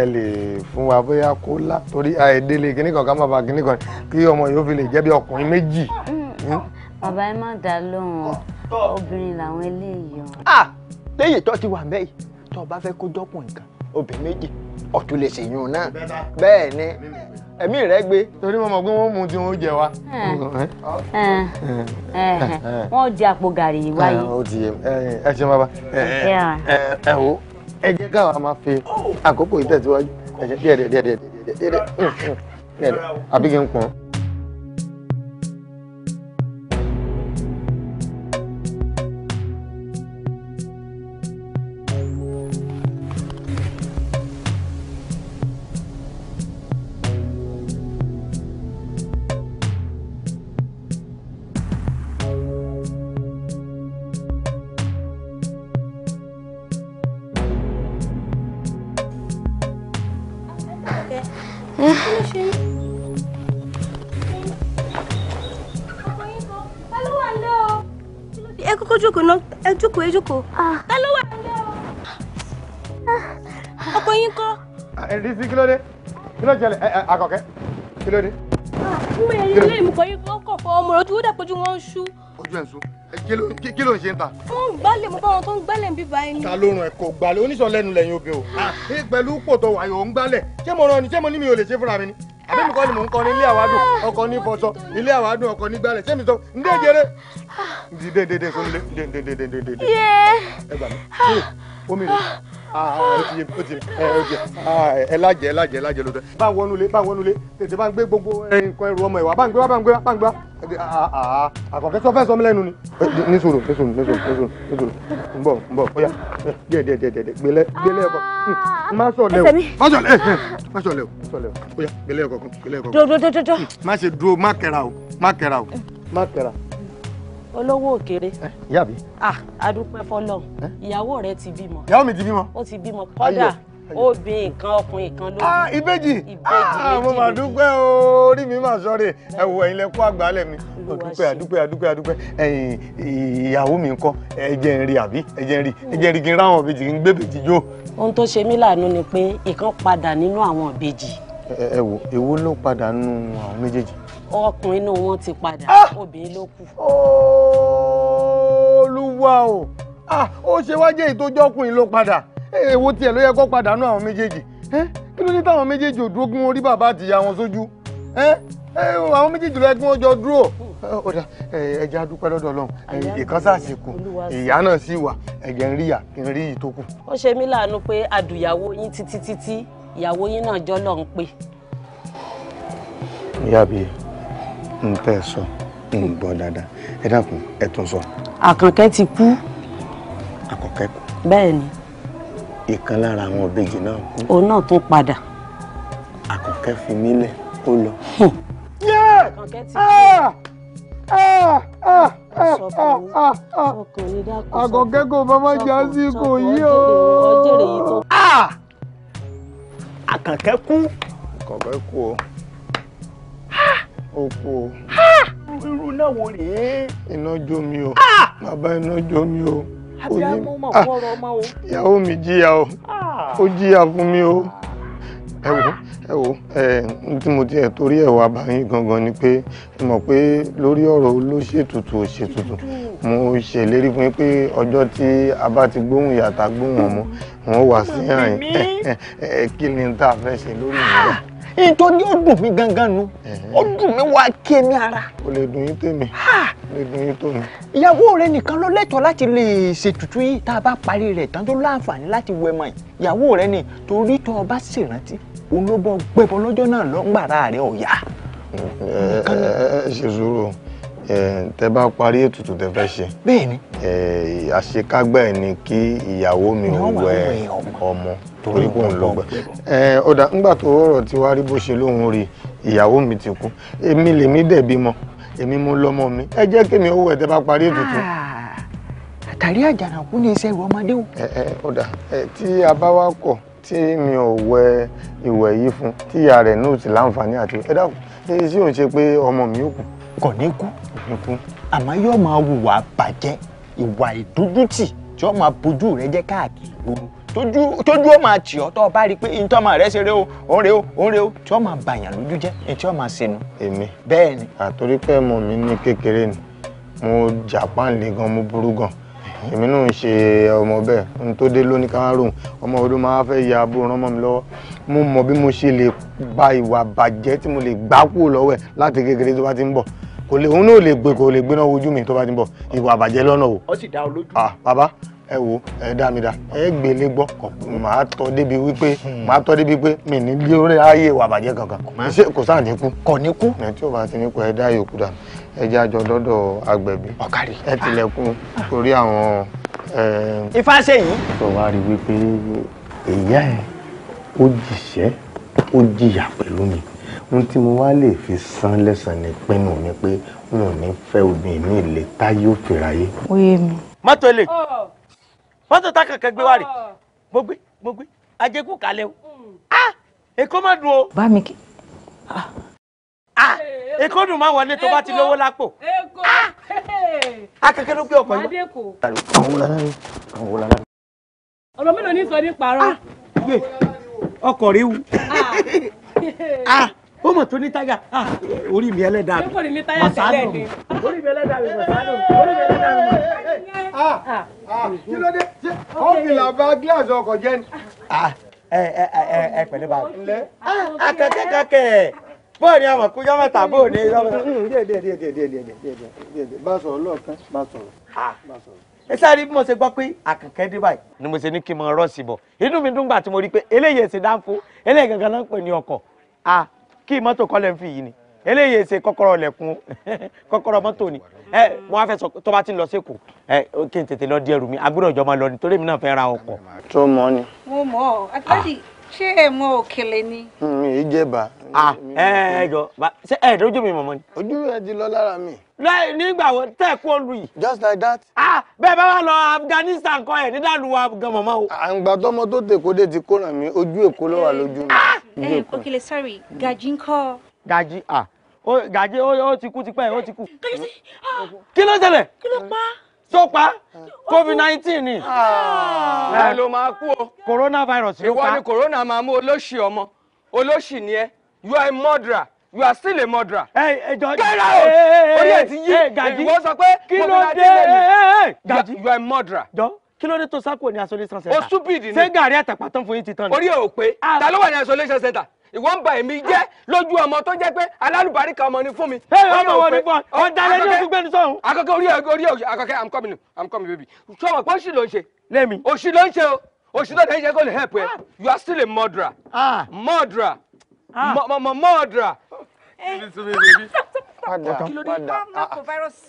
ẹ lè fún wa bóyá kó lá torí àìdélé kíníkan ká má ba kíníkan kí ọmọ yóò fi lè jẹ́ bí ọkùnrin méjì. Mm. Hmm? bàbá ẹ má dá lóhùn obìnrin làwọn eléyìí o. ah tó ti wà mẹ́yìí tó o bá fẹ́ kó jọ́pọ̀ nǹkan obìnrin méjì ọ̀tún lè ṣèyún náà bẹ́ẹ̀ ni ẹ̀mí rẹ̀ gbé. torí mo mọ̀ pé wọ́n mú tí wọ́n jẹ wa. wọ́n jẹ àpò gàrí yìí wáyé. ó ti yé ẹ ṣe bàbá ẹ wo ẹ jẹ́ káwa máa fi àkókò ìtẹ̀síwájú ẹ ṣe díẹ̀ díẹ̀ díẹ̀ díẹ̀ díẹ̀ díẹ̀ àbí kí n pọ̀n. ẹ ah. ta ló wà nílé ah. o. ọkọ yín kọ́. Ah, ẹ̀rí sí kí ló dé kí ló jẹlẹ̀ àkọ́kẹ́ kí ló dé. mo yẹ ilé ìmùkọ yín kọ́ fọ ọmọ rẹ ojú ó dàpọ̀ ojú wọn ń ṣú. ojú ẹ̀ ń ṣú kí ló ń ṣe ń ta. ó ń gbálẹ̀ mo bá wọn tó ń gbálẹ̀ bí ba ẹni. ta ló ràn ẹ kò gbálẹ̀ oníṣọ́ lẹ́nu obìnrin o. pẹ̀lú pòtò wàyò ń gbálẹ̀ ṣé mo ràn ni ṣé mo ní mi ò lè ṣe fúnra mi ni sẹ́mi kọ́ ni mò ń kọ́ ní ilé àwádùn ọkọ ní fọṣọ ilé àwádùn ọkọ ní gbálẹ̀ sẹ́mi sọ ǹdẹ́ jẹrẹ dìde dìde kò ní lé dìde dìde ẹ gbà mí omi rẹ. Ah, ah, eh, ah, eh, ẹ lájẹ ẹ lájẹ ẹ lájẹ lóde. bá wọnúlé bá wọnúlé tètè bá ń gbé gbogbo eh, nǹkan ẹrù ọmọ ìwà bá ń gbé wá bá ń gbé wá bá ń gbé wá. àkànkẹ́ sọ fẹ́ sọ mí lẹ́nu ni. ní sòrò ní sòrò ní sòrò ní sòrò ní sòrò ń bọ̀ ń bọ̀ bóyá díẹ̀ díẹ̀ díẹ̀ díẹ̀ gbélé gbélé ẹ̀kọ́ má sọ lẹ o má sọ lẹ má sọ lẹ o bóyá gbélé ẹ̀kọ́ kan gbélé ẹ̀kọ́ kan. dodododo. Hmm, má ṣe dúró má kẹra o má kẹra o má kẹra olówó òkèrè. Eh, ìyá mi. ah adúpẹ́ fọlọ́ eh? ìyàwó rẹ ti bímọ. ìyàwó mi ti bímọ. ó ti bímọ kọ́dà obìnrin kan ọkùnrin kan ló. ah ìbejì ìbejì ah, mo máa dúpẹ́ o orí mi máa sọ̀rọ̀ ẹ wo ẹ̀yin lẹ kó àgbálẹ̀ mi dúpẹ́ àdúpẹ́ àdúpẹ́ àdúpẹ́ ẹ̀yin ìyàwó mi ńkọ́ ẹ̀jẹ̀ ń rí àbí ẹ̀jẹ̀ ń rí ẹ̀jẹ̀ ń rí kí n ráwọn ìbejì kí n gbé ìbejì jó. ohun tó ṣe mí láàánú ni pé ìkan padà nínú àwọn ìbejì. ẹ wo èwo ló padà nínú àwọn méjèèjì ọkùnrin inú wọn ti padà ah! obìnrin ló kù. olúwa o ah, ó ṣe wá jẹ́ ìtọ́jú ọkùnrin ló padà eh, èwo tiẹ̀ ló yẹ kó pàdánù àwọn méjèèjì eh, kí ló ní táwọn méjèèjì ò dúró gún orí bàbá àtìyá wọn sójú eh, àwọn méjèèjì ló yẹ kí wọ́n jọ dúró ọ̀dà ẹja dúpẹ́ lọ́dọ̀ ọlọ́run ìkọ́sà àsìkò ìyá náà sì wà ẹ̀jẹ̀ ń rí ìyà kí n rí ìtókù. ó ṣe mí láàánú pé adùyàwó yín títí títí ìyàwó yín náà jọ́ lọ́n pé. ìyá bíi n tẹ́ sọ n gbọ́ dáadáa ẹ dákun ẹ tún sọ. àkànkẹ́ ti kú. àkànkẹ́ kú. bẹ́ẹ̀ ni. ìkan lára àwọn òbejì náà kú. òun náà tún padà. àkànkẹ́ fi mí lẹ̀ ó lọ. àkànkẹ́ ti kú ah! ah! ah! àkọ́kẹ́ kò bá jẹ́ àsìkò yìí o. àkànkẹ́ kú. àkànkẹ́ kú o. Ha! irú náà wo rèé. iná jó mi o bàbá iná jó mi o. abiyamọ mọ wọrọ ọmọ o. ìyàwó mi jìyà o ó jìyà fún mi o. ẹ wo ẹ wo ẹ tí mo tiẹ̀ torí ẹ̀ wá báyìí gangan ni pé ẹ mọ̀ pé lórí ọ̀rọ̀ olóṣètùtù òṣètùtù mo ṣèlérí fún yín pé ọjọ́ tí a bá ti gbóhùn ìyàtà gbóhùn ọmọ wọn wà sí àyìn kí ni tá a fẹ́ ṣe lórí ìyẹn nítorí ó dùn mí gangan nu ó dùn mí wá ké mi ara. o lè dùn yín tèmi o lè dùn yín tòun. ìyàwó rẹ nìkan ló lẹ́tọ̀ọ́ láti lè ṣètùtù yìí tá a bá parí rẹ̀ tán tó láǹfààní láti wẹ̀ mọ́ ìyàwó rẹ ni torí tó o bá ṣèrántí òun ló bọ́ gbẹbọ lọ́jọ́ náà lọ́ngbàrá rẹ ọ̀yà. ẹ ṣe sùúrù tẹ bá parí ètùtù tẹ fẹ́ ṣe. bẹ́ẹ̀ni. àṣekágbá ẹ ni kí ìyàwó mi ò wẹ ọmọ. torí kò ń lọ. ọ̀dà ńgbà tó rọrọ̀ tí wàá rí bó ṣe lóhun rí ìyàwó mi ti kú èmi lèmi dẹ̀ bímọ èmi mú lọ́mọ mi ẹ jẹ́ kémi owó ẹ̀ tẹ́ bá parí tuntun ah, àtàrí ni iṣẹ́ ìwọ ọmọdé o. tí a bá wá kọ̀ tí mi ò wẹ ìwẹ̀ yìí fún tí ìyá rẹ̀ àti ẹ dákun ṣé òun pé ọmọ mi ò kù. kò ní kú tójú ó máa tì ọ́ tó o bá rí i pé ìtọ́mọ rẹ ṣe ré o òun o òun o tí ó máa bàyàn lójú jẹ́ ètí ó máa ṣẹnu. èmi bẹ́ẹ̀ ni. àtòrí pé ọmọ mi ní kékeré ni mo japan le gan mo burú gan èmi náà ń ṣe ọmọ bẹ́ẹ̀ n tó dé lóní kárùn ọmọ ọdún máa fẹ́ ya abúrò rán mọ́ mi lọ́wọ́ mo mọ bí mo ṣe lè gba ìwà bàjẹ́ tí mo lè gbá kúrò lọ́wọ́ ẹ̀ láti kékeré tó bá ti ń bọ̀ kò lè òun náà lè gbé kò lè gbéná wojú mi tó bá ti ń bọ̀ ìwà bàjẹ́ lọ́nà o. ó sì dá ọ lójú. ah bàbá ẹ wo ẹ dá mi dá ẹ gbélé gbọ́ màá tọ́ débi wípé hmm. màá tọ́ débi pé mi ní bí orí ayé wà bàjẹ́ kankan kò sáà ní kú. kò ní kú. ẹ tí o bá ti ní kú ẹ dá yòókù dà ẹ jẹ́ àjọ dọ́dọ̀ agbẹ̀bí. ọ̀kadì. ẹ tilẹ̀kùn torí àwọn. ifá ṣe yìí. sọ wá rí wípé ìyá ẹ ó jìṣẹ́ ó jìyà pẹ̀lú mi ohun tí mo wá lè fi san lẹ́sàn ni pinnu mi pé n ò ní fẹ́ obìnrin mi lè táyé òfìráyé. oyè mi. mọ́tò lè. Oh mọ́tò tá kankan gbé wá rè ah. mo gbé mo gbé ajẹ́kù kalẹ̀ o mm. ah èkó má dùn o. bá mi kí. ah, ah èkó dùn má wọlé tó bá ti lówó lápò ah akẹ́kẹ́ ló gbé ọkọ̀ yìí wá. àwọn wòlá lára àwọn wòlá lára. ọ̀rọ̀ mélòó ní sọ ní parọ́. Ah, ọkọ̀ rí wu ó mọ̀ tó ní táyà ah, orí mi ẹlẹ́dàá mi mọ̀sádùn orí mi ẹlẹ́dàá mi mọ̀sádùn orí mi ẹlẹ́dàá mi mọ̀sádùn. Ah, ah, kí ló dé ṣé ọ́fìlà bá gíláàsì ọkọ̀ jẹ́ ni. ẹ ẹ ẹ ẹ pẹ̀lẹ́ bá a. akẹ́kẹ́ kẹ́kẹ́ bóòní àwọn kújọ́ mẹ́ta bóòní. bá a sọ̀rọ̀ lọ́ọ̀kan bá a sọ̀rọ̀ ẹsẹ́ àrí bí mo ṣe gbọ́ pé àkànkẹ́ dé báyìí ni mo ṣe ní kí n mọ ọ̀rọ̀ sí bọ̀ inú mi dùn gbà tí mo rí i pé eléyìí ẹ̀sìn dáńfó eléyìí gangan náà ń pè ní ọkọ̀ kí mọ́tò kọ́lẹ̀ ń fi yìí ni eléyìí ṣe kọ́kọ́rọ́ lẹ̀kùn kọ́kọ́rọ́ mọ́tò ni ẹ mo wá fẹ́ sọ tó bá ti lọ sí Èkó ẹ kí n tètè lọ di ẹrù mi agbódò ìjọba lọ nítorí mi náà fẹ́ ra ọkọ̀. tó mọ ni. mo mọ àtúntò ṣé ẹ òkèlè ni. Mm, mi ì jẹba. ẹ ẹ jọ ṣé ẹ ẹdọ mi ni. ojú rẹ lọ lára mi. nígbà wo tẹ́ kú just like that. ah bẹ́ẹ̀ bá wà lọ Afghanistan kọ́ ẹ̀ nídàlú wa gan mọmọ o. tọmọ tó ti kó ràn mí ojú èkó ló wà lójú mi. sorry gaji ah gàjí ó ti kú ti kú. kí ló ṣẹlẹ̀. kí ló tó pa covid nineteen ni. Ah. Ah. ẹ ló ah. máa kú o. coronavirus ló pa. ìwọ ni corona máa mú olóṣì ọmọ olóṣì ni ẹ you are a murderer you are still a murderer. ẹ ẹ jọ get out orí ẹ ti yí ìwọ sọ pé covid nineteen lẹ́nu you are a murderer. jọ kí ló dé tó sákò ní isolation center. o stupid ni. ṣé gàrí àtàpà tán fún yín ti tán ni. orí ẹ ò pé ta ló wà ní isolation center ìwọ ń ba èmi jẹ́ lójú ọmọ tó jẹ́ pé alálùbáríkà ọmọ ni fún mi. ọmọ wọn ni fún ọ dalẹ ní oṣù gbẹni sọhùn. akọkẹ orí ẹ orí ẹ akọkẹ i'm coming i'm coming baby sọmọ pé òṣì ló ń ṣe. lẹ́mi. òṣì ló ń ṣe o òṣì ló ń ṣe kó lè help ẹ ah. you are still a murderer. Ah. murderer ah. murderer. Eh padà padà ah, ah,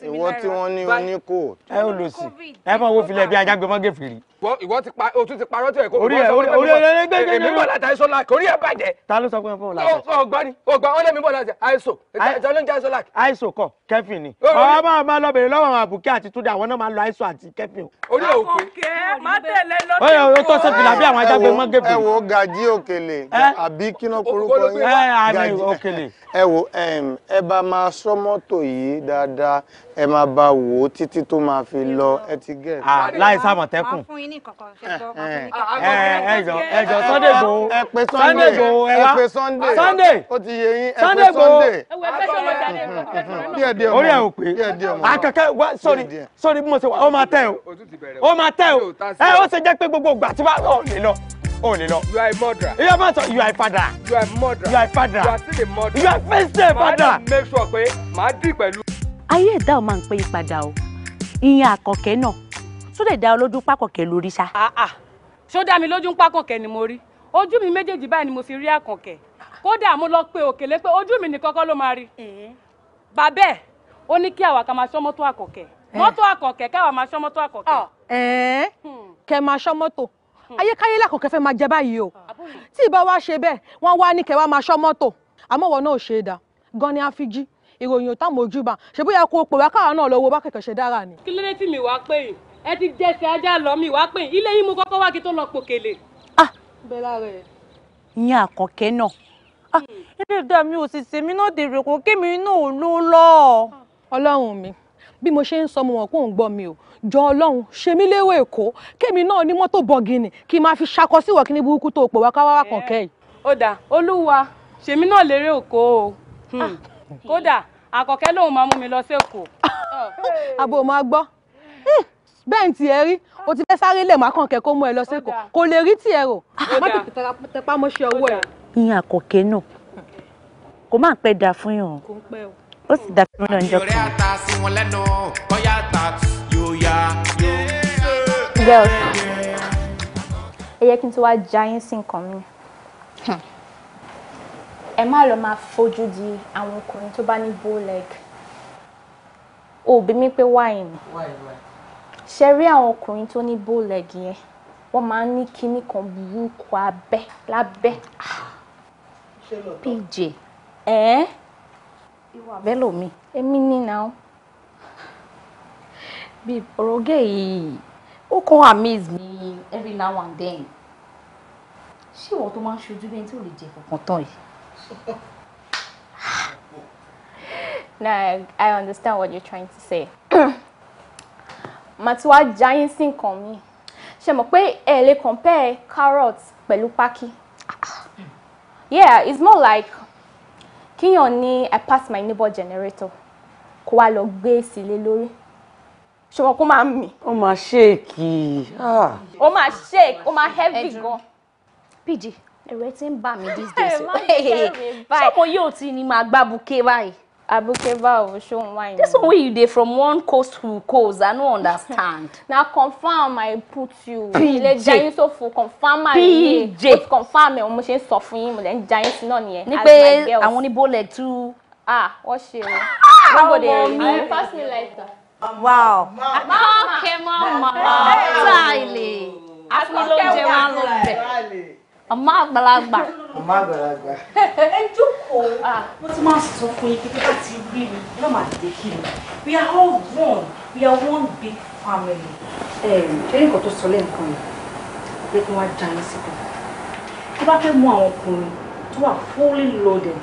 ìwọ tí wọ́n ní oníkò. ẹ ò lò sí ẹ fọ́n wo filẹ̀ bí ajá gbé mọ́gẹ́ fìrí. ìwọ ti pa o tún ti parọ́ tó yẹ kó o bọ́ sọ fún mi bọ́ èmi bọ̀ láti àìsàn láàkì orí ẹ̀ bàjẹ́. ta ló sọ fún ẹ fún ọ láti. ọgbà ni ọgbà wọn lẹ́mi bọ̀ láti àìsàn ìjà ló ń jẹ́ àìsàn láàkì. àìsàn kọ kẹfìn ni ọmọ máa máa máa lọ sọ mọ́tò yìí dáadáa ẹ máa bá wò ó títí tó máa fi lọ ẹ ti gẹ̀. Ah, láì sàmọ̀tẹ́kùn ẹjọ ẹjọ Sunday Igboho ẹ pè Sunday Igboho ẹ wá Sunday Sunday ó ti yẹ yín eh, ẹ pè Sunday. díẹ̀ díẹ̀ mọ́ orí ẹ̀ ò pé akẹ́kẹ́ wá sọ́rí sọ́rí bí mo ṣe wà ó máa tẹ̀ ó máa tẹ̀ eh, ó ṣe jẹ́ pé gbogbo ìgbà tí wàá lọ lè lọ o lè lọ. you are a murderer. iye máa sọ you are a father. you are a murderer. you are a father. you are still a murderer. you are first day father. màá make sure pé màá dì pẹ̀lú. ayé ẹ̀dá ò máa ń pé ìpadà o ìyẹn àkọ̀kẹ́ náà tó lè dá olójú pákọ̀kẹ́ lórí ṣá. Ah, ah. ṣó dá mi lójú pákọ̀kẹ́ ni mo rí ojú mi méjèèjì báyìí ni mo fi rí àkànkẹ́ kódà mo lọ pe òkèlè pé ojú mi ní kọ́kọ́ ló máa rí bàbá ẹ̀ ó ní kí àwa ká máa ṣọ́ mọ́tò àkànkẹ́ mọ́tò àkànkẹ́ káwa máa ṣọ́ mọ́tò àkànkẹ́. Hmm. kẹ máa ṣọ́ mọ́tò Hmm. ayékáyé lákòókè fẹ́ máa jẹ báyìí o ah. tí ìbá wa ṣe bẹ́ẹ̀ wọ́n wá ní kẹwàá máa ṣọ́ mọ́tò àmọ́ wọn náà ṣe é dá gan ni a fi jí ìròyìn òtá mojú bá ṣe bóyá kó o pè wá káwa náà lọ́wọ́ bá kẹ̀kẹ́ ṣe dára ni. kí ló dé tí mi wá pè yín ẹ ti jẹsẹ̀ ajá lọ mi wá pè yín ilé yín mo kọ́kọ́ wá kí tó lọ pòkèlè. ah bẹ́ẹ̀ lára ẹ̀. ìyẹn àkànkẹ́ náà hmm. ah ilé ìdá mi ò sì ṣèmi náà dèrò kó kémi náà ò ló lọ. Ah. ọlọ́run mi bí mo ṣe ń sọ mo mọ̀ pé òun gbọ́ mi o jọ ọlọ́run ṣe mí léwé èkó kémi náà ní mọ́tò bọ̀gìnì kí n máa fi ṣakọ sí ìwọ̀ kíní burúkú tó pè wá káwá kàn kẹ́ yìí. ó dà olúwa ṣèmi náà lérè òkó o hmm. ah. kódà àkọ́kẹ́ lòun máa mú mi lọ sí èkó. àbò máa gbọ́ hmm. bẹ́ẹ̀ ń tiẹ̀ rí o ti fẹ́ sáré lẹ̀ máa kàn kẹ́ kó mú ẹ lọ sí kò lè rí tiẹ̀ rò má tètè tẹpá mọ́ṣẹ́ ọwọ́ ẹ̀. ìyẹn àkọ́kẹ́ náà kò máa pẹ́ dà fún yàn. kò ń pẹ́ o ó sì dá fún náà jọ kan. girls ẹ yẹ kí n tó wá jayín sí nǹkan mi hmm. ẹ má lọ máa fojú di àwọn ọkùnrin tó bá ní bow leg ó bí mi pé wáìnì ṣe rí àwọn ọkùnrin tó ní bow leg yẹn wọ́n máa ń ní kinní kan burúkú abẹ́ lábẹ́ pj ẹ̀ẹ́. Eh? ìwà bẹ́lòmí èmi ní náà bíi poroge yìí ó kàn amaze me every now and then ṣé ìwọ tó máa ń ṣojú bẹ́ẹ̀ tí ò lè jẹ kankan tán yìí. no I, I understand what you're trying to say màtí wàá jayín sí nǹkan mi ṣe mọ̀ pé ẹ lè compare carrot pẹ̀lú pákí ah, ah. yeah it's more like kíyàn ní i pass my neighbor generator kó wá lọ gbé sílé lórí ṣùgbọ́n kó máa mì. ó máa ṣéèkì. Ah. ó máa ṣéèkì ó máa heavy gan. pidgey ẹ̀rọ ẹ ti ń bà mí these days. ṣé mo yóò ti ní máa gbá buké báyìí abukeba or wine. This one way you dey from one coast to coast, I no understand. Na confirm I put you. Ilé jẹun so fún confirm I PJ. O ti confirm ẹ̀ mo ṣe ń sọ fún yín mo lẹ́ ń jẹun sí náà nìyẹn. Ní pé àwọn oníbó leg tú. Ah, wọ́n ṣe o. Nobody dey mi. I pass me lighter. Wow. Mọ̀ọ́kẹ́ mọ́ mọ́. Táìlì. Àti jẹ wá lọ bẹ̀ ọmọ àgbàlagbà. ọmọ àgbàlagbà. ẹ jókòó ah. mo ti máa sọ fún yín pé láti rí mi ẹ má dé kí mi we are all one we are one big family. ẹ ẹ ṣé nǹkan tó sọ lẹ́ǹkan yìí pé kí wọ́n á já yín síbẹ̀ tí bá fẹ́ mú àwọn ọkùnrin tó wà fully loaded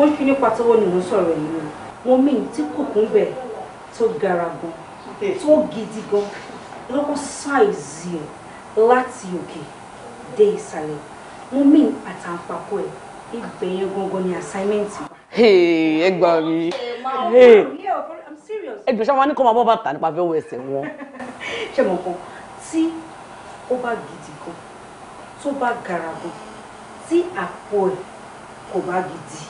ó ń fi nípa tọwọ́ nínú sọ̀rọ̀ yìí o wọn mí tí kò kún bẹ̀ tó gara gan tó gidi gan lọ́kọ́ sáìzì ẹ̀ láti òkè. Okay dé ìsàlẹ̀ wọ́n mí àtàǹpàkò ẹ̀ ibẹ̀ yẹn gangan ni assignment wa. ẹ gbà mí ẹgbẹ́ sáwọn ní kọ́ máa bọ́ bàtà nípa fẹ́ wọ ẹsẹ̀ wọn. ṣé mo kàn tí ó bá gidi gan tó bá gara gan tí àpò ẹ̀ kò bá gidi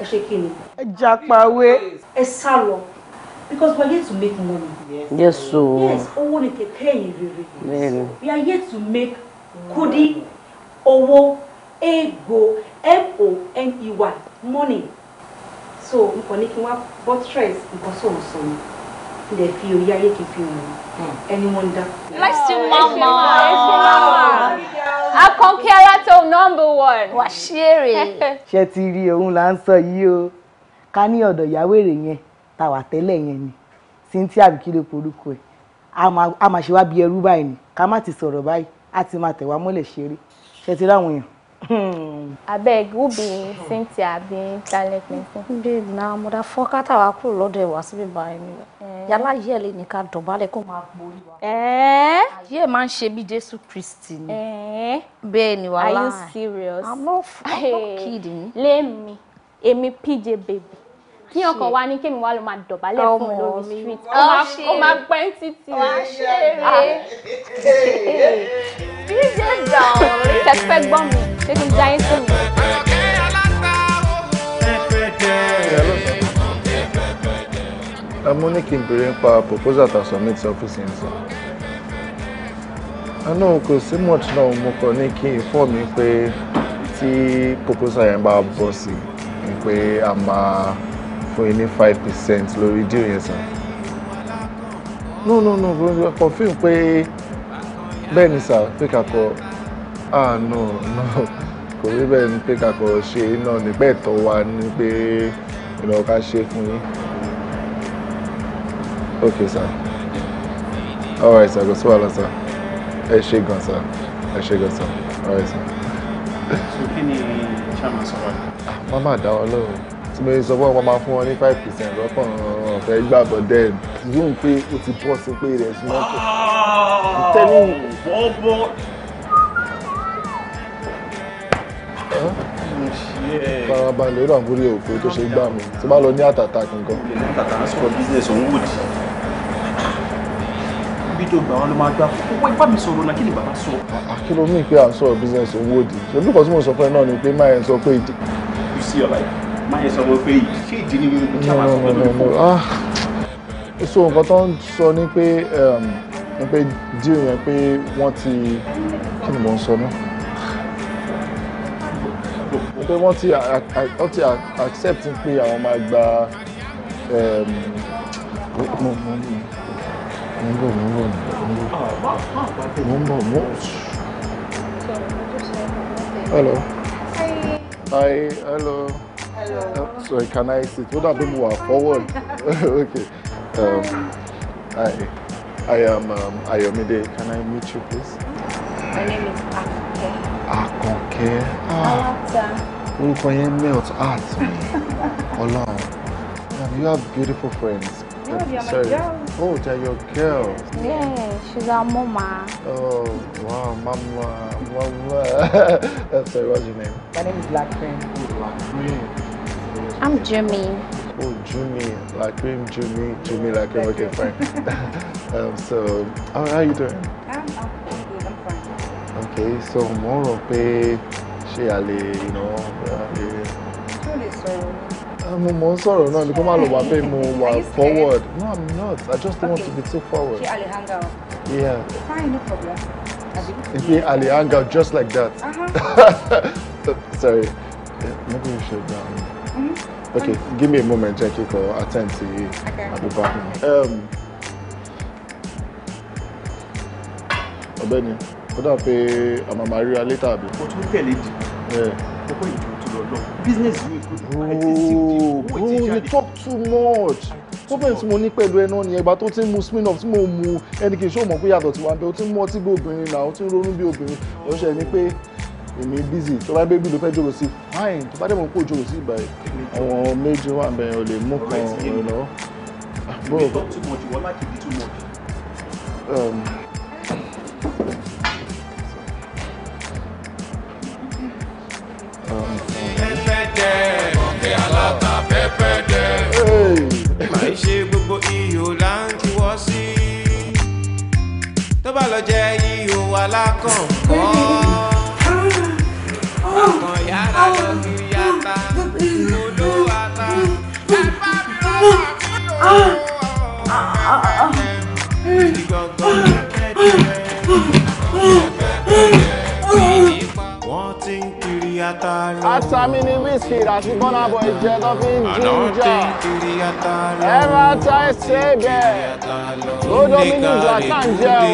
ẹ ṣe kí ni. ẹ jàpàwé. ẹ sá lọ because we are here to make money. yes, yes yes owó ni kẹ̀kẹ́ yìí rere. we are here to make kudi owo, ego m-o-n-e-y money so nǹkan ní kí wá buttress nǹkan so sọ̀rọ̀ ilẹ̀ fi orí ayé kì í fi hàn hmm. ẹni wọ́n ń dá. lẹ́sì mama lẹ́sì mama akọ̀kẹ́ aláta number one. wà á ṣeré. ṣé ti rí òun là ń sọ yìí o ká ní ọ̀dọ̀ ìyáwèrè yẹn tá wà tẹ́lẹ̀ yẹn ni cynthia abikile porúkọ ẹ̀ a máa ṣe wá bí ẹrú báyìí ká má ti sọ̀rọ̀ báyìí á ti máa tẹ̀wá mọ́lẹ̀ ṣeré ṣe ti ráwọn èèyàn. abeg who be cynthia be talent person. babe na motherfucker táwa kúrò lọ́dọ̀ ẹ̀ wá síbí báyìí ni eh. yálà yìí ẹ̀ lè ní ká dọ̀bálẹ̀ kó máa gbórí wa. Eh? yìí ẹ̀ máa ń ṣe bí jésù kristi ni. Eh? bẹ́ẹ̀ ni wàhálà are you serious. i'm not, I'm not kidding. lẹ́mi èmi pj baby kí ọkọ wa ní kémi wa ló máa dọ̀bálẹ̀ fún lórí street ó máa pẹ́ títí rẹ̀. DJ John ṣẹpẹ́ gbọ́n mi ṣé kí n já yín sí mi. mo ní kí n béèrè nípa proposal ta submit ọ́fíìsì ń sọ àná kò sí much náà mo kàn ní kí n fọ́ mi pé tí proposal yẹn bá bọ́ sí i pé a máa fún yín ní five percent lórí díò yẹn sàn. no no no bro confirm pé bẹ́ẹ̀ ni sà pé kakọ ah no no kò rí bẹ́ẹ̀ ni pé kakọ ṣe náà nígbà ẹ̀tọ́ wa ni pé ìlọ ká ṣe fún yín. ok sir all right sir kò sí wàhálà sir ẹ ṣe gan sir ẹ ṣe gan sir all right sir. so kí ni chairman sọ wá. mama dáwọ́ lóhùn tí mo sọ fún ọ máa fún ọ ní five percent lọ́kàn ọ̀fẹ́ gbàgbọ́ dẹ́n yóò pé o ti bọ́ sí pé rẹ̀ sí mọ́tò. Ah! tẹ́lẹ̀ bọ́bọ́. Oh, farabalẹ̀ ó dàgbórí òkú tó ṣe gbà mí tí bá lọ ní àtàtà kankan. àtàtà sọ̀rọ̀ business òun wò di bí tó gbà wọn ló máa gbà owó ipá mi sọ̀rọ̀ náà kí ni bàbá sọ. àkìlọ́ mi pé à ń sọ̀rọ̀ business òun wò di ṣe bí kò tí mo sọ fún ẹ náà ni pé máa ń sọ pé. you see your life má yẹ sọ wọ́n pé ṣé ìdí ni wípé kí àwọn àsọpọ̀ lórí fún. Ah, so nǹkan tó ń sọ ni pé um, ni pé díò yẹn pé wọ́n ti kí ni mò ń sọ náà pé wọ́n ti wọ́n ti accept pé àwọn máa gba um, mo mo hi hello. So can I sit? Would What happened more forward? okay. Um, I, I am um, Ayomide. Can I meet you, please? My name is Akonke. Akonke. Ah. Orúkọ yẹn melt heart mi. Ọlọ́run. You have beautiful friends. No, they're Sorry. Oh, they're your girls. Yeah, she's our mama. Oh, wow, mama, mama. Sorry, what's your name? My name is Black Cream. Black Cream. I'm Jimmy. Oh, Jimmy, like him, Jimmy, Jimmy, like him. Okay, fine. um, so, how are you doing? I'm, I'm good. I'm fine. Okay, so more of a ṣe àlè ìná àlè. ṣé o lè sọ̀rọ̀ ni. Ah, mo ń sọ̀rọ̀ náà nípa máa lọ wá forward no i'm not i just don't okay. want to be too forward. ṣé àlè hang out. yeah. fine no problem. ṣe àlè hang out just like that. Uh -huh. sorry maybe you should. Um, Okay, give me a moment, Jackie, for attend Okay. I'll be back. Um, Ọ̀gbẹ́ni, ó dà pé àmà máa ríra later àbí. Mo tún tẹ̀lé dì. Kókó ìjọ tó lọ lọ. Business mi kò oh, Bro, bro, you talk too much. Problem tí mo ní pẹ̀lú ẹ náà ni ẹgbà tó ti ń mu spin off tí mo mu ẹnì kìí ṣó mọ̀ pé yàtọ̀ tiwa ń bẹ. O ti ń mú ọtí bí obìnrin náà, o ti ń ronú bí obìnrin. Ó ṣe ni pé èmi busy tó bá bébí ló fẹ́ jòrò sí fine tó bá dẹ̀ mọ̀ kó jòrò sí ìgbà yìí àwọn méjì wà bẹ́ẹ̀ o lè mú kan lọ. bro you talk aláta pẹ́pẹ́dẹ́. máa ṣe gbogbo ihò là ń juwọ́ sí tó bá lọ jẹ́ ihò alákọ̀ọ́kọ́. Atami ni Wizkid àti Burna Boy jẹ́ tó fi ń jíjà. Ẹ máa ta ẹsẹ̀ bẹ́ẹ̀. Lódò mi ní ìjọ àtàǹjẹ́ o.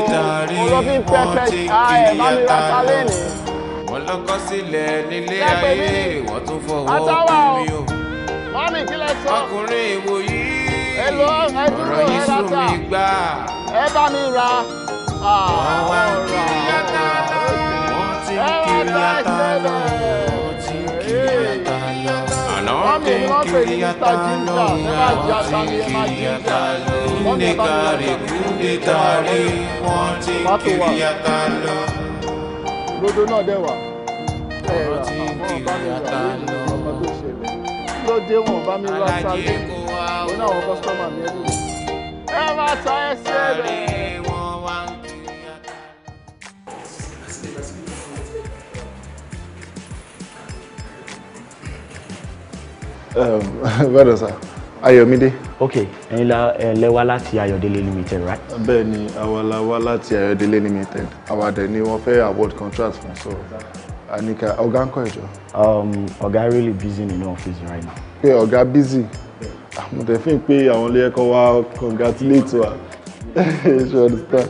Mo lọ fi pẹpẹ ta ẹ̀ bá mi ra ta lẹ́nu. Wọ́n lọ́kọ́ sílẹ̀ nílé ayé, wọ́n tún fọwọ́ bí mi o. Mọ́mí kí sọ. Ọkùnrin ìwòyí ẹ lọ ẹ dúró ẹ ra bá mi ra àwọn ah, ọ̀rọ̀ wọ́n ti ń kiri ata lọ wọ́n ti ń kiri ata lọ àná ti ń kiri ata lọ àwọn ti ń kiri lọ wọ́n ti ń kiri ata lọ. rodo náà dẹ̀ wà. wọ́n ti ń kiri ata lọ lóde wọn bá mi lọ sáré wọn náà wọn kọ́sítọ́mà mi ẹni. ẹ má ta ẹsẹ̀ rẹ̀. bẹ́ẹ̀ um, sá Ayọ̀mídé. ok ẹ̀yin la ẹ lẹ́wà láti Ayọ̀délé limited right. bẹ́ẹ̀ ni àwa la wá láti Ayọ̀délé limited àwa dẹ̀ ni wọ́n fẹ́ award contract fún sọ̀rọ̀. So. Anika, ọ̀gá ńkọ́ ẹ̀jọ́. Um, ọ̀gá really busy in nínú office right now. Pé ọ̀gá busy. Mo tẹ̀ fín pé àwọn ilé ẹ̀kọ́ wa congratulate wa. Ṣé o understand?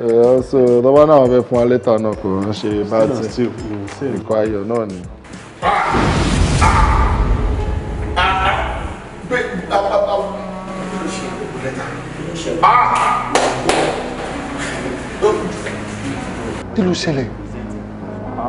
Eh, so lọ́wọ́ náà wọ́n fẹ́ fún wa lẹ́tà náà kò ń ṣe bá ti tí nǹkan ayọ̀ náà ni. Ah! Kí ló ṣẹlẹ̀?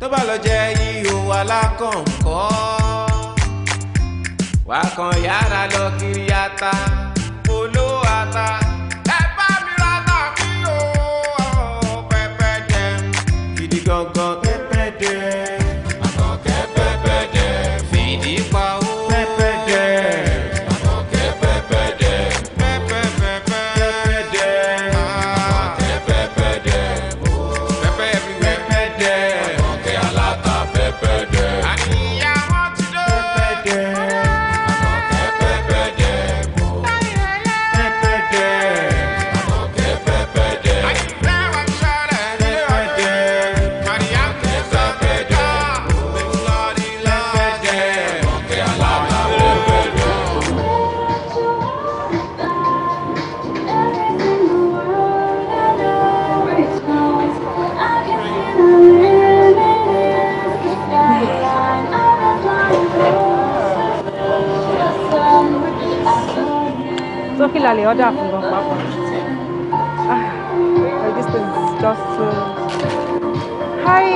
tó bá lọ jẹ ihò alákọ̀ọ́kọ́ wà á yàrá lọ kiri ata. la lè ọ́dà fún gan papọ̀. Ah, this thing is just too. Hi.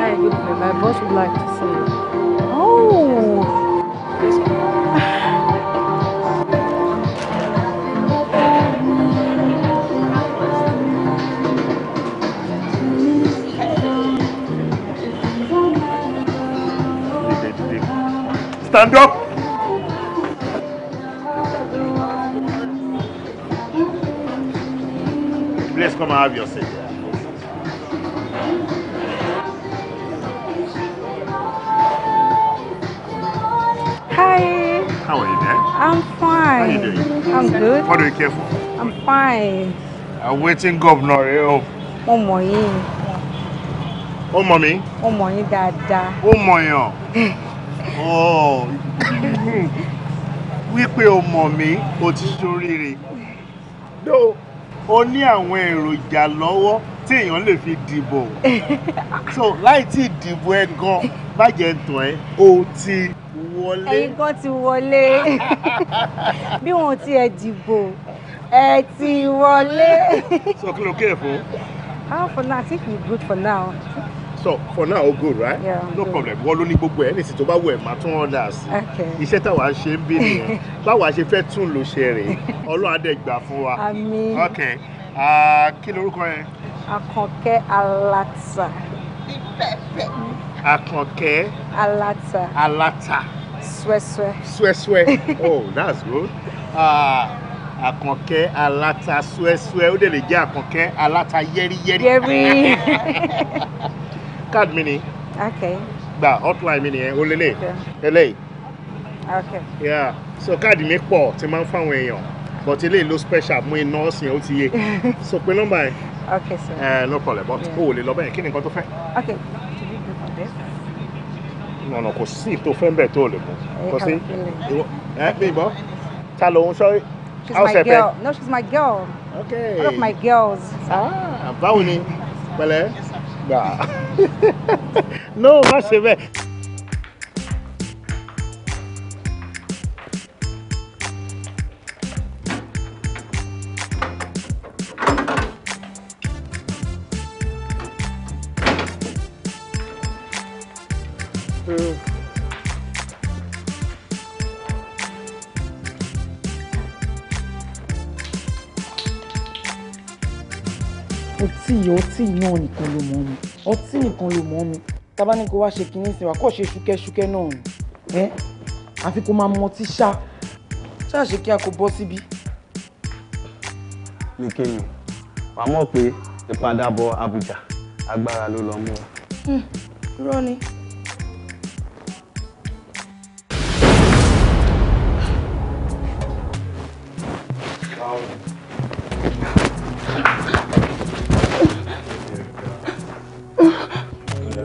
Hi, good morning. My boss would like to see you. Oh. Stand up! come and have your seat. Hi. How are you there? I'm fine. How are you doing? I'm good. What do you care for? I'm fine. I'm waiting, Governor. Eh, oh, ọmọ yìí. Ó mọ̀ mí? Ó mọ̀ yín dáadáa. Oh. We pay, mommy, mí, o ti ṣoríire. Though ó ní àwọn èròjà lọ́wọ́ tí èèyàn lè fi dìbò so láì tí dìbò ẹ gan bàjẹ́ tán ẹ o ti wọlé. ẹ̀yin kan ti wọlé bí wọn ò tiẹ̀ dìbò ẹ ti wọlé. so kí ló kí ẹ fún. ah for now i think we good for now so for now all good right yeah, no good. problem wọ́n ló ní gbogbo ẹ̀ ní ìsìn tó bá wù ẹ̀ máa tún ọ̀dà sí i iṣẹ́ táwa ṣe ń bí nìyẹn báwa ṣe fẹ́ tún lò ṣe rè ọlọ́run adẹ́gbà fún wa àmín ok kí lorúkọ yẹn. Akànkẹ́ Aláta. Akànkẹ́. Aláta. Aláta. Swẹ́swẹ́. Swẹ́swẹ́ oh that's good. Uh, àkànkẹ́ alata suẹ́suẹ́ ó dẹ̀ lè jẹ́ àkànkẹ́ aláta yẹ́rìyẹ́rì. yẹ́rì card mi okay. gba hotline mi nìyẹn ó lélẹ̀ eléyìí. okay. yeah so card mi pọ̀ tí máa ń fáwọn èèyàn but eléyìí ló special mú iná ọ̀sìn ó ti yé so pé nọ́mbà yẹn. okay sir. ẹ eh, no problem but o ò lè lọ bẹ́ẹ̀ kí ni nǹkan tó fẹ́. okay ọ̀nà kò sí tó fẹ́ bẹ̀ tó lè mú eh, kò sí ẹ bí ìbọn ta ló ń sọ house ẹ̀fẹ́. no she's my girl. okay one of my girls. ah báwo ni pẹ̀lẹ́ gbà no má ṣe ọtí náà nìkan ló mọ̀ mi ọtí nìkan ló mọ̀ mi tábà ní kó wá ṣe kinní sí wa kó ṣe ṣúkẹ́ṣúkẹ́ náà ni ẹ́ àfi kó máa mọ ọtí ṣá ṣáà ṣe kí a kò bọ́ síbí. mi wàá mọ̀ pé ìpadàbọ̀ Àbújá agbára ló lọ mú wa. irọ́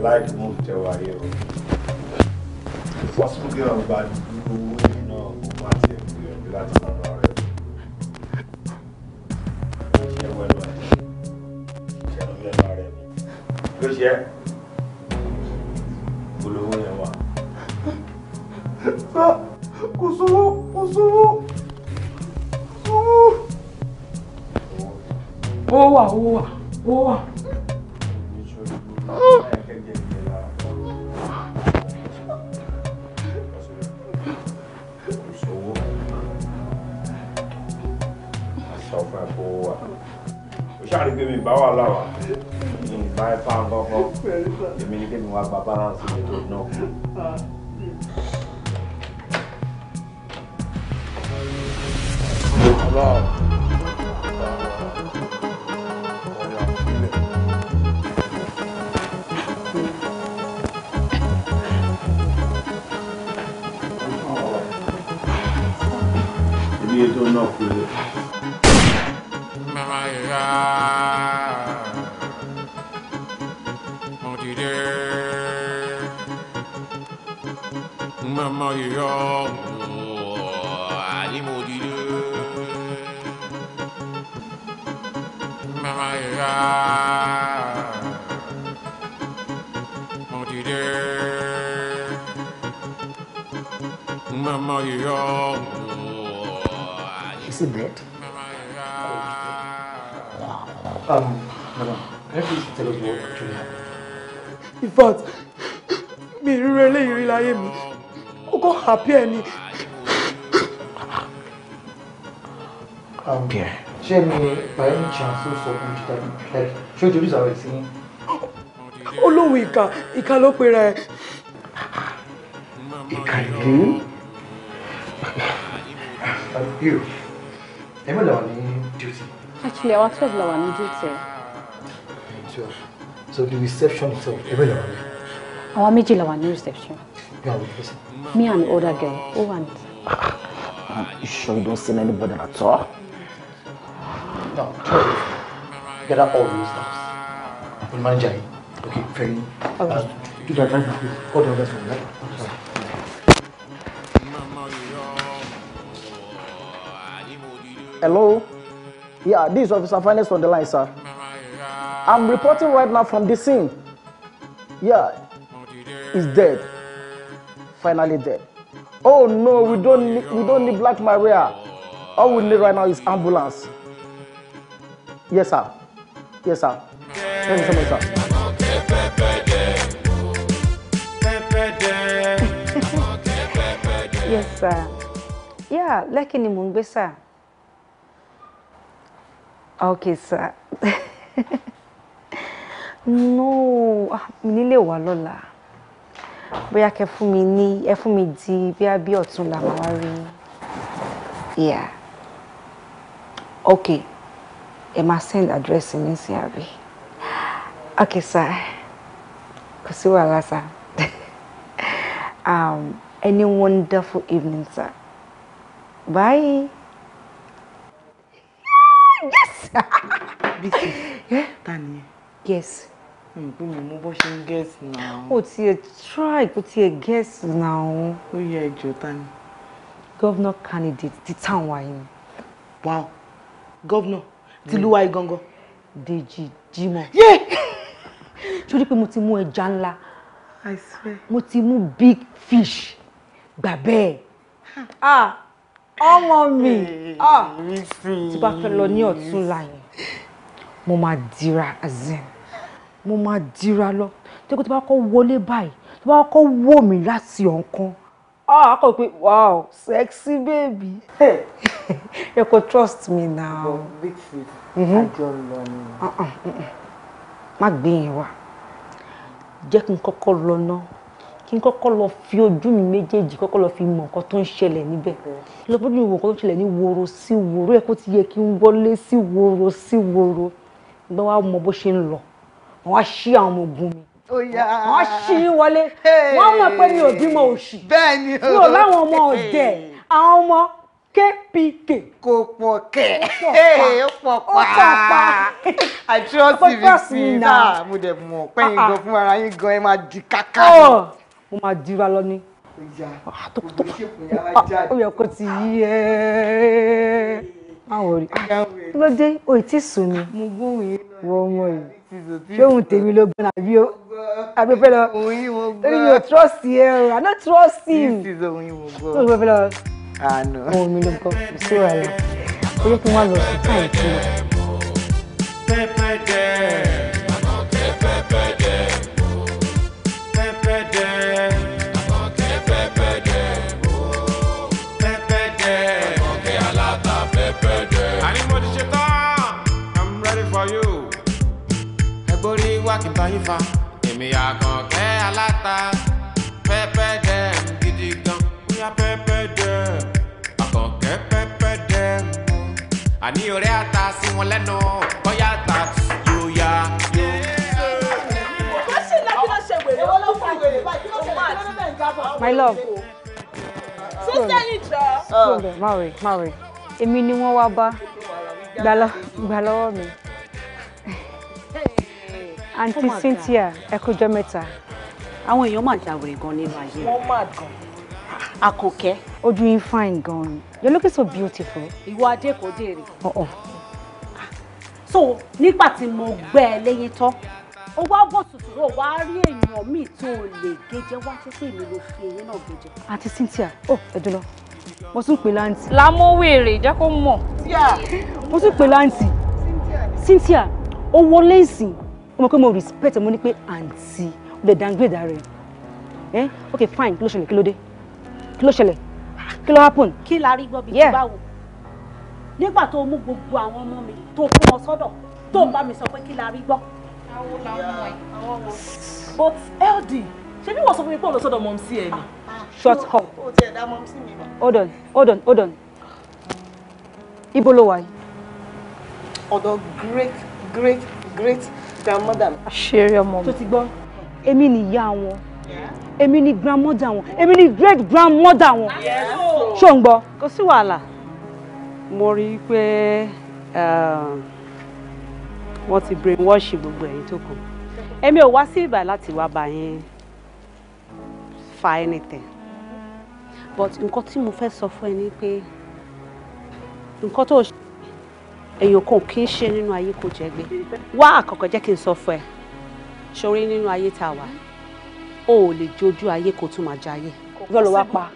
like move tẹ wá yẹ o possible girl gba irú owó nínú ọkọ àti ẹkú ìrìnàjò láti máa bá rẹ ṣe wẹ lọ ẹ kárí pé mi bá wà láwà mi bá ẹ kọ́kọ́ èmi ní kí mi wá gba balance ètò náà. Wow. Creator, not creator. Is he dead? Um, madam, can I please tell us what actually happened? In fact, mi ìrírí eléyìí rí láyé mi, ó happy ẹ̀ ni. Um, happy ẹ̀. Ṣé mi by any chance ó sọ fún Jìdá bí like ṣé o jòlúsà rẹ̀ sí? Olóhùn ìka, ìka ló pera ẹ̀. Ìka ìlú? Àbí o, ẹ̀mí làwọn ní duty. Actually, I twelve la wà ní duty. Twelve. So the reception itself, ebe la wà ní. Àwa méjì reception. You with person. Me and the older girl. Who want? Ah, you sure you don't see anybody at all? No, twelve. Get out all these stuffs. We'll manage it. Okay, fair enough. Okay. Uh, do that right now, please. Go down that one, right? Hello? Yeah, this Officer Finest on the line, sir. I'm reporting right now from the scene. Yeah, he's dead. Finally dead. Oh no, we don't need, we don't need Black Maria. All we need right now is ambulance. Yes, sir. Yes, sir. Thank you so much, sir. yes, sir. Yeah, Lekki ni mò ń sir. Okay, sir. no, ah, mi nílé wà lọ́la. Bóyá kẹ́ fún mi ní ẹ fún mi di bí a bí ọ̀tún la máa wá rí. Yeah. Okay. Ẹ máa send address mi sí àbí. Okay, sir. Kò sí wàhálà, sir. um, any wonderful evening, sir. Bye bísí eh? ta guess. pé mi mú bó ṣe ń guess now. o tiẹ̀ try kó tiẹ̀ guess now. ó yẹ ẹjọ́ ta governor candidate ti town wa yìí. wow governor tìlú mm. wa yìí gangan. Dèjì Jímọ̀. yé. sórí pé mo ti mú ẹja ńlá. I swear. mo ti mú big fish gbà bẹ́ẹ̀. ah ọmọ mi ah. tí bá fẹ́ lọ ní ọ̀tún láyìn mo máa dira azin mo máa dira lọ tí kò tó bá kọ́ wọlé báyìí tó bá kọ́ wò mí láti ọ̀kan ah akọ pé wow sexy baby ẹ kò trust me now. big food àjọ lọ ni. Uh-uh, má gbé yẹn wá jẹ́ kí n kọ́kọ́ lọ náà kí n kọ́kọ́ lọ fi ojú mi méjèèjì kọ́kọ́ lọ fi mọ nǹkan tó ń ṣẹlẹ̀ níbẹ̀ lọ́pọ̀ ní ìwòkọ́ tó ń ṣẹlẹ̀ ní woro sí woro ẹ̀ kó ti yẹ kí n wọlé sí woro sí woro ìgbà wa mọ bó ṣe ń lọ wọn á ṣí àwọn ọmọ ogun mi wọn á ṣí wọlé wọn mọ̀ pé mi ò bímọ òṣì mi ò láwọn ọmọ ọ̀dẹ̀ àwọn ọmọ kpk. kò pọ̀ kẹ̀ ó pọ̀ pa àti ọ́ sì rí sí náà mo dẹ̀ mọ̀ pẹ́yìn ah, ah. gan fún ara yín gan ẹ máa di kákà. Oh mo máa dira lọ ni. Ah, ah, ah, ó yẹ kó ti yí ẹ àwọn rí ló dé o ì tí sùn ni wọ ọmọ yìí ṣé òun tèmi ló gbọ́n àbí o àbí lọ torí mi ò trust ẹ o i no trust him tó ló fẹ́ lọ ohun mi ló gbọ́ kò sí wàhálà ó yẹ kí wọ́n lọ sí táyì tó lọ. pẹ́pẹ́ dẹ́ẹ̀. kan èmi àkànkẹ́ aláta pẹ́pẹ́ dẹ́m gidi gan bóyá pẹ́pẹ́ dẹ́m àkànkẹ́ pẹ́pẹ́ dẹ́m àní ọ̀rẹ́ ata sí wọn lẹ́nu bóyá ata yóò yá My love. Sister Nitra. Má rè, má rè. Èmi ni wọ́n wá bá. Gbà lọ́wọ́ mi aunty Cynthia ẹ kú jọ́ mẹ́ta. àwọn èèyàn máa jáwèrè gan nínú ayé. wọ́n máa gan. àkànkẹ́. ojú yín fine gan ni you look so beautiful. ìwọ adé kò dèrè. ọ̀ọ̀. Oh, oh. so nígbà tí mo gbẹ́ ẹ lẹ́yìn tán ó wá bọ̀ tùtùrọ̀ wá rí èèyàn míì tó o lè gẹ́jẹ́ wá ṣe pé èmi ló fi eyín náà gẹ́jẹ́. àǹtí Cynthia ó oh, ẹ̀dùn lọ mo tún pè láǹtì. lámúwèrè jẹ́ kó mọ̀. mo tún pè láǹtì. Cynthia owó lẹ́sìn ó mọ̀ pé mo respect mo ní pé àǹtí ó lè downgrade ara ẹ̀ ẹ́ ok fine kí ló ṣẹlẹ̀ kí ló dé kí ló ṣẹlẹ̀ ah, kí ló happen. kí la rí gbọ́ bí kí bá wò nígbà tó mú gbogbo àwọn ọmọ mi tó kó wọn sọ́dọ̀ tó bá mi sọ pé kí la rí gbọ́. àwọn ọmọ yìí àwọn ọmọ. but LD ṣé bí wọ́n sọ fún mi pé olùsọ̀dọ̀ mọ̀ sí ẹ ni. Ah, ah. shut up. hold on hold on hold on ibo ló wà yìí. ọ̀dọ̀ great great great grandmother mi. ṣeré ọmọ mi tó ti gbọ́. ni ìyá wọn èmi ni grandmother wọn èmi ni great grandmother wọn ṣó ń gbọ́. kò sí wàhálà mo rí i pé uh, wọ́n ti brainwash gbogbo ẹ̀yin tó kù èmi ò wá sí ibà láti wá bá yín fa anything but nǹkan tí mo fẹ́ sọ fún ni pe. nǹkan tó èèyàn kan kì í ṣe nínú ayé kò jẹ́ gbé wá àkọ́kọ́ jẹ́ kí n sọ fún ẹ sórí nínú ayé tá a wà o lè jojú ayé kó tún máa jayé. yọ lọ wá pa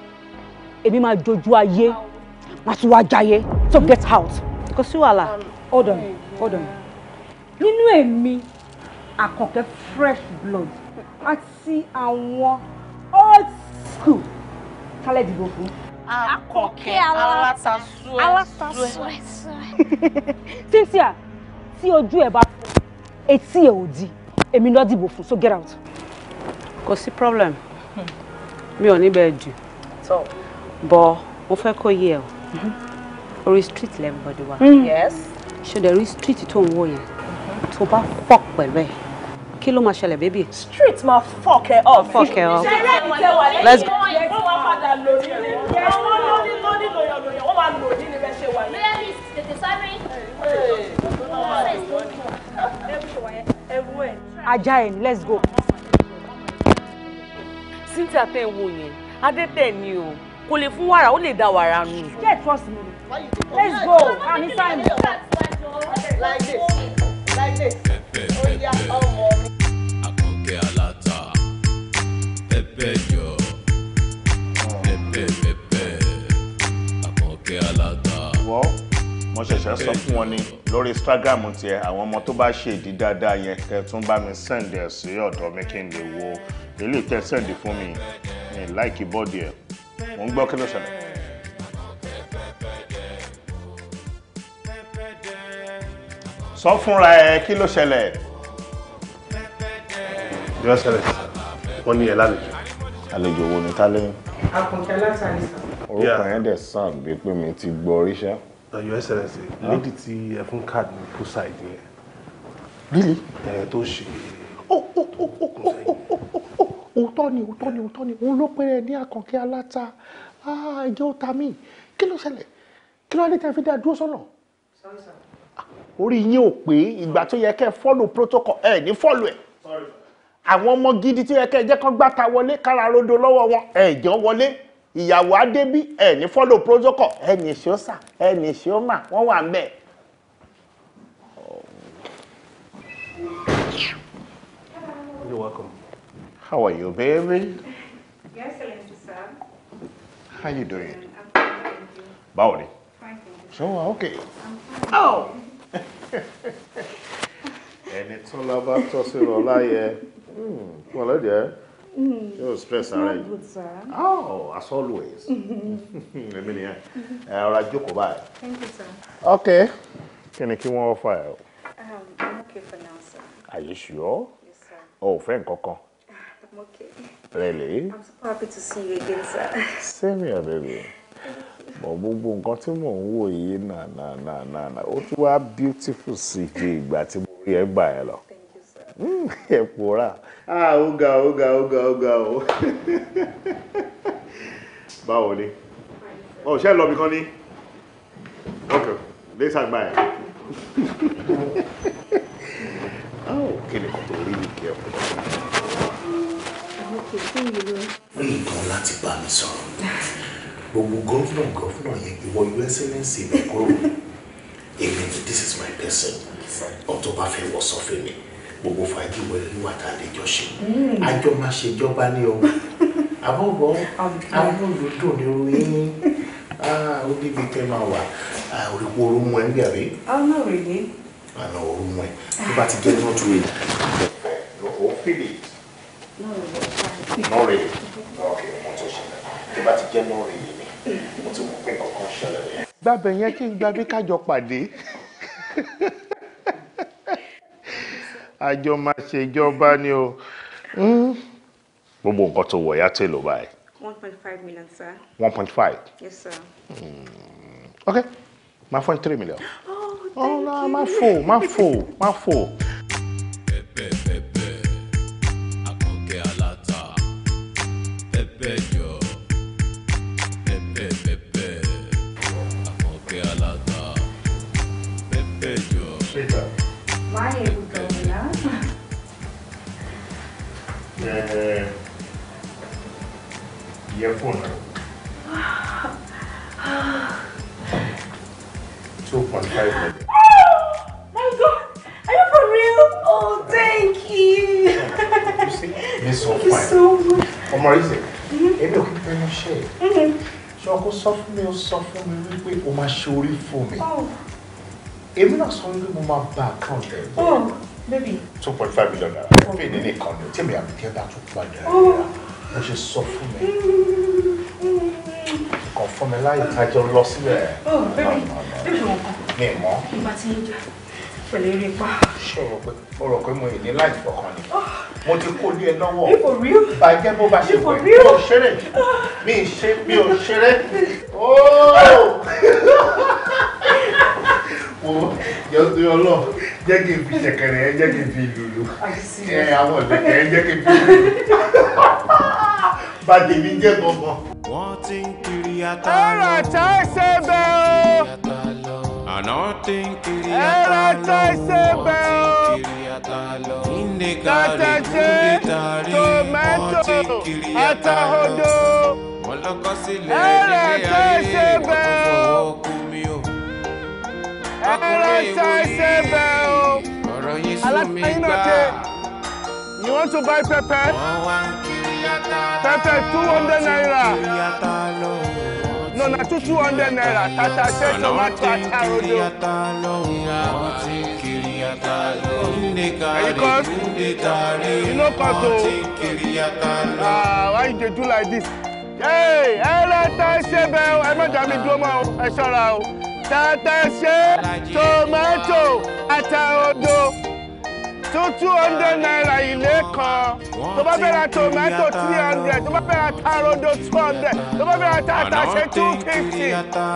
èmi máa jojú ayé máa tún wá jayé so get out. kò sí wàhálà. hold on hold on nínú èmi àkànkẹ́ fresh blood àti àwọn old school tálẹ̀ dìbò fún akọ̀kẹ́ alátasúẹ̀. alátasúẹ̀. Cynthia tí ojú ẹ bá fọ etí ẹ ò di èmi ló dìbò so get out. kò sí problem mi ò ní bẹ́ẹ̀ dù bọ mo fẹ́ kó yé o mm-hmm. orí street lẹ́nu bọ̀dẹ̀ wa mm. ṣe dẹ̀ rí street tó ń ye, yẹn mm-hmm. tó bá fọ́ pẹ̀lú kí ló máa ṣẹlẹ̀ baby. street ma fuck ẹ up. fuck ẹ up. let's go. yẹ̀gbọ́n wa ajá ẹ̀ let's go. cynthia tẹ́ ẹ wo yẹn adé tẹ̀ ni o kò lè fún wàrà ó lè da wàrà nù. get trust me let's go and it's like this láyé ó yá ọmọ mi. àkànkẹ́ aláta pẹ́pẹ́ yọ pẹ́pẹ́ pẹ́pẹ́ àkànkẹ́ aláta. wọ́n mo ṣẹ̀ṣẹ̀ sọ fún wọn ni lórí instagram tiẹ̀ àwọn ọmọ tó bá ṣe ìdí dáadáa yẹn kẹ́ tún bá mi send ẹ̀ sí ọ̀dọ̀ mi kí n lè wo eléyìí tẹ́ send fún mi ní láìkì bọ́ọ̀dì ẹ̀ mo ń gbọ́ kí ló ṣẹlẹ̀. sọ fúnra ẹ kí ló ṣẹlẹ̀. ìjọba ṣẹlẹ̀ wọ́n ní ẹ̀ lálejò. àlejò wo ni tálẹ́yìn. àkùntẹ́ látàrí sàn. orúkọ yẹn dẹ̀ sàn bíi pé mi ti gbọ́ ríṣẹ́. Your Excellency ah. lady tí ẹ fún card ní poolside yẹn. Really? ẹ tó ṣe. òótọ́ ni òótọ́ ni òótọ́ ni òun ló pẹ́rẹ́ ní àkànkẹ́ aláta ah, ẹjọ́ ta mí kí ló ṣẹlẹ̀ kí ló wá dé tẹ́ dá dúró sọ́nà. Sorry sir orí yín ò pé ìgbà tó yẹ kẹ́ fọ́lò protocol ẹ̀ ní fọ́lò ẹ̀ àwọn ọmọ gidi tó yẹ kẹ́ jẹ́ kán gbáta wọlé kára rodo lọ́wọ́ wọn ẹ̀ jọ wọlé ìyàwó adébí ẹ̀ ní fọ́lò protocol ẹ̀ ní ṣó sà ẹ̀ ní ṣó mà wọ́n wà ń bẹ̀. You're welcome. How are you, baby? Yes, sir. How you doing? I'm Báwo ni? So, okay. I'm fine. Oh! ẹni tó lábá tọ́ sí lọ láyẹ pọ̀ lọ́dẹ̀ yóò stress ara yìí oh as always èmi nìyẹn ọ̀rọ̀ àjókòó báyìí. ok kí ni kí wọ́n fà ẹ́ o. Um, I'm okay for now sir. are you sure? yes sir. o ò fẹ́ nǹkan kan. Ah, I'm okay. really? I'm so happy to see you again sir. same here baby. bọ̀ gbogbo tí mò ń wò yìí nà nà nà nà nà ó tún wá beautiful sí ìgbà tí mo rí ẹ gbà hmm, ẹ lọ ẹ pòórà ga ó ga o! ga ga báwo ni ọ ṣe lọ ni ok later gbà ẹ oh, kí ni kò tó rí mi kí ẹ bá mi sọ̀rọ̀. gbogbo gọ́fúnà gọ́fúnà yẹn ìwọ yóò ẹ́sẹ̀lẹ́sì mi kúrò èmi ni this is my person ọ̀tọ̀ bá fẹ́ wọ̀ sọ fún mi gbogbo fàájì wọlé wà tá a lè jọ ṣe mm. àjọ máa ṣe jọba ní o àbọ̀bọ̀ àbọ̀lùdùn ní orí yín ah, ó níbi tẹ́ máa wà òrìkú ah, orun mu ẹ̀ ń gbàgbé. ọ̀nà òrìlé. ọ̀nà orun mu ẹ̀ tó bá ti jẹ́ not real ó fìlè. not real. not real. ok mo tún ṣe náà tó bá ti jẹ́ not real mo ti mọ̀ pé kankan ṣẹlẹ̀ yẹn. gbàbẹ̀ yẹn kí n gba bí kájọ pàdé àjọ máa ṣèjọba ni o hmm. gbogbo nǹkan tó wọ̀ ya tèlò báyìí. one point five million sir. one point five. yes sir. Mm. okay máa fún three million. oh thank oh, you. ọ̀la máa fò máa fò máa fò. bẹ́ẹ̀ bẹ́ẹ̀ bẹ́ẹ̀ akọ̀kẹ́ yẹ fóònù two point five million. Oh my God! Are you for real? Oh, thank you. you see, this so thank You so much. Ọmọ Rizzi, mm-hmm. èmi ò kí n fẹ́ lọ ṣe é. Mm-hmm. Ṣé ọkọ sọ fún mi, ó for me. mi wípé o máa ṣe orí fún mi? Oh. Èmi náà sọ wípé mo máa bá àkáǹtì ẹ̀ bẹ́ẹ̀. Oh, baby. Two point five million naira. Oh. Fẹ́ẹ̀ni nìkan ni, tí mi àbíkẹ́ bá tún padà rẹ̀ mo ṣe sọ fún mi kàn fún mi láyè tájọ lọ sílẹ̀. ó bẹ́ẹ̀ bẹ́ẹ̀ ló ń kọ́. mi mọ́. ìgbà tí ń jà pẹ̀lú eré pa. ṣé o rò pé mo yìí ní láì fọkàn ni oh. mo ti kó lé ẹ lọ́wọ́ bàjẹ́ bó ba ṣe wẹ̀ mi ò ṣeré mi ṣe mi ò ṣeré wo yọdún ọlọ jẹ́ kí n fi ṣẹ̀kẹ̀rẹ̀ jẹ́ kí n fi lùlù ẹ àwọn ìlẹ̀kẹ̀ jẹ́ kí n fi lùlù bá tèmi jẹ́ gangan. wọ́n ti ń kiri ata lọ. ẹ̀rọ tá ẹ ṣe o. àná ti ń kiri ata lọ. ẹ̀rọ tá ẹ ṣe bẹ́ẹ̀ o. wọ́n ti ń kiri ata lọ. ìndé kárí kúndé tarí. wọ́n ti ń kiri ata lọ. wọ́n lọ́kọ́ sílẹ̀ nílé ayé ọkọ̀ ọkùnrin o. ẹ̀rọ tá ẹ ṣe o. ọ̀rọ̀ yìí sún mi gbà. You want to buy pepper? tẹ́tẹ́ two naira No, two two hundred naira tata ṣe tomato àtàrodo. ẹ̀yin kan you no cut o ah why you do like this. ẹlẹ́tẹ̀ ṣe bẹ́ẹ̀ ẹ mọ̀jà mi dúró mọ́ ẹ ṣọ́ra o tẹ́tẹ́ ṣe tomato àtàrodo tún two hundred naira ilé kan tó bá fẹ́ ra tomato three hundred tó bá fẹ́ ra tarodo two hundred tó bá fẹ́ ra tata ṣe two fifty ẹ̀rọ tá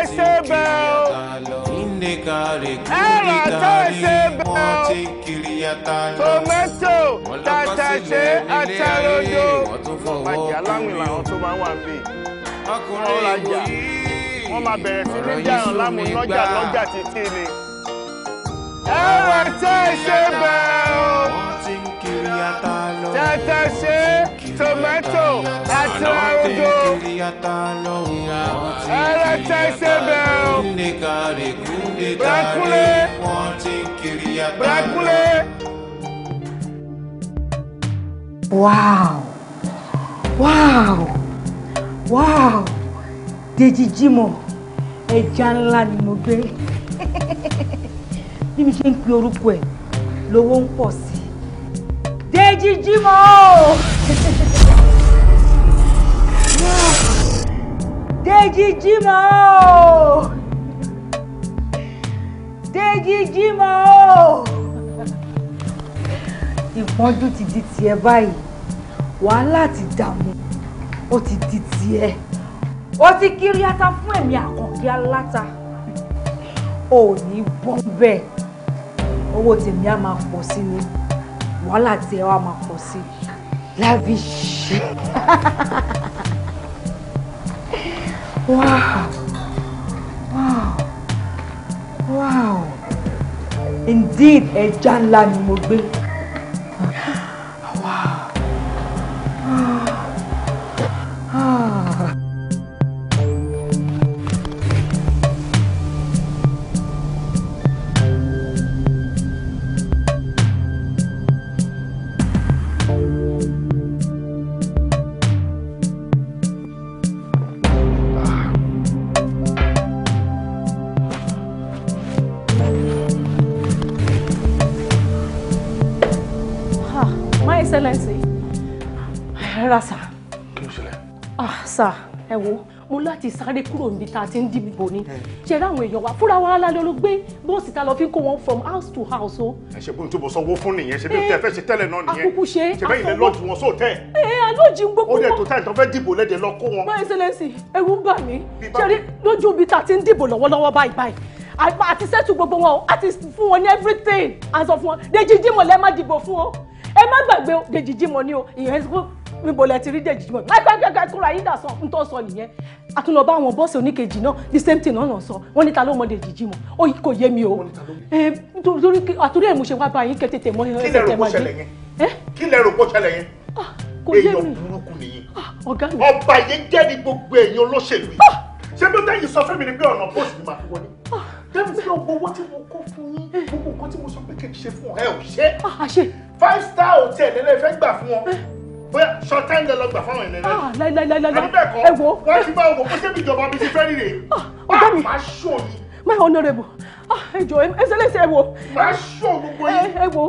ẹ ṣe bẹ́ẹ̀ o ẹ̀rọ tá ẹ ṣe bẹ́ẹ̀ o tomato tata ṣe atarodo àjà láwìn làwọn tó máa wà bíi ọ̀rajà wọ́n máa bẹ̀rẹ̀ sí ní dáhùn lámú títí ni ẹwà tẹ́ ṣe bẹ́ẹ̀ o tomato àti arodo ẹwà tẹ́ ṣe bẹ́ẹ̀ o brakule brakule. wow wow wow Deji Jimoh ẹja ńlá ni mo gbé. bí mi ṣe ń pe orúkọ ẹ̀ lówó ń pọ̀ sí i Déjì Jímọ̀ o Déjì Jímọ̀ o Déjì o ìpọ́njú ti di tiẹ̀ báyìí wàhálà ti dààmú ó ti di tiẹ̀ ó ti kiri ata fún ẹ̀mí àkànkí aláta ò ní bọ́ bẹ́ẹ̀ owó tèmi á máa pọ̀ sí ni wàhálà tí ẹ wá máa pọ̀ sí lavish. wow wow wow indeed ẹja ńlá ni mo gbé. sà ẹ wo mo láti sáré kúrò níbi tá a ti ń dìbò ni ṣe rí àwọn èèyàn wa fúnra wa alálẹ́ ló gbé bóòsì lọ fi kó wọn from house to house o. ẹ ṣe bóun tó bọ sanwó fún nìyẹn ṣe bí tẹ eh, fẹ́ ṣe tẹ́lẹ̀ náà nìyẹn àkókò ṣe àfọwọ́ ṣe bẹ́yìn lẹ lọ́ọ̀jì wọn sóòtẹ́. ẹ ẹ alóòjì ń gbókùn wọn. ó dẹ̀ tó táyì tó fẹ́ dìbò lẹ́dẹ̀ lọ kó wọn. bá ẹsẹlẹsì ẹ̀rù ń bà mí ṣe rí lójú ibi tá a ti ń dìbò lọ́wọ́lọ́wọ́ báyìí báyìí àti sẹ́tù gbogbo wọn o àti fún wọn ní everything àti sọ fún níbo lẹ ti rí dèjì mọ́ gbẹgbẹgbẹ túra yín dà sọ n tó sọ nìyẹn àtúnlọ bá àwọn bọ́ọ̀sì oníkejì náà the same thing náà sọ wọ́n níta ló mọ dèjì jí mọ́ ó kò yé mi o nítorí àtúrí ẹ̀ mo ṣe wá bá yín kẹ́tẹ̀tẹ̀ mọ́ ẹ̀ ẹ̀ tẹ̀ máa dé. kí lẹ rò kó ṣẹlẹ̀ yẹn ah, kò yé mi èèyàn burúkú nìyí ah, ọba yẹn jẹ́ ni gbogbo èèyàn olóṣèlú yìí ah! ṣé bí ó tẹ́yìn sọ fẹ́mi ni pé ọ̀nà bọ́ọ̀sì ni màá fi wọlé dẹ́mi sí ọgbọ owó tí mo kó fún yín eh. gbogbo nǹkan tí mo sọ pé kì í ṣe fún ọ ẹ ò ṣe five star hotel ẹ lè fẹ́ gbà fún ọ bóyá ṣọtẹ́ǹdì lọ gbà fáwọn ẹ̀nẹ́rẹ́. Ah, láìláìláìláì ẹ wo. wọ́n ti bá ògùn kó ṣébi ìjọba bí ti fẹ́ rírè. Ah, ọ̀gá mi ah, máa ṣó ni. my honourable ẹjọ ẹsẹlẹsẹ ẹ wo. máa ṣó gbogbo yìí. ẹ wo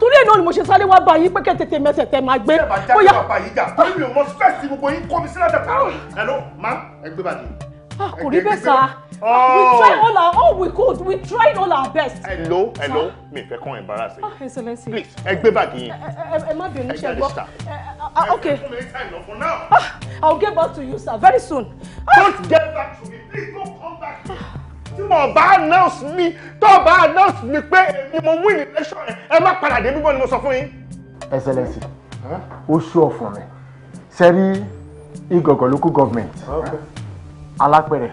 torí ẹ náà ni mo ṣe sáré wá bá yín pé kẹ́tẹ̀tẹ̀ mẹ́sẹ̀tẹ̀ máa gbé. bóyá bàjẹ́ bàbá yìí jà torí mi ò mọ fẹ́ẹ̀sì gbogbo yín kọ́ mi sílẹ̀ tẹ̀ Ah, kò rí bẹ́ẹ̀ sá ah, we oh. tried all our all oh, we could we tried all our best. hello hello mi fẹ́ kàn embarrassing. Ah, excellency please ẹ gbé báàgì yín. ẹ eh, eh, eh, má bínú ṣe gbọ́ ah, okay For now. ah I'll get back to you sir very soon. don't get back to me please don't come back to me tí mo bá announce mi tó bá announce mi pé èmi mo win election rẹ ẹ má padà dé bíbọ ni mo sọ fún yín. excellency ó ṣú ọ̀fun mi sẹ́rí igọ̀gọ̀ local government. Okay alápẹ̀rẹ̀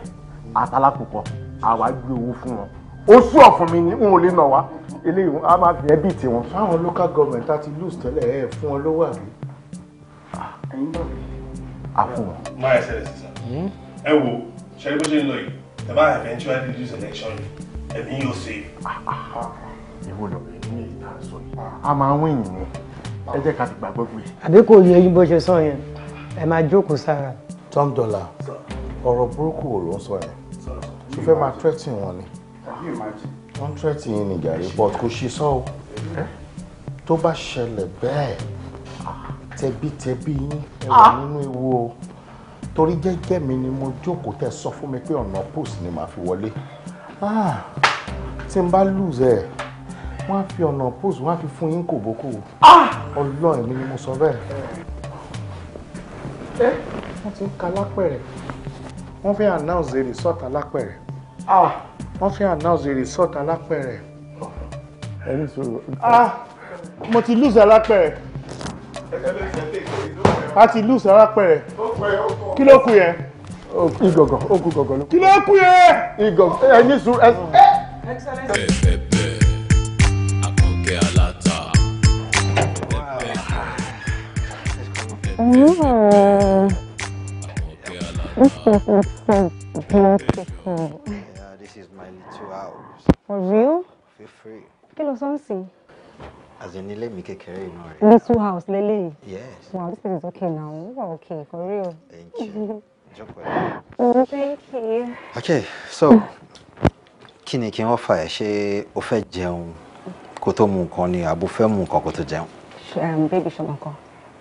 àtàlápòpọ̀ àwa gbé owó fún wọn ó sú ọ̀fun mi ní òun ò lè nà wá eléyìí a máa fi ẹbí tiwọn. fáwọn local government àti lose tẹ́lẹ̀ ẹ̀ fún ọ lówó àbí. ẹ̀yin náà a fún wọn. máa ẹsẹ̀ rẹ̀ sísan ẹ wo ṣẹ́rí bó ṣe ń lọ yìí ẹ bá eventually lose election yìí ẹ̀mí yóò ṣe. ìwọ lọ bẹ ní èyí tá a sọ yìí a máa ń wìn yìí ẹ jẹ́ ká ti gbàgbọ́ pé. àbí kò yẹ yín bó ṣe sọ yẹn ẹ máa jókòó sára. tom dollar ọ̀rọ̀ burúkú wo ló ń sọ yẹn tó fẹ́ máa threatening wọn ni wọ́n threatening ni jàre but kò ṣe sọ o tó bá ṣẹlẹ̀ bẹ́ẹ̀ tẹbítẹbí yín ẹ wà ah. nínú ewu o torí jẹ́jẹ́ mi ni mo jókòó tẹ̀ sọ fún mi pé ọ̀nà post ni màá fi wọlé ah, tí n bá lose ẹ̀ wọ́n á fi ọ̀nà post wọ́n á fi fún yín kòbókò ah! ọlọ́run mi ni mo sọ bẹ́ẹ̀ eh, wọ́n ti ń kalápẹ̀rẹ̀ wọ́n fẹ́ announce the result alápẹ̀rẹ̀. ah wọ́n fẹ́ announce the result alápẹ̀rẹ̀. ẹni sọ̀rọ̀. ah mo ti lose alápẹ̀rẹ̀. a ti lose alápẹ̀rẹ̀. kí ló kù yẹn. igọ̀gọ̀ ó kù gọ̀gọ̀ ló kù. kí ló kù yẹn. igọ̀gọ̀ ẹni sọ̀rọ̀. bẹ́ẹ̀bẹ́ẹ̀ àkànkẹ́ aláta beautiful. Yeah, this is my little house. For real? Feel free. Kí ló sọ ń sìn? As in ilé mi kékeré inú rẹ̀. Little house lele. Yes. Wow, this thing is okay now. You are okay, for real. Thank you. Oh, thank you. Okay, so kí ni kí n offer ẹ? Ṣé o fẹ́ jẹun kó tó mu nǹkan ni àbò mu nǹkan kó tó jẹun? Um, baby ṣọmọ kan.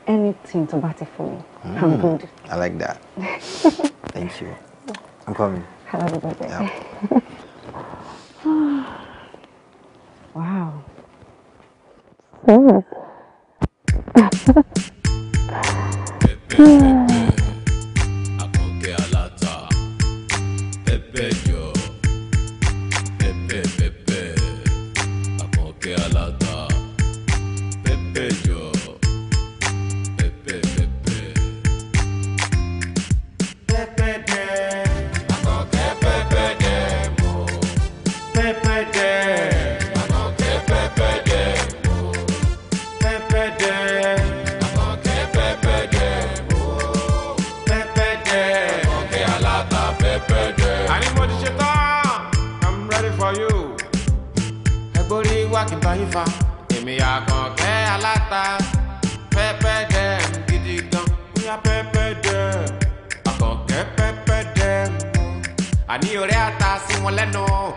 anything tó bá it for me? mm. i'm good. i like that thank you i'm coming. have a good wow. Mm. know.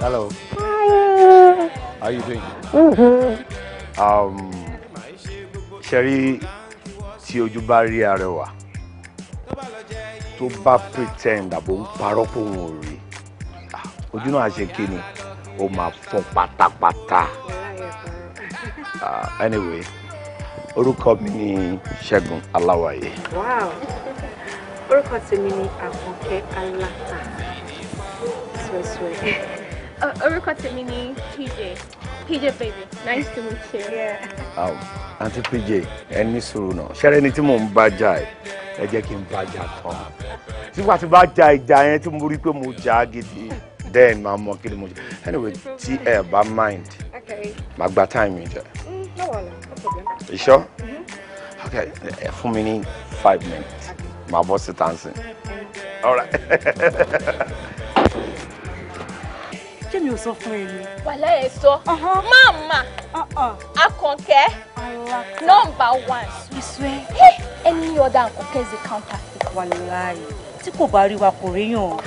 Hello. Hi. How are you doing? Mm-hmm. Um, Sherry, tí ojú bá rí arẹwà, tó bá pretend àbò ń parọ́ pòun ò rí ojú náà ṣe kí ni ó máa fún pátápátá ah, anyway orúkọ mi ni Ṣẹ́gun Aláwàyè. wow orúkọ tèmi ni Àfọ̀kẹ́ Aláta swẹ́swẹ́. Uh, orúkọ tèmi ni PJ PJ baby nice to meet you. Yeah. Um, aunty PJ ẹ ní sùúrù náà ṣẹ́rẹ́ ni tí mò ń bá jà ẹ̀ ẹ jẹ́ kí n bá jà tán nígbà tí bá ja ìjà yẹn tí mo rí pé mo jà á gidi then máa mọ kí mo anyway tí ẹ bá mind Okay. gba time mi jẹ. Mm, you sure? Mm-hmm. okay ẹ fún mi ní five minutes máa bọ́ sí tansin. alright. ṣé mi ò sọ fún ẹni. wàhálà ẹ sọ uh-huh. máàmá akànkẹ́ uh-uh. Number one. ìṣú ẹ. ẹni ọ̀dà akànkẹ́ is a counterfeit. wàhálà yìí tí kò bá rí wa kò ríyàn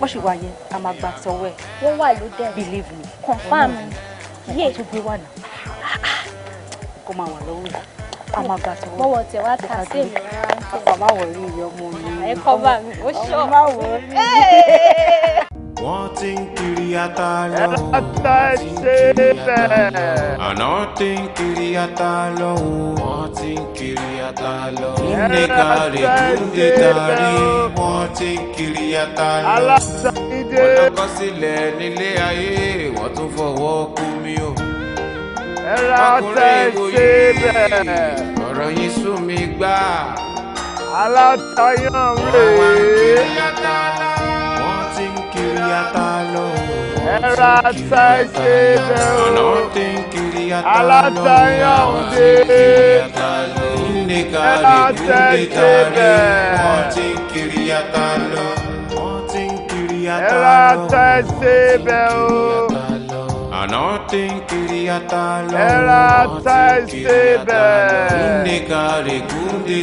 bó ṣe wà yẹn a máa gba tọwọ́ ẹ̀. wọ́n wà ló dẹ̀ believe me confam yé tó gbé wà náà kó máa wà lọ́wọ́ ẹ̀ a máa gba tọwọ́. bọ́wọ̀ tẹ̀ wá kà sí èmi rárá ń tẹ̀. bàbá wọ̀ rí ìyá mi. ẹ kọ́ bá mi ó ṣọ́. ọmọ mi wọ̀ rí wọ́n ti ń kiri ata lọ o wọ́n ti ń kiri ata lọ àná ti ń kiri ata lọ o wọ́n ti ń kiri ata lọ ilé kárẹ kúndé kárí wọ́n ti ń kiri ata lọ wọ́n lọ́kọ́ sílẹ̀ nílé ayé wọ́n tún fọwọ́ kú mi o ẹ̀rọ ọ̀tẹ̀ ṣe bẹ́ẹ̀. ọ̀rọ̀ yìí sú mi gbà. alátayán rèé. àwọn akéwì yàtọ̀ aláàbò ẹ̀rọ ata ẹ̀ṣẹ̀ bẹ̀ o alátayọ̀ ọ̀dẹ́ ẹ̀rọ ata ẹ̀ṣẹ̀ bẹ̀ ẹ̀rọ ata ẹ̀ṣẹ̀ Era taisebe. Kunde kare kunde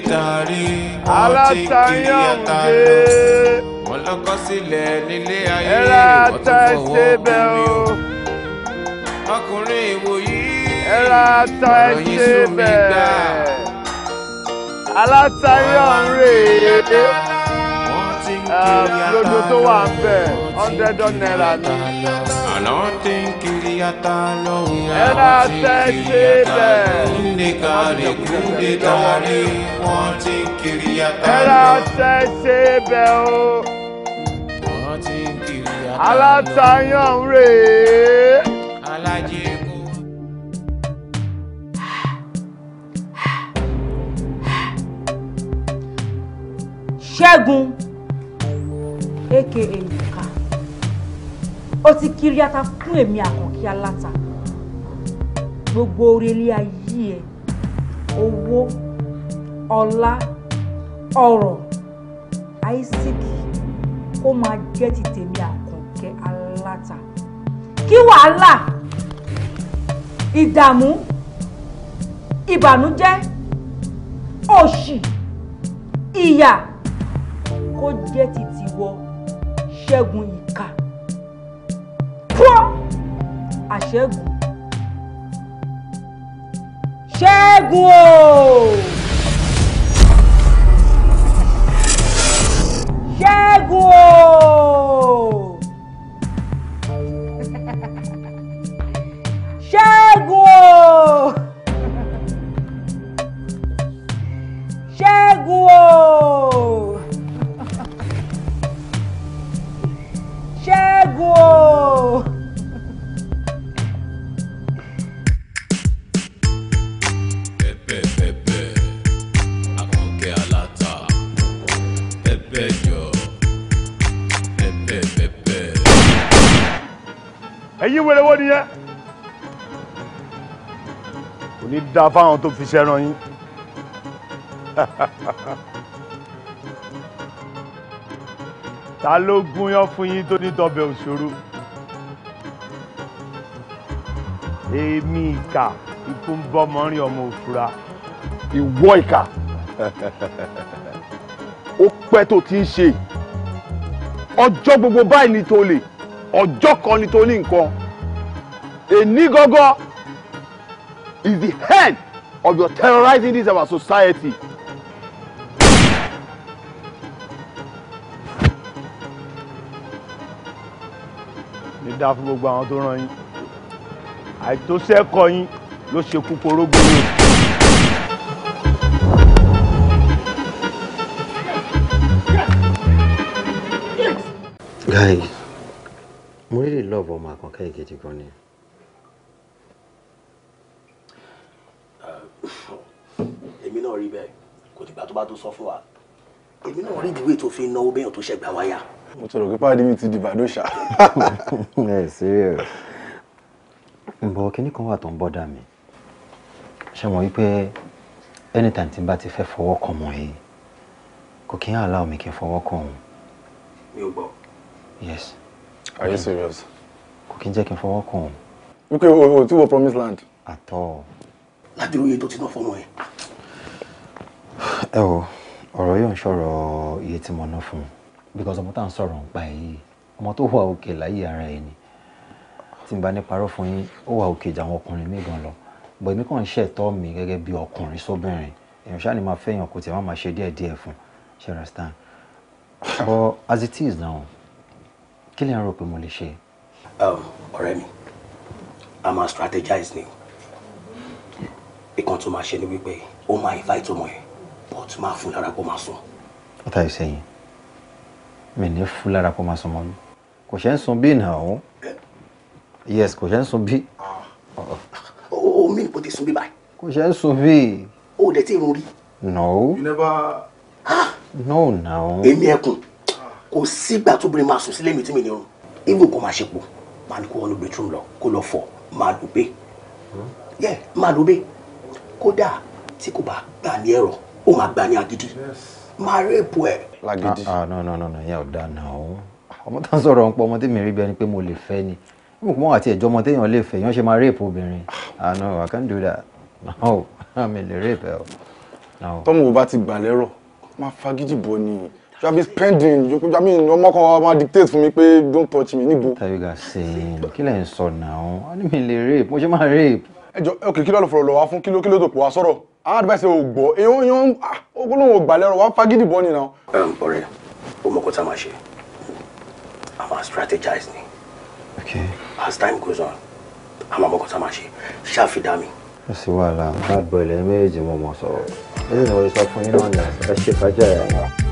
Ala tayonge wọn ló kọ́ sílẹ̀ nílé ayé wọ́n tó fọwọ́ omi o ọkùnrin ìwòyí ọ̀rọ̀ yìí sún mi gbà. alátayọ̀ ń ah, rèé lójú tó wà ń bẹ̀ hundred naira ni yatalo ya kiriyatalo kunde kare kunde kare wọ́n ti o. wọ́n ti kiriyatalo. alátayán Ṣẹ́gun aka ó ti kiri ata fún èmi àkànkí aláta gbogbo orí ilé ayé ẹ owó ọlá ọrọ̀ àìsíkì ó máa jẹ́ ti tèmi àkànkẹ́ aláta kí wàhálà ìdààmú ìbànújẹ́ òṣì ìyà kó jẹ́ ti tiwọ ṣẹ́gun ìkà fúọ́ àṣẹ́gun ṣẹ́gun o ṣẹ́gun o ṣẹ́gun o ṣẹ́gun o. ní dá fáwọn tó fi ṣẹ́ran yín. ta ló gúnyán fún yín tó ní tọbẹ̀ òṣòro. èmi ìkà ikú ń bọ́mọ rìn ọmọ òfura. ìwọ ìkà ó pẹ́ tó ti ń ṣe ọjọ́ gbogbo báyìí ni tó lè ọjọ́ kan ni tó ní nǹkan èní gọ́gọ́ is the hand of your terrorizing this our society. lè dá fún gbogbo àwọn tó ràn yín àìtóṣẹ́kọ̀ yín ló ṣekú porógbó yín. guy mo really love ọmọ àkànkẹ́ ìgidi gan ni. tó bá tó sọ fún wa èmi náà rí ìdíwé tó fi náwó bẹ́yàn tó ṣẹ̀gbà wáyà. mo tọrọ pé pàdé mi ti di bàdóṣà. ẹ ẹ serious ǹbọ̀ kínní kan wà tó ń bọ́dà mi ṣe mọ̀ wípé anytime tí n bá ti fẹ́ fọwọ́ kan mọ̀ yìí kò kí n àlá omi kí n fọwọ́ kan òun. mi ò gbọ́. yes. are you serious. kò kí n jẹ́ kí n fọwọ́ kan òun. wípé o ò tí wo promise land. àtọ. ládùúgbò yẹn tó ti náà fọmọ yẹn ẹ wo ọ̀rọ̀ yóò ń sọ̀rọ̀ iye tí mo ná fún because ọmọ tá à ń sọ̀rọ̀ ń pa ẹ̀ yìí ọmọ tó wà òkè láyé ara ẹ̀ ni tí n bá ní parọ́ fún yín ó wà òkè jà àwọn ọkùnrin mi gan lọ bọ̀ èmi kàn ń ṣẹ̀tọ́ mi gẹ́gẹ́ bí ọkùnrin sóbìnrin èèyàn ṣáà ni máa fẹ́yàn kò tiẹ̀ má máa ṣe díẹ̀ díẹ̀ fún ṣe understand but as it is now kí lè ń rò pé mo lè ṣe. Um, ọ̀rẹ́ mi a máa strategize ni o tó máa ṣe ni wípé ó máa invite ọmọ yẹn but máa fún lára kó máa sùn. what are you saying? mi ní fún lára kó máa sùn mọ́ mi kò ṣe ń sun bí yes kò ṣe ń sun bí. Ah. o mi kò ti sun bí báyìí. kò ṣe ń sun bí. ti rún no. you never. Ah. no na o. èmi ẹkùn kò sígbà tóbìnrin máa sùn sílé mi tí mi ní o even kó máa ṣe pò máa ní kó wọnú bedroom lọ kó lọ fọ máa lò bẹ́ẹ̀ hmm? máa lò bẹ́ẹ̀ kódà tí kò bá gbà ní ẹ̀rọ ó máa gbà ní agídí máa rẹ́pù ẹ̀. lágídí ah, ah no no no no ìyá ò dáa náà o ọmọ tá à ń sọ̀rọ̀ ń pọ̀ ọmọ tèmi rí bí ẹni pé mo lè fẹ́ ni bí mo àti ẹ̀jọ́ ọmọ téèyàn lè fẹ́ èèyàn ṣe máa rẹ́pù obìnrin ah no I can't do that no mi lè rẹ́pù ẹ̀ o. tọ́mù bá ti gbà lẹ́rọ̀ máa fagídì bọ́ ni you have been spending you I mean ọmọ kan máa dictate fún mi pé don't touch me níbo. tàbí gà sẹ́yìn kí lẹ̀ ń sọ náà wọ́n ní mi lè rape mo ṣe máa rape. ẹ jọ ok kí ló lọ fọ̀rọ̀ lọ wá fún kí ló kí ló tó pọ̀ wá sọ̀rọ̀ àwọn àdìbẹ́sẹ̀ ò gbọ́ èèyàn èèyàn ogólóhùn ògbà lẹ́rọ wá fagídì bọ́ nìyàn. ọ̀rẹ́ o mọ̀ kó tá a máa ṣe a máa strategize ni okay. as time goes on a máa mọ̀ kó tá a máa ṣe ṣáfidá mi. ó sì wà láà bad boy lẹ́yìn méjèèjì mo mọ̀ sọ̀rọ̀ ẹ̀ ẹ́ ní wọ́n sọ fún yín náà ní ẹ ṣe fàájà ẹ̀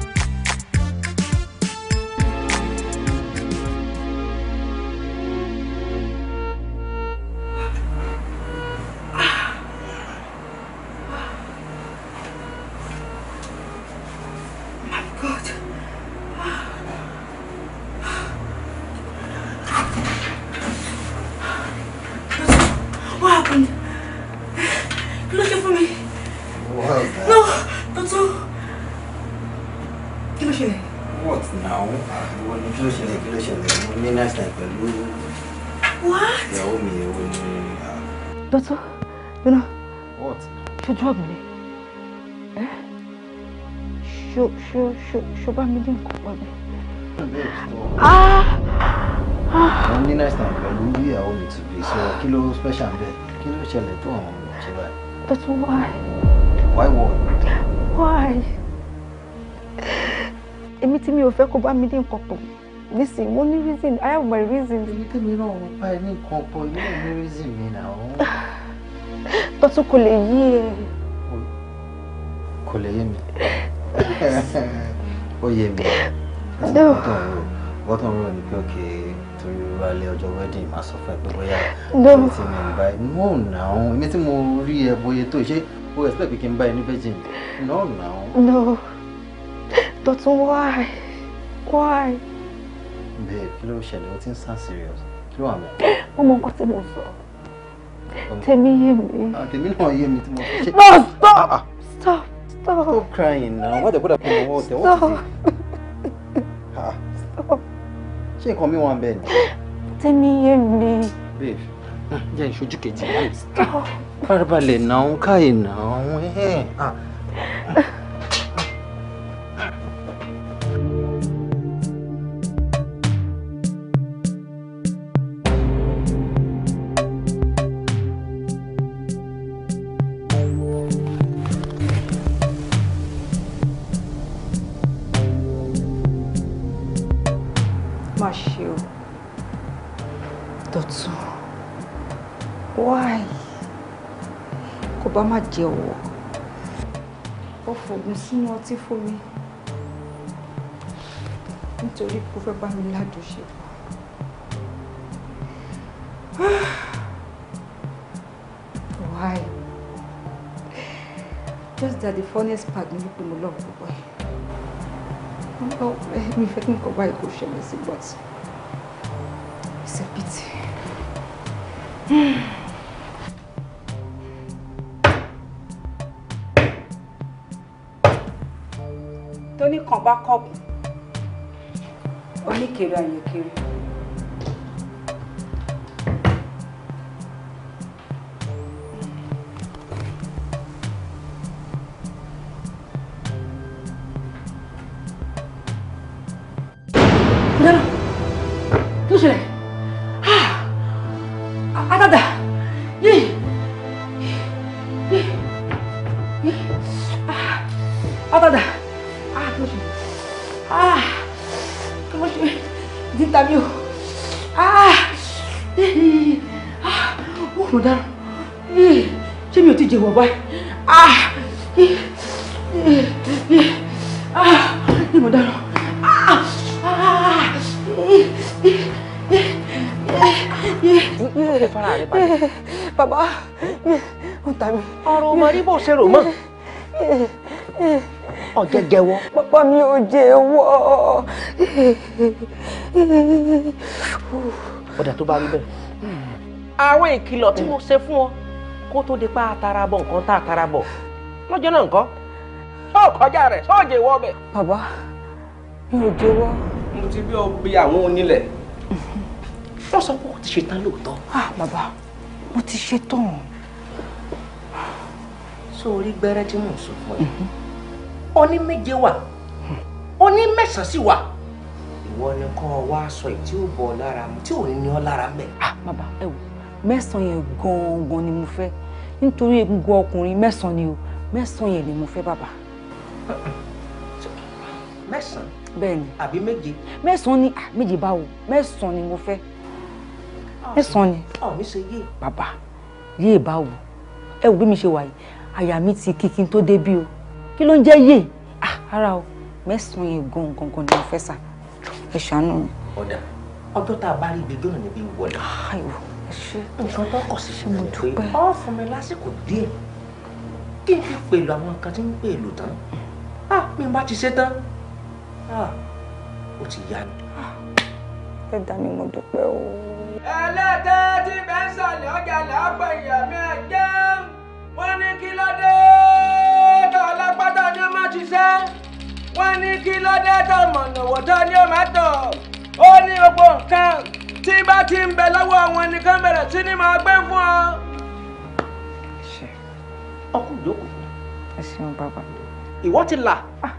fẹ́ kó bá mi dín nǹkan pọ̀ nísìn mo ní reason i have my reasons. èmi tèmi náà wọ pa ẹ ní nǹkan pọ̀ yóò ní reason mi nà ó. tọ́tún kò lè yí ẹ. E. kò lè yé mi ó yé mi bọ́tọ̀ ń rò ní pé òkè torí alẹ́ ọjọ́ wedding máa sọ fún ẹ pé bóyá èmi tí mi ń bá ẹ no now èmi tí mo rí ẹ bóyá tó ṣe ó expect pé kí n bá ẹ ní virgin no now. no tọ́tún wáyé. Why? Babe, kí ló ṣẹlẹ̀? O ti serious. Kí ló wà mẹ́? Mo mo sọ. Tèmi yé mi. Ah, tèmi náà yé mi tí mo fi No, ah, stop! Ah, stop! Stop! Stop crying now. Wọ́n dẹ̀ gbọ́dọ̀ pé mo wọ́ tẹ̀ wọ́n ti dé. Stop! Ṣé nǹkan mi wà ń bẹ̀ ni? Tèmi yé mi. Babe, jẹ́ ìṣojú kejì. Stop! Farabalẹ̀ náà, káyè náà. jẹ́ ọ̀wọ́ ó fògùn sínú ọtí fún mi nítorí kó fẹ́ bá mi lájọṣepọ̀ why just that the funniest part ni wípé mo lọ́ọ̀ gbogbo ẹ̀ mi fẹ́ kí nǹkan báyìí kò ṣẹlẹ̀ sí but it's a pity. bá kọ̀kùn oníkèrè àyèkèrè. ṣèrò mọ́ ọ̀jẹ̀jẹ̀wọ́. bàbá mi ò jẹ wọ́. ọ̀dà tó bá rí bẹ́ẹ̀. àwọn ìkìlọ̀ tí mo ṣe fún ọ kó tó di pa àtàràbọ̀ nǹkan tá àtàràbọ̀ lọ́jọ́ náà nǹkan ṣó kọjá rẹ̀ ṣó jẹ wọ́ bẹ̀. bàbá mi ò jẹ wọ́. mo ti bí ọbẹ àwọn onílẹ̀. wọ́n sọ pé wọ́n ti ṣe tán lóòótọ́. Ah, bàbá mo ti ṣe tán sórí gbẹ́rẹ́ tí mò ń sọ fún ẹ oní mhm. méje wà oní mẹ́sàn-án sì wà ìwọ ni kọ́ ọ wá sọ èyí tí ó bọ̀ lára mu tí ò ní ní ọ lára mẹ́. Ah, bàbá ẹ wò mẹ́sàn-án yẹn gan-an ni mo fẹ́ nítorí egungun ọkùnrin mẹ́sàn-án ni o mẹ́sàn-án yẹn ni mo fẹ́ bàbá. mẹ́sàn-án. bẹ́ẹ̀ ni àbí méje. mẹ́sàn-án ni ah, méje báwo mẹ́sàn-án ni mo fẹ́ mẹ́sàn-án ni. ọ̀ mi yé. bàbá yé báwo ẹ wò bí mi ṣe wà yìí àyà mi ti kíkín tó débí o kí ló ń jẹ́ yé ah ara o mẹ́sàn-án yẹn gan gangan ni mo fẹ́ sà ẹ ṣàánú mi. ọ̀dà ọjọ́ tá a bá rí ìgbẹ́jọ́ náà níbi ìwọlé. ayiwo ah, ẹ nǹkan tó kọ̀ sí mi pé ọ fún mi lásìkò díẹ̀ kí n fi pèlú àwọn nǹkan tí ń pèlú tán ah mi bá ti ṣe tán ah ó ti yá mi. Ah, ẹ dá mi mo dúpẹ́ o. ẹlẹ́tẹ̀ẹ́ tí bẹ́ẹ̀ sọ̀lẹ̀ làápọ̀ ìyá mi ẹ̀ jẹun wọ́n ní kí ló dé tó alágbádá ni ó máa ṣiṣẹ́ wọ́n ní kí ló dé tó mọ̀nàwọ́ tó ni ó máa tọ̀ ó ní gbogbo nǹkan tí bá ti ń bẹ lọ́wọ́ àwọn nìkan bẹ̀rẹ̀ sí ni máa gbé fún ọ. ọkùnrin ìdókòwò. ẹ ṣeun bàbá. ìwọ ti là ah,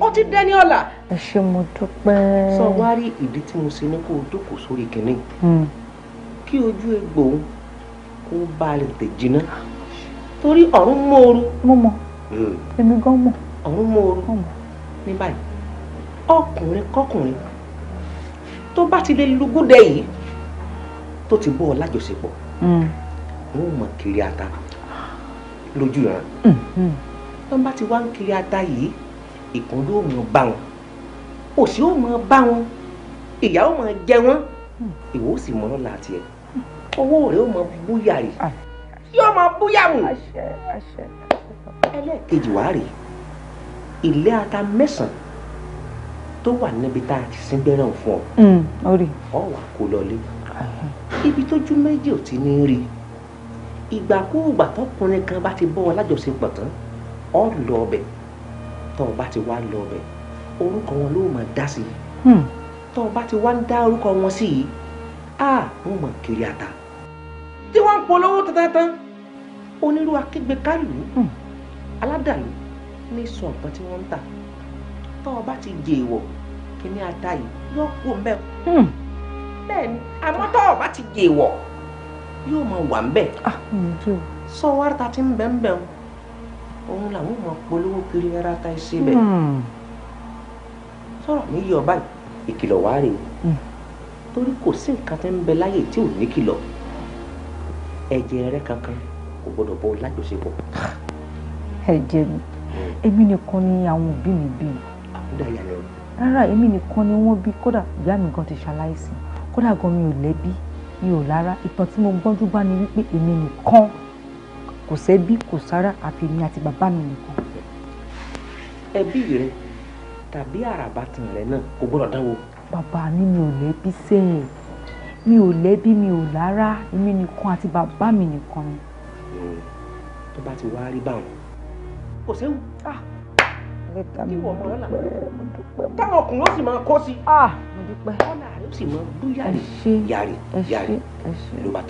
ó ti dẹ́ni ọ̀la. ẹ ṣé mo dúpẹ́. sọ wá rí ìdí tí mo ṣe ní kó o jókòó sórí kìnìún hmm. kí ojú egbò kó bá lè tè jiná torí ọ̀run mòoru. mo mọ̀ hmm. èmi gan mọ̀. ọ̀run mòoru ní báyìí ọkùnrin kọkùnrin tó bá ti lè lugúdẹ yìí tó ti bọ́ ọ lájọṣepọ̀ hmm. wọn ò mọ kiri ata lójú ìran hmm, tó bá ti wá ń kiri ata yìí ìkún ló mọ bá wọn òsì ó mọ bá wọn ìyá ó mọ jẹ wọn ìwọ ó sì mọ lọ́la tiẹ̀ owó rẹ̀ ó mọ búyàrí yóò máa búyàmù. àṣẹ àṣẹ. ẹlẹ́ẹ̀kejì wàá rèé ilé ata mẹ́sàn-án tó wà níbi tá a ti sin gbẹ́ràn fún ọ. Hmm, ọ wà kó lọlé ibi tójú méjì ò ti ní rí ìgbàkúùgbà tọkùnrin kan bá ti bọ́ ọ lájọṣepọ̀ tán ọ lọ ọbẹ̀ tọ́ ọ bá ti wá lọ ọbẹ̀ orúkọ wọn ló máa dá sí i hmm. tọ́ ọ bá ti wá ń dá orúkọ wọn sí i a ó mọ̀ kiri ata polówó tán onírú akígbe kálù hmm, aládàlú ní sọ nǹkan tí wọ́n ń tà tọ́ ọ bá ti jẹ ìwọ̀ kíní ata yìí yóò kó mbẹ́ hmm. bẹ́ẹ̀ ni àmọ́ tọ́ ọ bá ti jẹ ìwọ̀ yóò máa wà mbẹ́ ah, sọ wárí ta ti ń bẹ́ ń o òun làwọn ọmọ polówó kiri ara ta ẹ ṣe bẹ́ẹ̀ hmm. sọ̀rọ̀ mi yọ báyìí ìkìlọ̀ wá rèé torí kò sí nǹkan tí ń bẹ láyè tí ò ní kìlọ̀ ẹ̀jẹ̀ rẹ kankan kò gbọ́dọ̀ bọ́ lájọṣepọ̀. ẹ̀jẹ̀ mi hmm. èmi nìkan ni àwọn òbí mi bí. àkúdà ìyá rẹ o. rárá èmi nìkan ni wọ́n bí kódà ìyá mi gan ti ṣaláìsí kódà gan mi ò lẹ́bí mi ò lára ìtàn tí mo gbọ́njú bá ni wípé èmi nìkan kò sẹ́bí kò sára àfi èmi àti bàbá mi nìkan. ẹbí rẹ tàbí àràbàtàn rẹ náà kò gbọ́dọ̀ dánwò. bàbá mi mi ò lẹ́bí sẹ́yìn mi ò lẹ́bí mi ò lára èmi nìkan àti bàbá mi nìkan ni. tó bá ti wá rí báwọn kò séwu ah! ìwọ ọmọ ọlà táwọn ọkùnrin ó sì máa kó sí ah! ọlà rẹ ó sì máa bú yàrá yàrá yàrá ló bá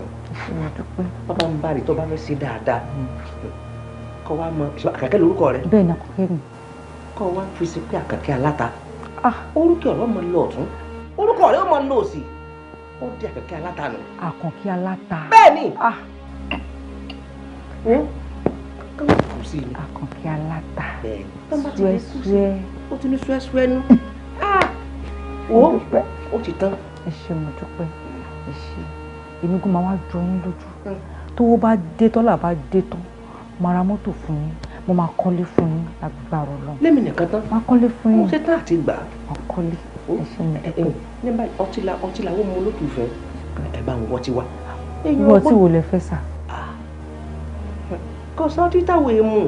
tán bàbá ń bá rè tó bá fẹ́ ṣe dáadáa hmm. kọ́ wa mọ àkàkẹ́ lórúkọ rẹ bẹ́ẹ̀ ni àkàkẹ́ mi kọ́ wa fi ṣe pé àkàkẹ́ aláta ah! orúkọ rẹ ó máa lọ ọ̀tún orúkọ rẹ ó máa lọ òsì ó di àkànkẹ́ aláta nù. àkànkẹ́ aláta. bẹ́ẹ̀ni. kọ́mọ ah. hmm? kù sí mi. àkànkẹ́ aláta. suẹ́suẹ́. ó ti ní suẹ́suẹ́ nú. Ah. wo ó ti tán. ẹ ṣé mo dúpẹ́ ẹ ṣé èmi kò máa wá jọ yín lójú hmm. tówó bá dé tọ́lá bá dé tán máa ra mọ́tò fún yín mo máa kọ́lé fún yín lágbára Ọlọ́run. lẹ́mìnì kan tán. máa kọ́lé fún yín. mo ṣe tán àti gbà. máa kọ́lé ó ń fún mi ẹ̀wọ̀n ní báyìí ọtí la ọtí la ó mú olókùnfẹ́ ẹ bá ń wọ́ ti wá. ìwọ tí wo lè fẹ́ sà. kò sọ ọtí táwọn èèmù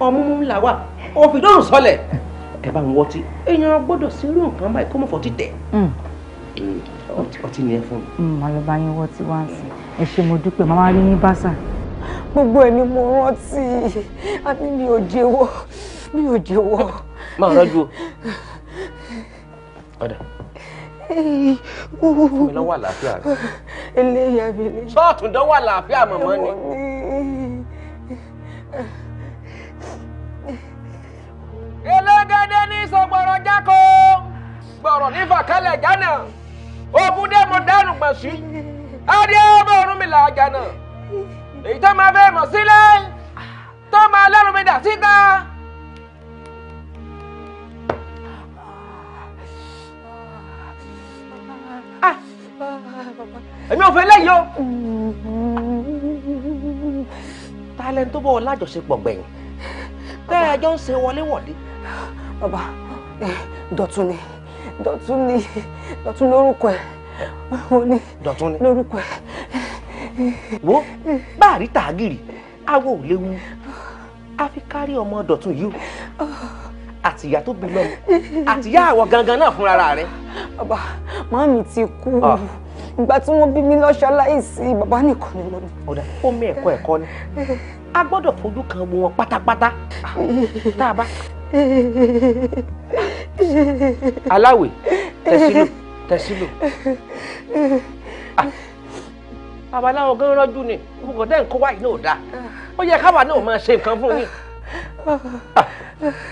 ọmú ńlá wà òfin lóhùn sọlẹ̀ ẹ bá ń wọ́ ti èèyàn gbọ́dọ̀ sí irú nǹkan báyìí kó mọ̀ fọ́ títẹ̀ hmm. hmm, ọtí ni ẹ fún mi. Hmm, màá lọ bá yín wọ́ tí wá ń sìn ẹ ṣé gbogbo ẹ mo rántí àti mi ò jẹ́wọ́ mi ò jẹ́wọ́. máa rọ́jú o ọ̀dà. fún mi lọ wà láàfíà rẹ. eléyà mi lè. sọ́ọ̀tún dán wà láàfíà mọ̀mọ́ ni. elégédé ní sọgbọrọ jákó gbọrọ ní fàkálẹ̀ jánà ogun dé mo dánù gbọ̀n sí adé ọmọ ọ̀run mi là á jánà èyí tó máa fẹ́ mọ̀ sílẹ̀ tó máa lẹ́nu mi dà síta. èmi ò fẹ́ lẹ́yìn o. ta lẹni tó bọ́ ọ lájọṣepọ̀ gbẹ̀yìn tẹ́ ẹ jọ ń ṣe wọléwọ̀de. bàbá dọ̀tún ni dọ̀tún ni dọ̀tún lórúkọ ẹ̀ mo ní dọ̀tún ni lórúkọ ẹ̀. wo bá a rí tàgìrì awo ò léwu a fi kárí ọmọ dọ̀tún yìí o àtìyá tó bí lọ́mọ àtìyá àwọ̀ gangan náà fúnra rẹ̀. bàbá màmí ti kú. Oh ìgbà tí wọ́n bí mi lọ bàbá nìkan ni mo ní. ọ̀dà ó mú ẹ̀kọ́ ẹ̀kọ́ ni a gbọ́dọ̀ fojú kan wo wọn pátápátá tá a bá. aláwẹ̀ tẹ̀sílò tẹ̀sílò bàbá aláwọ̀ gan rọ́jú ni gbogbo dẹ́ nǹkan wáyé náà dáa ó yẹ káwa náà máa ṣe nǹkan fún yín.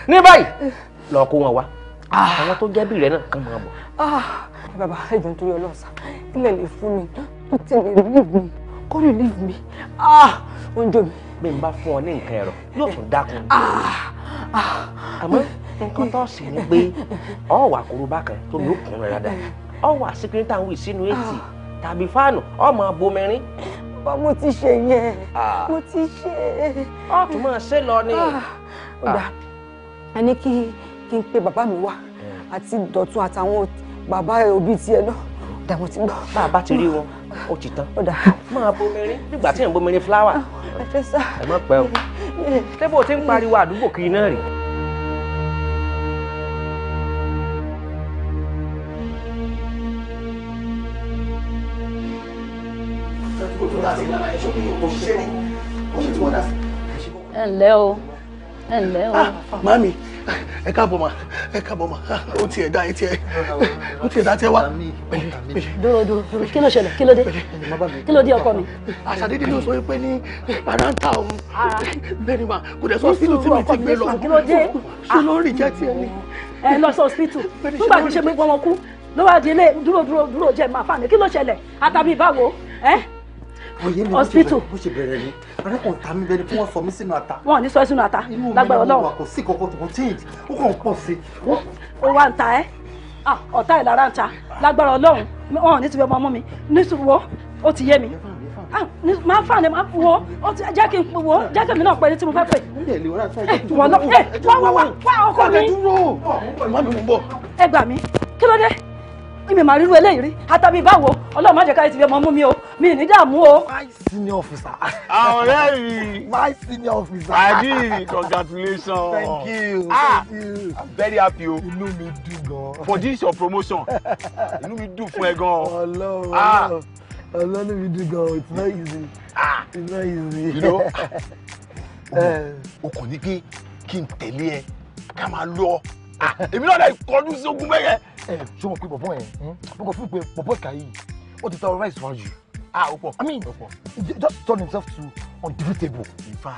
ní báyìí lọ́ọ́ kó wọn wá àwọn tó jẹ́ bí rẹ̀ náà kàn máa bọ̀. Ah, Baba, bàbá ẹjọ nítorí ọlọ́sà ilẹ̀ lè fún mi tó ti lè leave me kó you leave me Ah, oúnjẹ mi. bí n bá fún ọ ní nǹkan ẹ̀rọ yóò Ah, ah. àmọ́ nǹkan tó sì ń gbé ọ wà kóróbá kan tó ló kún rẹ̀ dáadáa ọ wà síkírítà ń wí sínú èsì ah. tàbí fáànù ọ máa bomirin bá mo ti ṣe yẹn ah. mo ti ṣe. ọ tún máa ṣe lọ ni. ọ̀dà ah, a ní kí kí n pe Baba mi wá àti Dọ̀tun àtàwọn bàbá òbí tiẹ̀ náà dàmú ti gbọ́. bá a bá ti rí wọn ó ti tán máa bomirin nígbà tí èèyàn bomirin fúláwà ẹ má pẹ́ o ṣé bó o ti ń pariwo àdúgbò kiri náà rèé. ẹ ǹlẹ́ o ẹ ǹlẹ́ o. Ah, màmí ẹ káàbọ̀ mà ẹ káàbọ̀ mà O tiẹ̀ dá ẹ tiẹ̀ ó tiẹ̀ dá tiẹ̀ wá. dòdò kí ló ṣẹlẹ̀ kí ló dé kí ló dé ọkọ mi. àṣàdédé ló sọ pé ní ara ń ta òun bẹ́ẹ̀ ni mà kò dẹ̀ sọ sínú tí mi ti gbé lọ ṣé ló ń rìjẹ́ tiẹ̀ ni. ẹ lọ sọ hospital nígbà tí ṣe mi pọ́n wọn kú ló wá di ilé dúró dúró dúró jẹ́ màá fà ní kí ló ṣẹlẹ̀ àtàbí ìbáwo ẹ́ hospital. bó ṣe bẹ̀rẹ̀ ni arákùnrin ta mi bẹni fún wọn sọ mí sínú ata. wọn ò ní sọ ẹ sínú ata lágbára Ọlọ́run. inú mi wà kò sí kọkọ tó kò change ó kàn pọ̀ sí. o wá ń ta ẹ́ ọ̀tá ìlara ń ta lágbára Ọlọ́run wọn ò ní ti bẹ ọmọ ọmọ mi nítorí o ti yé mi máa fà ní máa wo o ti jẹ́ kí n wo jẹ́ kí mi náà pẹ̀lú tí mo fẹ́ pè. wọ́n lọ wá wá wá ọkọ mi. ẹ gbà mí kí ló dé mi máa rírú eléyìí rí àtàbí báwo ọlọ́run má jẹ́ káyọ̀ ti fi ọmọ mú mi o mi ì ní o. my senior officer. Ah, ọ̀rẹ́ mi. my senior officer. adi congratulations. thank you. ah thank you. i'm very happy o. inú mi dùn gan. for this your promotion inú mi dùn fún ẹ gan. Ah. ọlọ́run ọlọ́run mi dùn gan it's not easy. ah it's not easy. you know eh. o kò ní pé kí n tẹ̀lé ẹ ká máa lọ. Ah, èmi náà dẹ̀ kọjú sí ogun bẹ́yẹ. ẹ ṣé mo pe bọ̀bọ̀ yẹn mo hm, kàn fún pé bọ̀bọ̀ kàyí ó ti tọrọ rice wájú. ah ó pọ̀ i mean ó pọ̀ he just turn himself to undefeatable.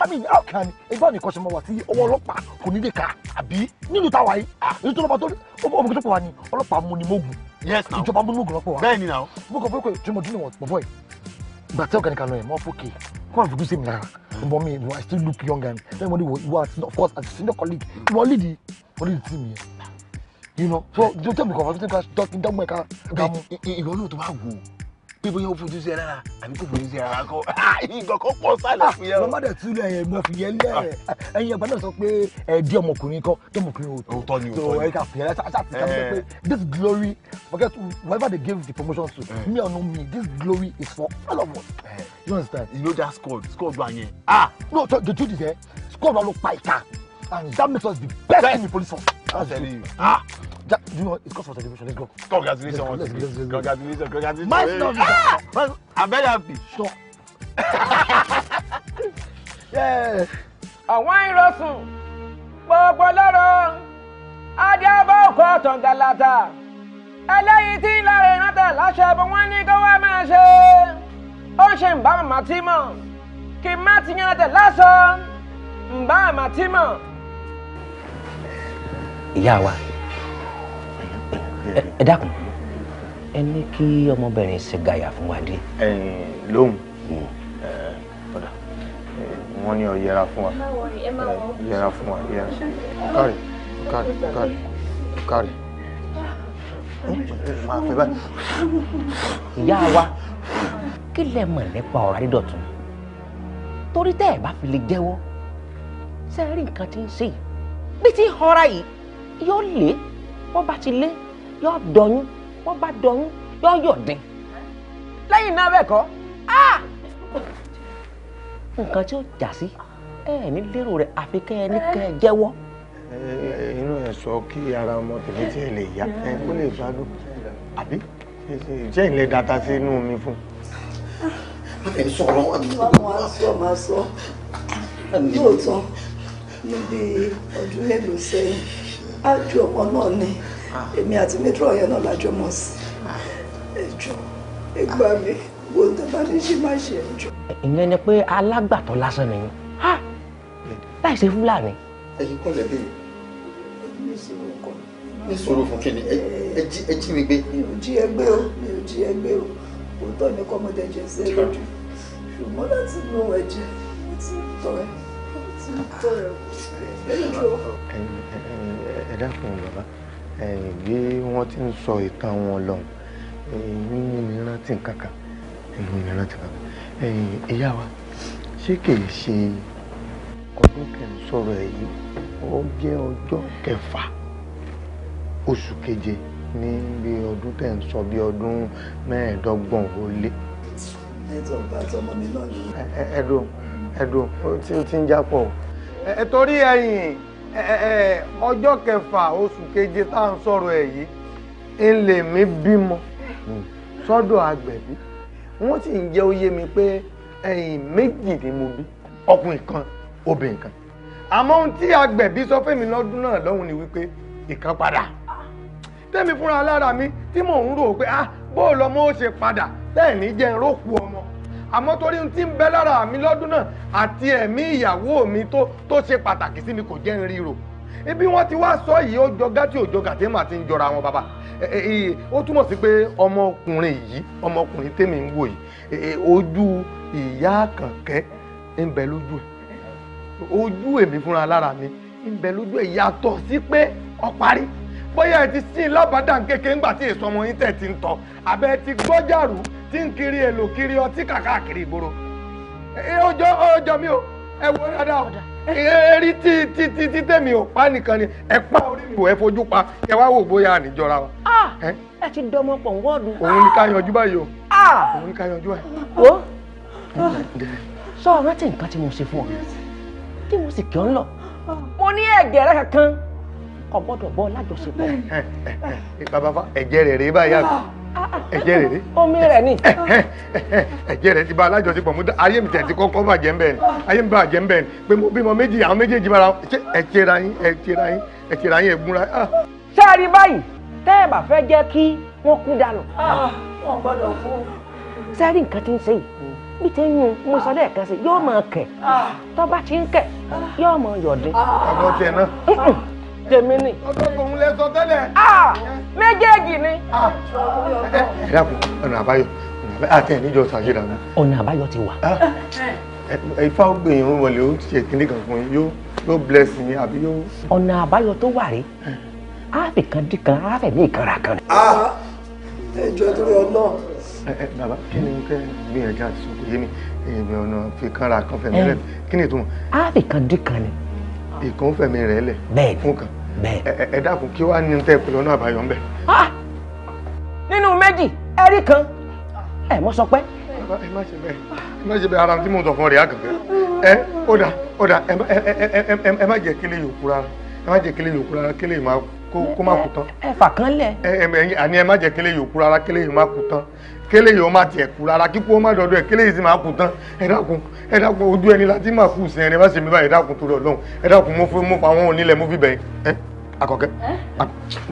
i mean how can ẹgbẹ́ mi kọ́ṣẹ́ mọ́ wa tí ọwọ́ ọlọ́pàá kò ní lè ka àbí nílùú táwa yìí ah, èyí tó lọ́pàá tó ọmọ kẹtọ́ wa ni ọlọ́pàá mú ni mọ́gùn. yes na ìjọba mú ni mọ́gùn lọ́pọ̀ wa. bẹ́ẹ̀ ni na. mo kàn fún pé jọmọdún ni wọ́n bọ̀bọ̀ yìí but tell Kanika lawyer, more okay. Come and forgive me now. But me, I still look young and everybody will, you are, of course, as a senior colleague, you are leading, what is the team here? You know, so don't tell me, because I'm talking to my car. Ìwọ náà tó bá wù ú pé bóyá ó fojú sí ẹ lára àbí kò fojú sí ẹ lára kọ ah, ìgbà kan pọ̀ sálẹ̀ ah, fún yẹn o. màmá dẹ̀ túlẹ̀ yẹn mo fi yẹn lẹ̀ ah. ẹ̀yin ẹ̀gbọ́n náà sọ pé ẹ̀ di ọmọkùnrin kan di ọmọkùnrin òótọ́ ni òótọ́ ni so ẹ̀ka fìyà láti àti àti àti pé this glory forget whoever they gave the promotion to eh. me or no me this glory is for all of us eh. you understand. you know that squad squad wa yẹn. ah no the truth is eh squad wa ló pa ìka and that makes us the best in the police force. that's the thing do you know it's cause for celebration let's go. congratulations let's, let's, let's, let's, congratulations go. congratulations. my stuff ah! ah! i'm very happy. sure. àwọn ìrọ̀sùn gbogbo lọ́rọ̀ adébọ̀kọ̀ tọ̀ǹdàlàtà eléyìí tí ń lára ìrántà láṣẹ bó wọ́n ní kó wá máa ṣe ó ṣe ń bá màmá tí mọ̀ kí má ti yan tẹ̀ lásán ń bá màmá tí mọ̀. ìyá wa ẹ dákun ẹ ní kí ọmọbìnrin ṣe gàyà fún wa dé. ẹyin lóhùn hmm. ọ̀dà wọ́n ní ọ yẹra fún wa yẹra fún wa yẹra kárí kárí kárí kárí máa fẹ́ báyìí. ìyá wa kí lẹ mọ̀ nípa ọ̀rọ̀ Adédọ̀tun torí tẹ́ ẹ̀ bá fi lè jẹ́wọ́ ṣe nǹkan tí ń ṣe bí ti ń họra yìí yóò lé wọ́n bá ti lé yóò dọyún wọ́n bá dọyún yóò yọ̀dín lẹ́yìn náà bẹ́ẹ̀ kọ́ nǹkan tí ó jà sí ẹ ní lérò rẹ̀ àfi kẹ́ ẹ ní kẹ́ ẹ jẹ́wọ́. inú ẹ sọ kí ara ọmọ tèmi tiẹ̀ lè yá ẹ kó lè gbádùn àbí ṣé ìlẹ̀ data sí inú mi fún. ẹ sọ̀rọ̀ wọn ni. wọ́n máa sọ máa sọ lóòótọ́ níbi ọdún mélòó sẹ́yìn ájú ọmọ náà ni. Ah. èmi àti metro yẹn náà lájọ mọ̀ sí ah. ẹjọ́ ẹgbà mi wo tó bá ní ṣe má ṣe ẹjọ́. ìyẹn ni pé alágbàtọ́ lásán nìyẹn láì ṣe fúlàní. ẹyin kọ́ lẹ́bí mi ní sùúrù fún kíni ẹ jí mi gbé. mi ò jí ẹ gbé o mi ò jí ẹ gbé o òótọ́ ni kọ́mọdé jẹ sí lójú ṣùgbọ́n láti mú ẹ̀jẹ̀ ti tọ́ ẹ ti tọ́ ẹ. ẹ dákun bàbá bí wọ́n ti ń sọ ìtàn wọn lọ nínú mi rántí kankan nínú mi rántí kankan ìyá wa ṣé kìí ṣe ọdún kẹrin sọ̀rọ̀ ẹ̀ yìí ó jẹ́ ọjọ́ kẹfà oṣù keje ní bí ọdún tẹ̀ ń sọ bí ọdún mẹ́ẹ̀ẹ́dọ́gbọ̀n ó lé. ẹ̀tọ́ bá tọmọ mi náà ni. ẹ̀ẹ́dùn ẹ̀ẹ́dùn ó ti ń jápọ̀ ẹ̀ torí ẹ̀yìn ọjọ́ kẹfà oṣù keje tá à ń sọ̀rọ̀ ẹ̀ yìí ń lè mí bímọ sọ́dọ̀ agbẹ̀bí wọ́n sì ń jẹ́ ó yé mi pé ẹ̀yìn méjì ni mo bí ọkùnrin kan obìnrin kan àmọ́ ohun tí agbẹ̀bí sọ fẹ́mi lọ́dún náà lọ́hùn ni wípé ìkan padà tẹ́mi fúnra lára mi tí mò ń rò pé ah bó lọmọ ó ṣe padà lẹ́ẹ̀ni jẹ́ ń rókù ọmọ àmọ́ torí ti ń bẹ lára mi lọ́dún náà àti ẹ̀mí ìyàwó mi tó tó ṣe pàtàkì sí mi kò jẹ́ ń ríro ibi wọn ti wá sọ yìí ó jọ gátí òjọ gàtí mà ti ń jọra wọn bàbá ó túmọ̀ sí pé ọmọkùnrin yìí ọmọkùnrin tèmi ń wò yìí ojú ìyá kànkẹ́ ń bẹ lójú ẹ̀ ojú èmi fúnra lára mi ń bẹ lójú ẹ̀ yàtọ̀ sí pé ó parí bóyá ẹ ti sin lábàdàn kékeré ńgbà tí èso ọmọ yín tẹ̀ ti ń tọ́ àbẹ́ ti gbọ́jàrú tí ń kiri èlò kiri ọtí kàkàkiri ìgboro ọjọ́ ọjọ́ mi ò ẹ wo dáadáa eré tí tí tí tí tèmi ò pa nìkan ni ẹ pa orí mi ò ẹ fojú pa ẹ wá wò bóyá àníjọra wa. Ah! ẹ ti dọmọ pọ̀ wọ́ọ̀dù. òun ni ká yanjú báyìí o ah! òun ni ká yanjú báyìí. wo ah. sọ rántí nǹkan tí mo ṣe fún ọ tí mo sì kí ọ ń lọ mo ní ẹ̀jẹ̀ rẹ kankan kò gbọ́dọ̀ bọ́ lájọṣepọ̀. Eh, eh, eh, bàbá ẹ̀jẹ̀ rẹ̀ rèé báyìí àgbà ẹ̀jẹ̀ rere. omi rẹ̀ ni. ẹ̀jẹ̀ rẹ̀ ti ba alájọsípọ̀ mú ayé mi tẹ̀sí kọ́kọ́ bàjẹ́ ń bẹ̀ ni ayé mi bàjẹ́ ń bẹ̀ ni pé mo bímọ méjì àwọn méjèèjì bára ẹ̀jẹ̀ ra yín ẹ̀jẹ̀ ra yín ẹ̀jẹ̀ ra yín ẹ̀gúnra. Ah. ṣé a rí báyìí tẹ́ ẹ bá fẹ́ jẹ́ kí wọ́n kú dànù. Ah, wọn gbọ́dọ̀ fún. sẹ́rí nǹkan ti ń ṣe yìí bí ti ń yun mo sọ lẹ́ẹ̀kan sí yóò máa kẹ̀ ah. tó bá ti ń kẹ̀ yóò máa yọ̀dín. àbọ̀ tiẹ̀ tèmi ni. ọgọgùn lẹ sọ tẹ́lẹ̀. méjèèjì ni. ẹ dàpọ̀ ọ̀nà àbáyọ àti ẹ̀níjọ ṣàṣìlànà. ọ̀nà àbáyọ ti wà. ifá ó gbìyànjú wọlé ó ṣe kíní kan fún yóò yóò bless yín àbí yóò. ọ̀nà àbáyọ tó wà rí àfi kan dí kan àfẹ̀ mí kan ra kan. ẹjọ tó yọ náà. bàbá kí ni kẹ́ gbìyànjú àti sọkò yé mi èèyàn ọ̀nà fi kan ra kan fẹ̀mí rẹ̀ kí ni ìtumọ̀. àfi kan dí kan ni. ìkan fẹ̀mí rẹ̀ lẹ̀ fún kan ẹ dákun kí wàá ní tẹ́ ìpínlẹ̀ náà àbáyọ ń nínú méjì kan ara tí mo sọ fún ọ rẹ̀ àgàfẹ́ ẹ ó dà ó dà ẹ má jẹ́ kílẹ̀ yòókù rárá ẹ má jẹ́ yòókù rárá yìí ẹ fà kán ẹ ẹ ẹ kélé yìí ó má tiẹ̀ kú rárá kíkú ó má dọ̀dọ̀ ẹ̀ kélé yìí sì máa kú tán ẹ dákun ẹ dákun ojú ẹni láti máa kú sí ẹni se ṣe mi báyìí ẹ dákun torí Ọlọ́run ẹ dákun mo fún mo fa àwọn onílẹ̀ mo fi bẹ̀yìn ẹ Àkànkẹ́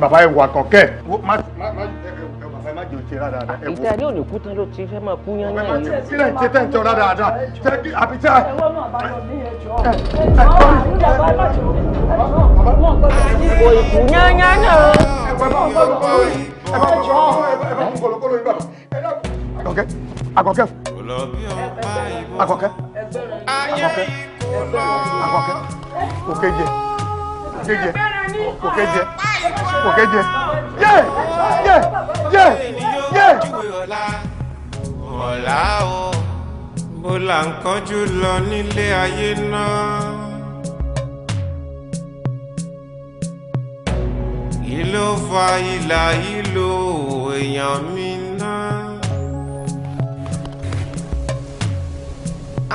bàbá ẹ wà Àkànkẹ́ májò ṣe rádaràda ẹ wò. àbíṣe adé òní kú tán ló ti fẹ́ máa kú yán yán ni. sílẹ̀ ń ṣe tẹ̀ ń jọ rádaràda jẹ́ kí àbíṣe. ẹ̀wọ́n náà bá yọ ní ẹjọ́ ẹjọ́ àrùn yàrá bá jọ ẹjọ́ wọn kò yán yán náà. ẹ bá fún kọlọkọlọ yìí ẹ bá fún kọlọkọlọ yìí bàbá. àgọ̀kẹ́ àgọ̀kẹ́ àgọ̀kẹ́ àgọ̀kẹ́ òkè jẹ jẹjẹ kò kẹjẹ kò kẹjẹ yẹ yẹ yẹ yẹ. ọ̀la o bó la ń kánjú lọ nílé ayé náà. ìlò fa ìlà ìlò èèyàn mi náà.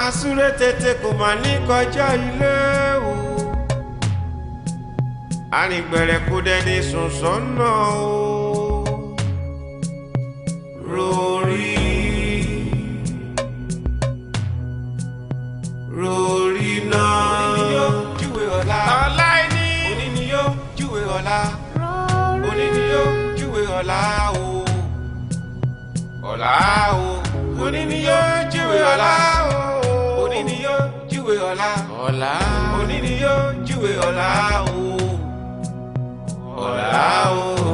asúré tètè kò mà ní kọjá ilé o. Ani arìngbẹ̀rẹ̀kúdẹ́ ní sùnsọ́nà o rorí rorí náà. ọ̀la ẹni òní ni yóò júwe ọ̀la òní ni yóò júwe ọ̀la o ọ̀la o òní ni yóò júwe ọ̀la o òní ni yóò júwe ọ̀la ọ̀la òní ni yóò júwe ọ̀la o ọ̀la o.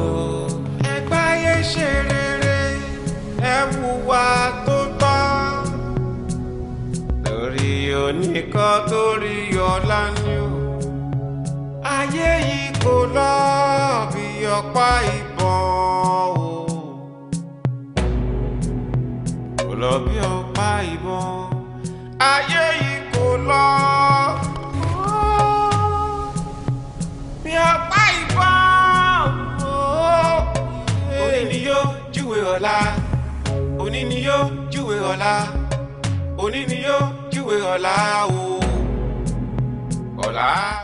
ẹgbẹ́ ayé ṣe rere ẹ wùwà tó tọ́ lórí oníkan tó rí ọ̀la ni o. ayé yìí kò lọ bí ọ̀pá ìbọn o. kò lọ bí ọ̀pá ìbọn. ayé yìí kò lọ. mi ọ̀pá. ọ̀la òní ni yóò júwe ọ̀la òní ni yóò júwe ọ̀la o ọ̀la.